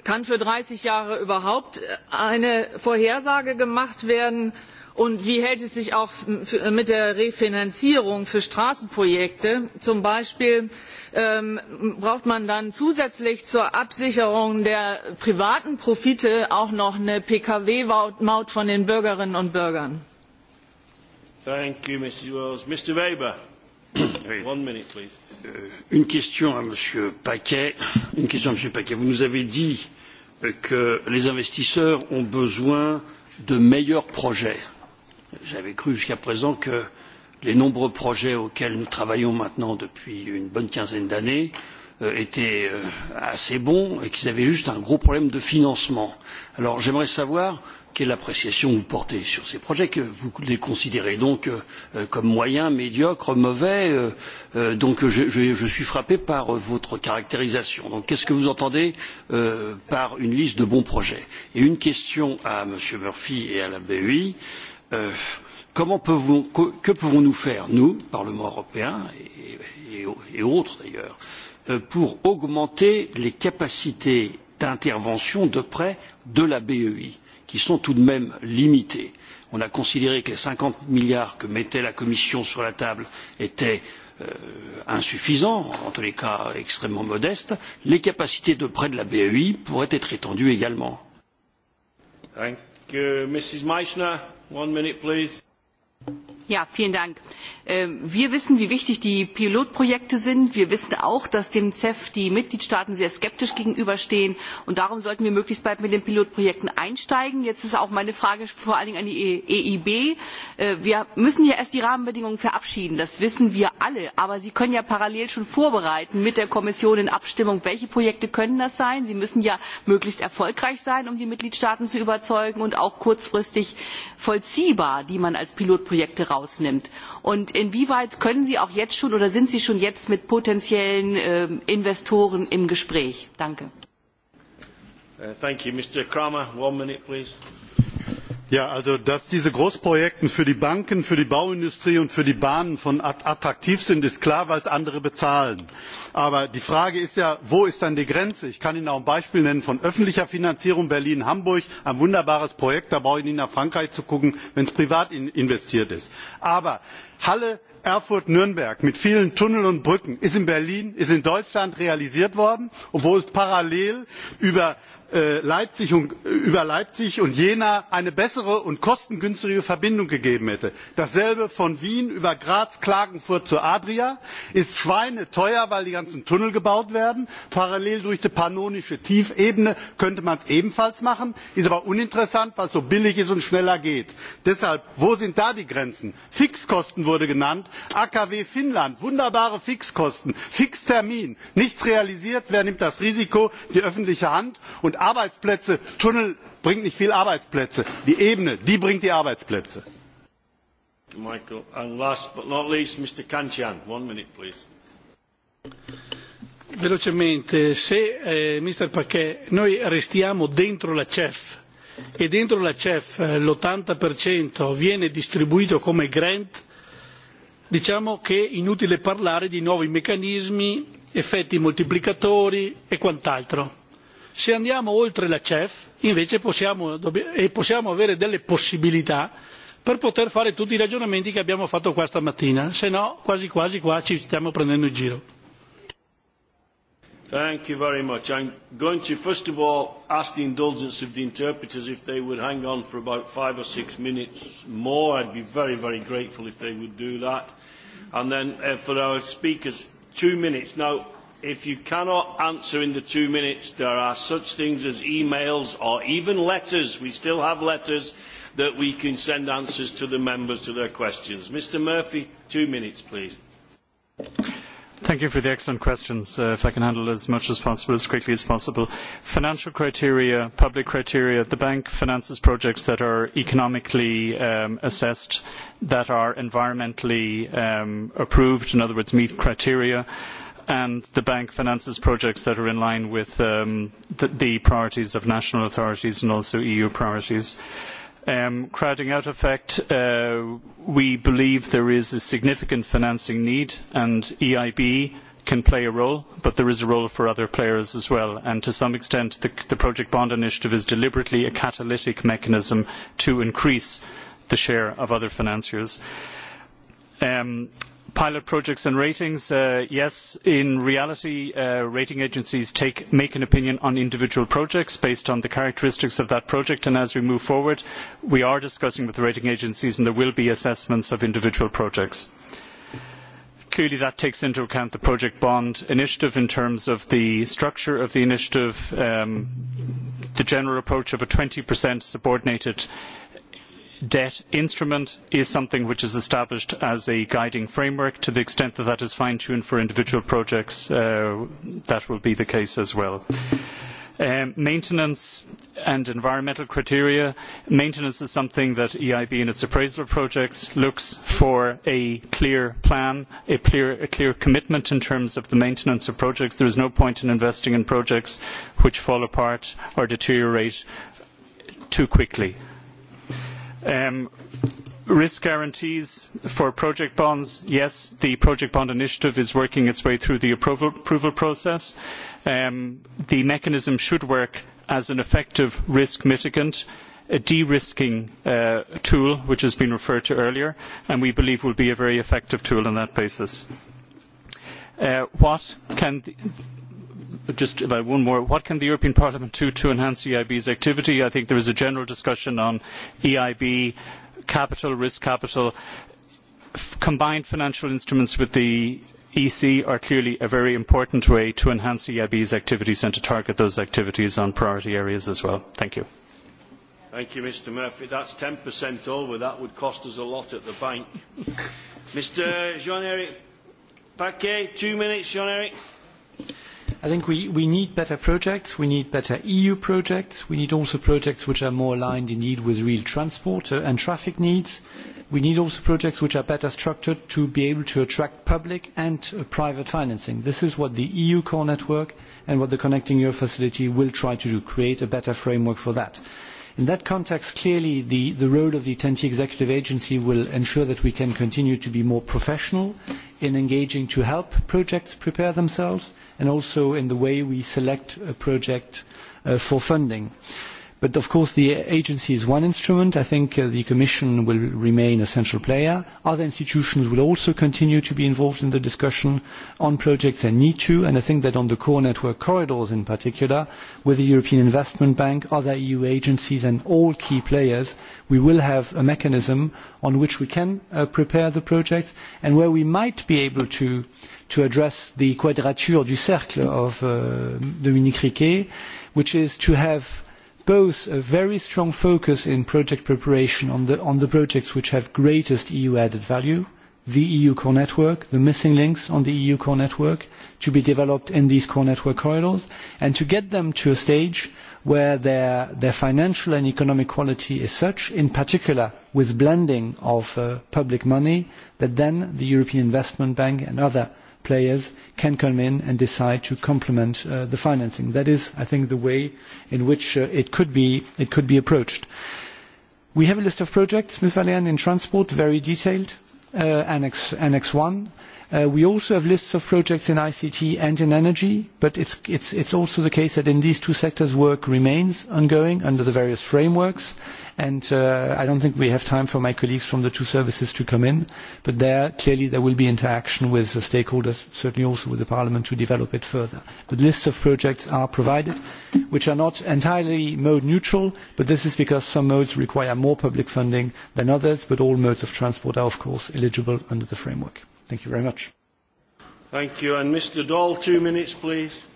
Kann für dreißig Jahre überhaupt äh, eine Vorhersage gemacht werden? Und wie hält es sich auch mit der Refinanzierung für Straßenprojekte? Zum Beispiel ähm, braucht man dann zusätzlich zur Absicherung der privaten Profite auch noch eine Pkw-Maut von den Bürgerinnen und Bürgern. Thank you, Mrs. Wells. Mr. Weber. One minute, please. Euh, une question à Monsieur Paquet. Une question à Monsieur Paquet. Vous nous avez dit euh, que les investisseurs ont besoin de meilleurs projets. J'avais cru jusqu'à présent que les nombreux projets auxquels nous travaillons maintenant depuis une bonne quinzaine d'années euh, étaient euh, assez bons et qu'ils avaient juste un gros problème de financement. Alors j'aimerais savoir quelle appréciation vous portez sur ces projets, que vous les considérez donc euh, euh comme moyens, médiocres, mauvais. Euh, euh, donc je, je, je suis frappé par euh, votre caractérisation. Donc qu'est-ce que vous entendez euh, par une liste de bons projets Et une question à M. Murphy et à la BEI euh, comment pouvons, que, que pouvons-nous faire, nous, Parlement européen et, et, et autres d'ailleurs, euh, pour augmenter les capacités d'intervention de près de la BEI, qui sont tout de même limitées. On a considéré que les cinquante milliards que mettait la Commission sur la table étaient euh, insuffisants, en tous les cas extrêmement modestes. Les capacités de près de la BEI pourraient être étendues également. Thank you, Mrs. Meissner. One minute, please. Ja, vielen Dank. Ähm, wir wissen, wie wichtig die Pilotprojekte sind. Wir wissen auch, dass dem CEF die Mitgliedstaaten sehr skeptisch gegenüberstehen. Und darum sollten wir möglichst bald mit den Pilotprojekten einsteigen. Jetzt ist auch meine Frage vor allen Dingen an die EIB. E äh, wir müssen ja erst die Rahmenbedingungen verabschieden. Das wissen wir alle. Aber Sie können ja parallel schon vorbereiten mit der Kommission in Abstimmung, welche Projekte können das sein. Sie müssen ja möglichst erfolgreich sein, um die Mitgliedstaaten zu überzeugen und auch kurzfristig vollziehbar, die man als Pilotprojekte rausnimmt. Und inwieweit können Sie auch jetzt schon oder sind Sie schon jetzt mit potenziellen äh, Investoren im Gespräch? Danke. Uh, thank you. Mr. Kramer, one minute, please. Ja, also dass diese Großprojekte für die Banken, für die Bauindustrie und für die Bahnen von attraktiv sind, ist klar, weil es andere bezahlen. Aber die Frage ist ja, wo ist dann die Grenze? Ich kann Ihnen auch ein Beispiel nennen von öffentlicher Finanzierung Berlin-Hamburg, ein wunderbares Projekt, da brauche ich nicht nach Frankreich zu gucken, wenn es privat in investiert ist. Aber Halle Erfurt Nürnberg mit vielen Tunneln und Brücken ist in Berlin, ist in Deutschland realisiert worden, obwohl es parallel über Äh, Leipzig und, über Leipzig und Jena eine bessere und kostengünstige Verbindung gegeben hätte. Dasselbe von Wien über Graz, Klagenfurt zur Adria ist schweineteuer, weil die ganzen Tunnel gebaut werden. Parallel durch die pannonische Tiefebene könnte man es ebenfalls machen, ist aber uninteressant, weil es so billig ist und schneller geht. Deshalb, wo sind da die Grenzen? Fixkosten wurde genannt, AKW Finnland, wunderbare Fixkosten, Fixtermin, nichts realisiert, wer nimmt das Risiko? Die öffentliche Hand und Arbeitsplätze. Tunnel bringt nicht viel Arbeitsplätze. Die Ebene, die bringt die Arbeitsplätze. Michael, and last but not least, Mr. One minute, please. Velocemente, se eh, Mr. Paquet, noi restiamo dentro la CEF e dentro la e eh, CEF l'80% viene distribuito come grant, diciamo che è inutile parlare di nuovi meccanismi, effetti moltiplicatori e quant'altro. Se andiamo oltre la CEF invece possiamo, e possiamo avere delle possibilità per poter fare tutti i ragionamenti che abbiamo fatto qua stamattina, se no quasi quasi qua ci stiamo prendendo in giro. Thank you very much. I'm going to first of all ask the indulgence of the interpreters if they would hang on for about five or six minutes more. I'd be very, very grateful if they would do that. And then uh, for our speakers, two minutes. Now, If you cannot answer in the two minutes, there are such things as emails or even letters. We still have letters that we can send answers to the members to their questions. Mr Murphy, two minutes, please. Thank you for the excellent questions. Uh, if I can handle as much as possible, as quickly as possible. Financial criteria, public criteria, the bank finances projects that are economically um, assessed, that are environmentally um, approved, in other words, meet criteria and the bank finances projects that are in line with um, the, the, priorities of national authorities and also EU priorities. Um, crowding out effect, uh, we believe there is a significant financing need and EIB can play a role, but there is a role for other players as well. And to some extent, the, the Project Bond Initiative is deliberately a catalytic mechanism to increase the share of other financiers. Um, pilot projects and ratings, uh, yes, in reality, uh, rating agencies take, make an opinion on individual projects based on the characteristics of that project. And as we move forward, we are discussing with the rating agencies and there will be assessments of individual projects. Clearly, that takes into account the project bond initiative in terms of the structure of the initiative, um, the general approach of a 20% subordinated debt instrument is something which is established as a guiding framework. To the extent that that is fine-tuned for individual projects, uh, that will be the case as well. Um, maintenance and environmental criteria. Maintenance is something that EIB in its appraisal projects looks for a clear plan, a clear, a clear commitment in terms of the maintenance of projects. There is no point in investing in projects which fall apart or deteriorate too quickly. Um, risk guarantees for project bonds, yes, the project bond initiative is working its way through the approval, approval process. Um, the mechanism should work as an effective risk mitigant a de-risking uh, tool, which has been referred to earlier, and we believe will be a very effective tool on that basis. Uh, what can the just about one more. What can the European Parliament do to enhance EIB's activity? I think there is a general discussion on EIB, capital, risk capital. combined financial instruments with the EC are clearly a very important way to enhance EIB's activities and to target those activities on priority areas as well. Thank you. Thank you, Mr. Murphy. That's 10% over. That would cost us a lot at the bank. Mr. Jean-Eric Paquet, two minutes, Jean-Eric. I think we, we need better projects, we need better EU projects, we need also projects which are more aligned indeed with real transport uh, and traffic needs. We need also projects which are better structured to be able to attract public and uh, private financing. This is what the EU core network and what the Connecting Europe facility will try to do, create a better framework for that. In that context, clearly the, the role of the ten Executive Agency will ensure that we can continue to be more professional in engaging to help projects prepare themselves and also in the way we select a project uh, for funding. Uh, But of course the agency is one instrument. I think uh, the Commission will remain a central player. Other institutions will also continue to be involved in the discussion on projects and need to, and I think that on the core network corridors in particular, with the European Investment Bank, other EU agencies and all key players, we will have a mechanism on which we can uh, prepare the projects and where we might be able to to address the quadrature du cercle of uh, Dominique Riquet, which is to have both a very strong focus in project preparation on the, on the projects which have greatest EU added value, the EU core network, the missing links on the EU core network to be developed in these core network corridors, and to get them to a stage where their, their financial and economic quality is such, in particular with blending of uh, public money, that then the European Investment Bank and other players can come in and decide to complement uh, the financing. That is, I think, the way in which uh, it, could be, it could be approached. We have a list of projects, Ms. Valian, in transport, very detailed, uh, Annex, Annex 1. Uh, we also have lists of projects in ICT and in energy, but it's, it's, it's also the case that in these two sectors work remains ongoing under the various frameworks, and uh, I don't think we have time for my colleagues from the two services to come in, but there clearly there will be interaction with the stakeholders, certainly also with the Parliament to develop it further. But lists of projects are provided, which are not entirely mode neutral, but this is because some modes require more public funding than others, but all modes of transport are of course eligible under the framework. Thank you very much. Thank you. And Mr. Dahl, two minutes, please.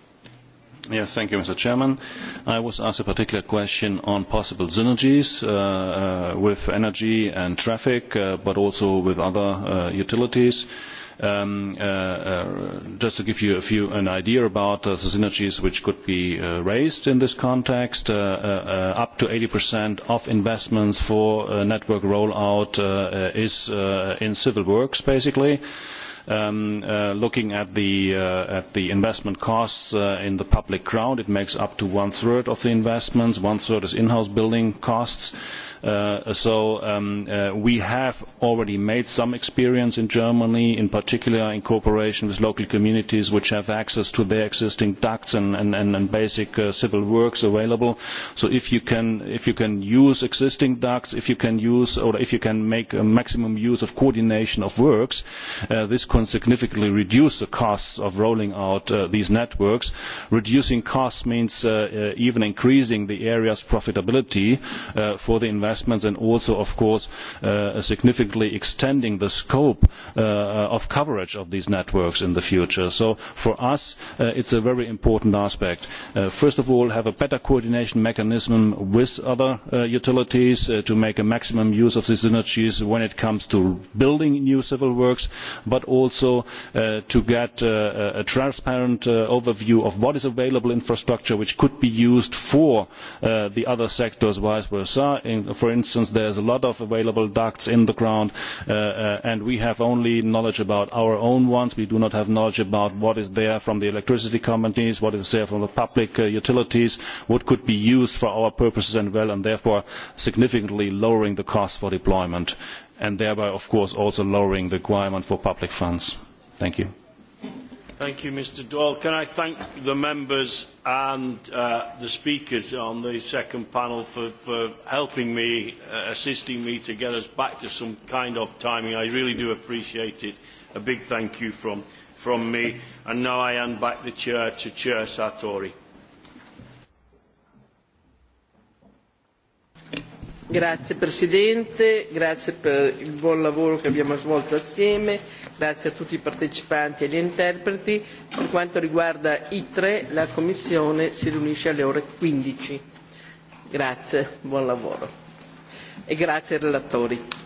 Yes, thank you, Mr. Chairman. I was asked a particular question on possible synergies uh, uh, with energy and traffic, uh, but also with other uh, utilities. Um, uh, uh, just to give you a few an idea about uh, the synergies which could be uh, raised in this context, uh, uh, uh up to 80% of investments for uh, network rollout uh, is uh, in civil works, basically. Um, uh, looking at the, uh, at the investment costs uh, in the public ground, it makes up to one-third of the investments, one-third is in-house building costs Uh, so um, uh, we have already made some experience in Germany, in particular in cooperation with local communities which have access to their existing ducts and, and, and, and basic uh, civil works available. So if you, can, if you can use existing ducts, if you can use or if you can make a maximum use of coordination of works, uh, this can significantly reduce the costs of rolling out uh, these networks. Reducing costs means uh, uh, even increasing the area's profitability uh, for the investment investments and also, of course, uh, significantly extending the scope uh, of coverage of these networks in the future. So for us, uh, it is a very important aspect. first of all, have a better coordination mechanism with other utilities to make a maximum use of the synergies when it comes to building new civil works, but also to get a transparent overview of what is available infrastructure which could be used for the other sectors vice versa. In, for instance, there are a lot of available ducts in the ground, uh, uh, and we have only knowledge about our own ones. We do not have knowledge about what is there from the electricity companies, what is there from the public uh, utilities, what could be used for our purposes and well, and therefore significantly lowering the cost for deployment, and thereby, of course, also lowering the requirement for public funds. Thank you. Thank you, Mr. Doyle. Can I thank the members and uh, the speakers on the second panel for, for helping me, uh, assisting me to get us back to some kind of timing. I really do appreciate it. A big thank you from, from me. And now I hand back the chair to Chair Sartori, Grazie Presidente, grazie per il buon lavoro che abbiamo svolto assieme Grazie a tutti i partecipanti e gli interpreti. Per quanto riguarda i tre, la Commissione si riunisce alle ore 15. Grazie, buon lavoro. E grazie ai relatori.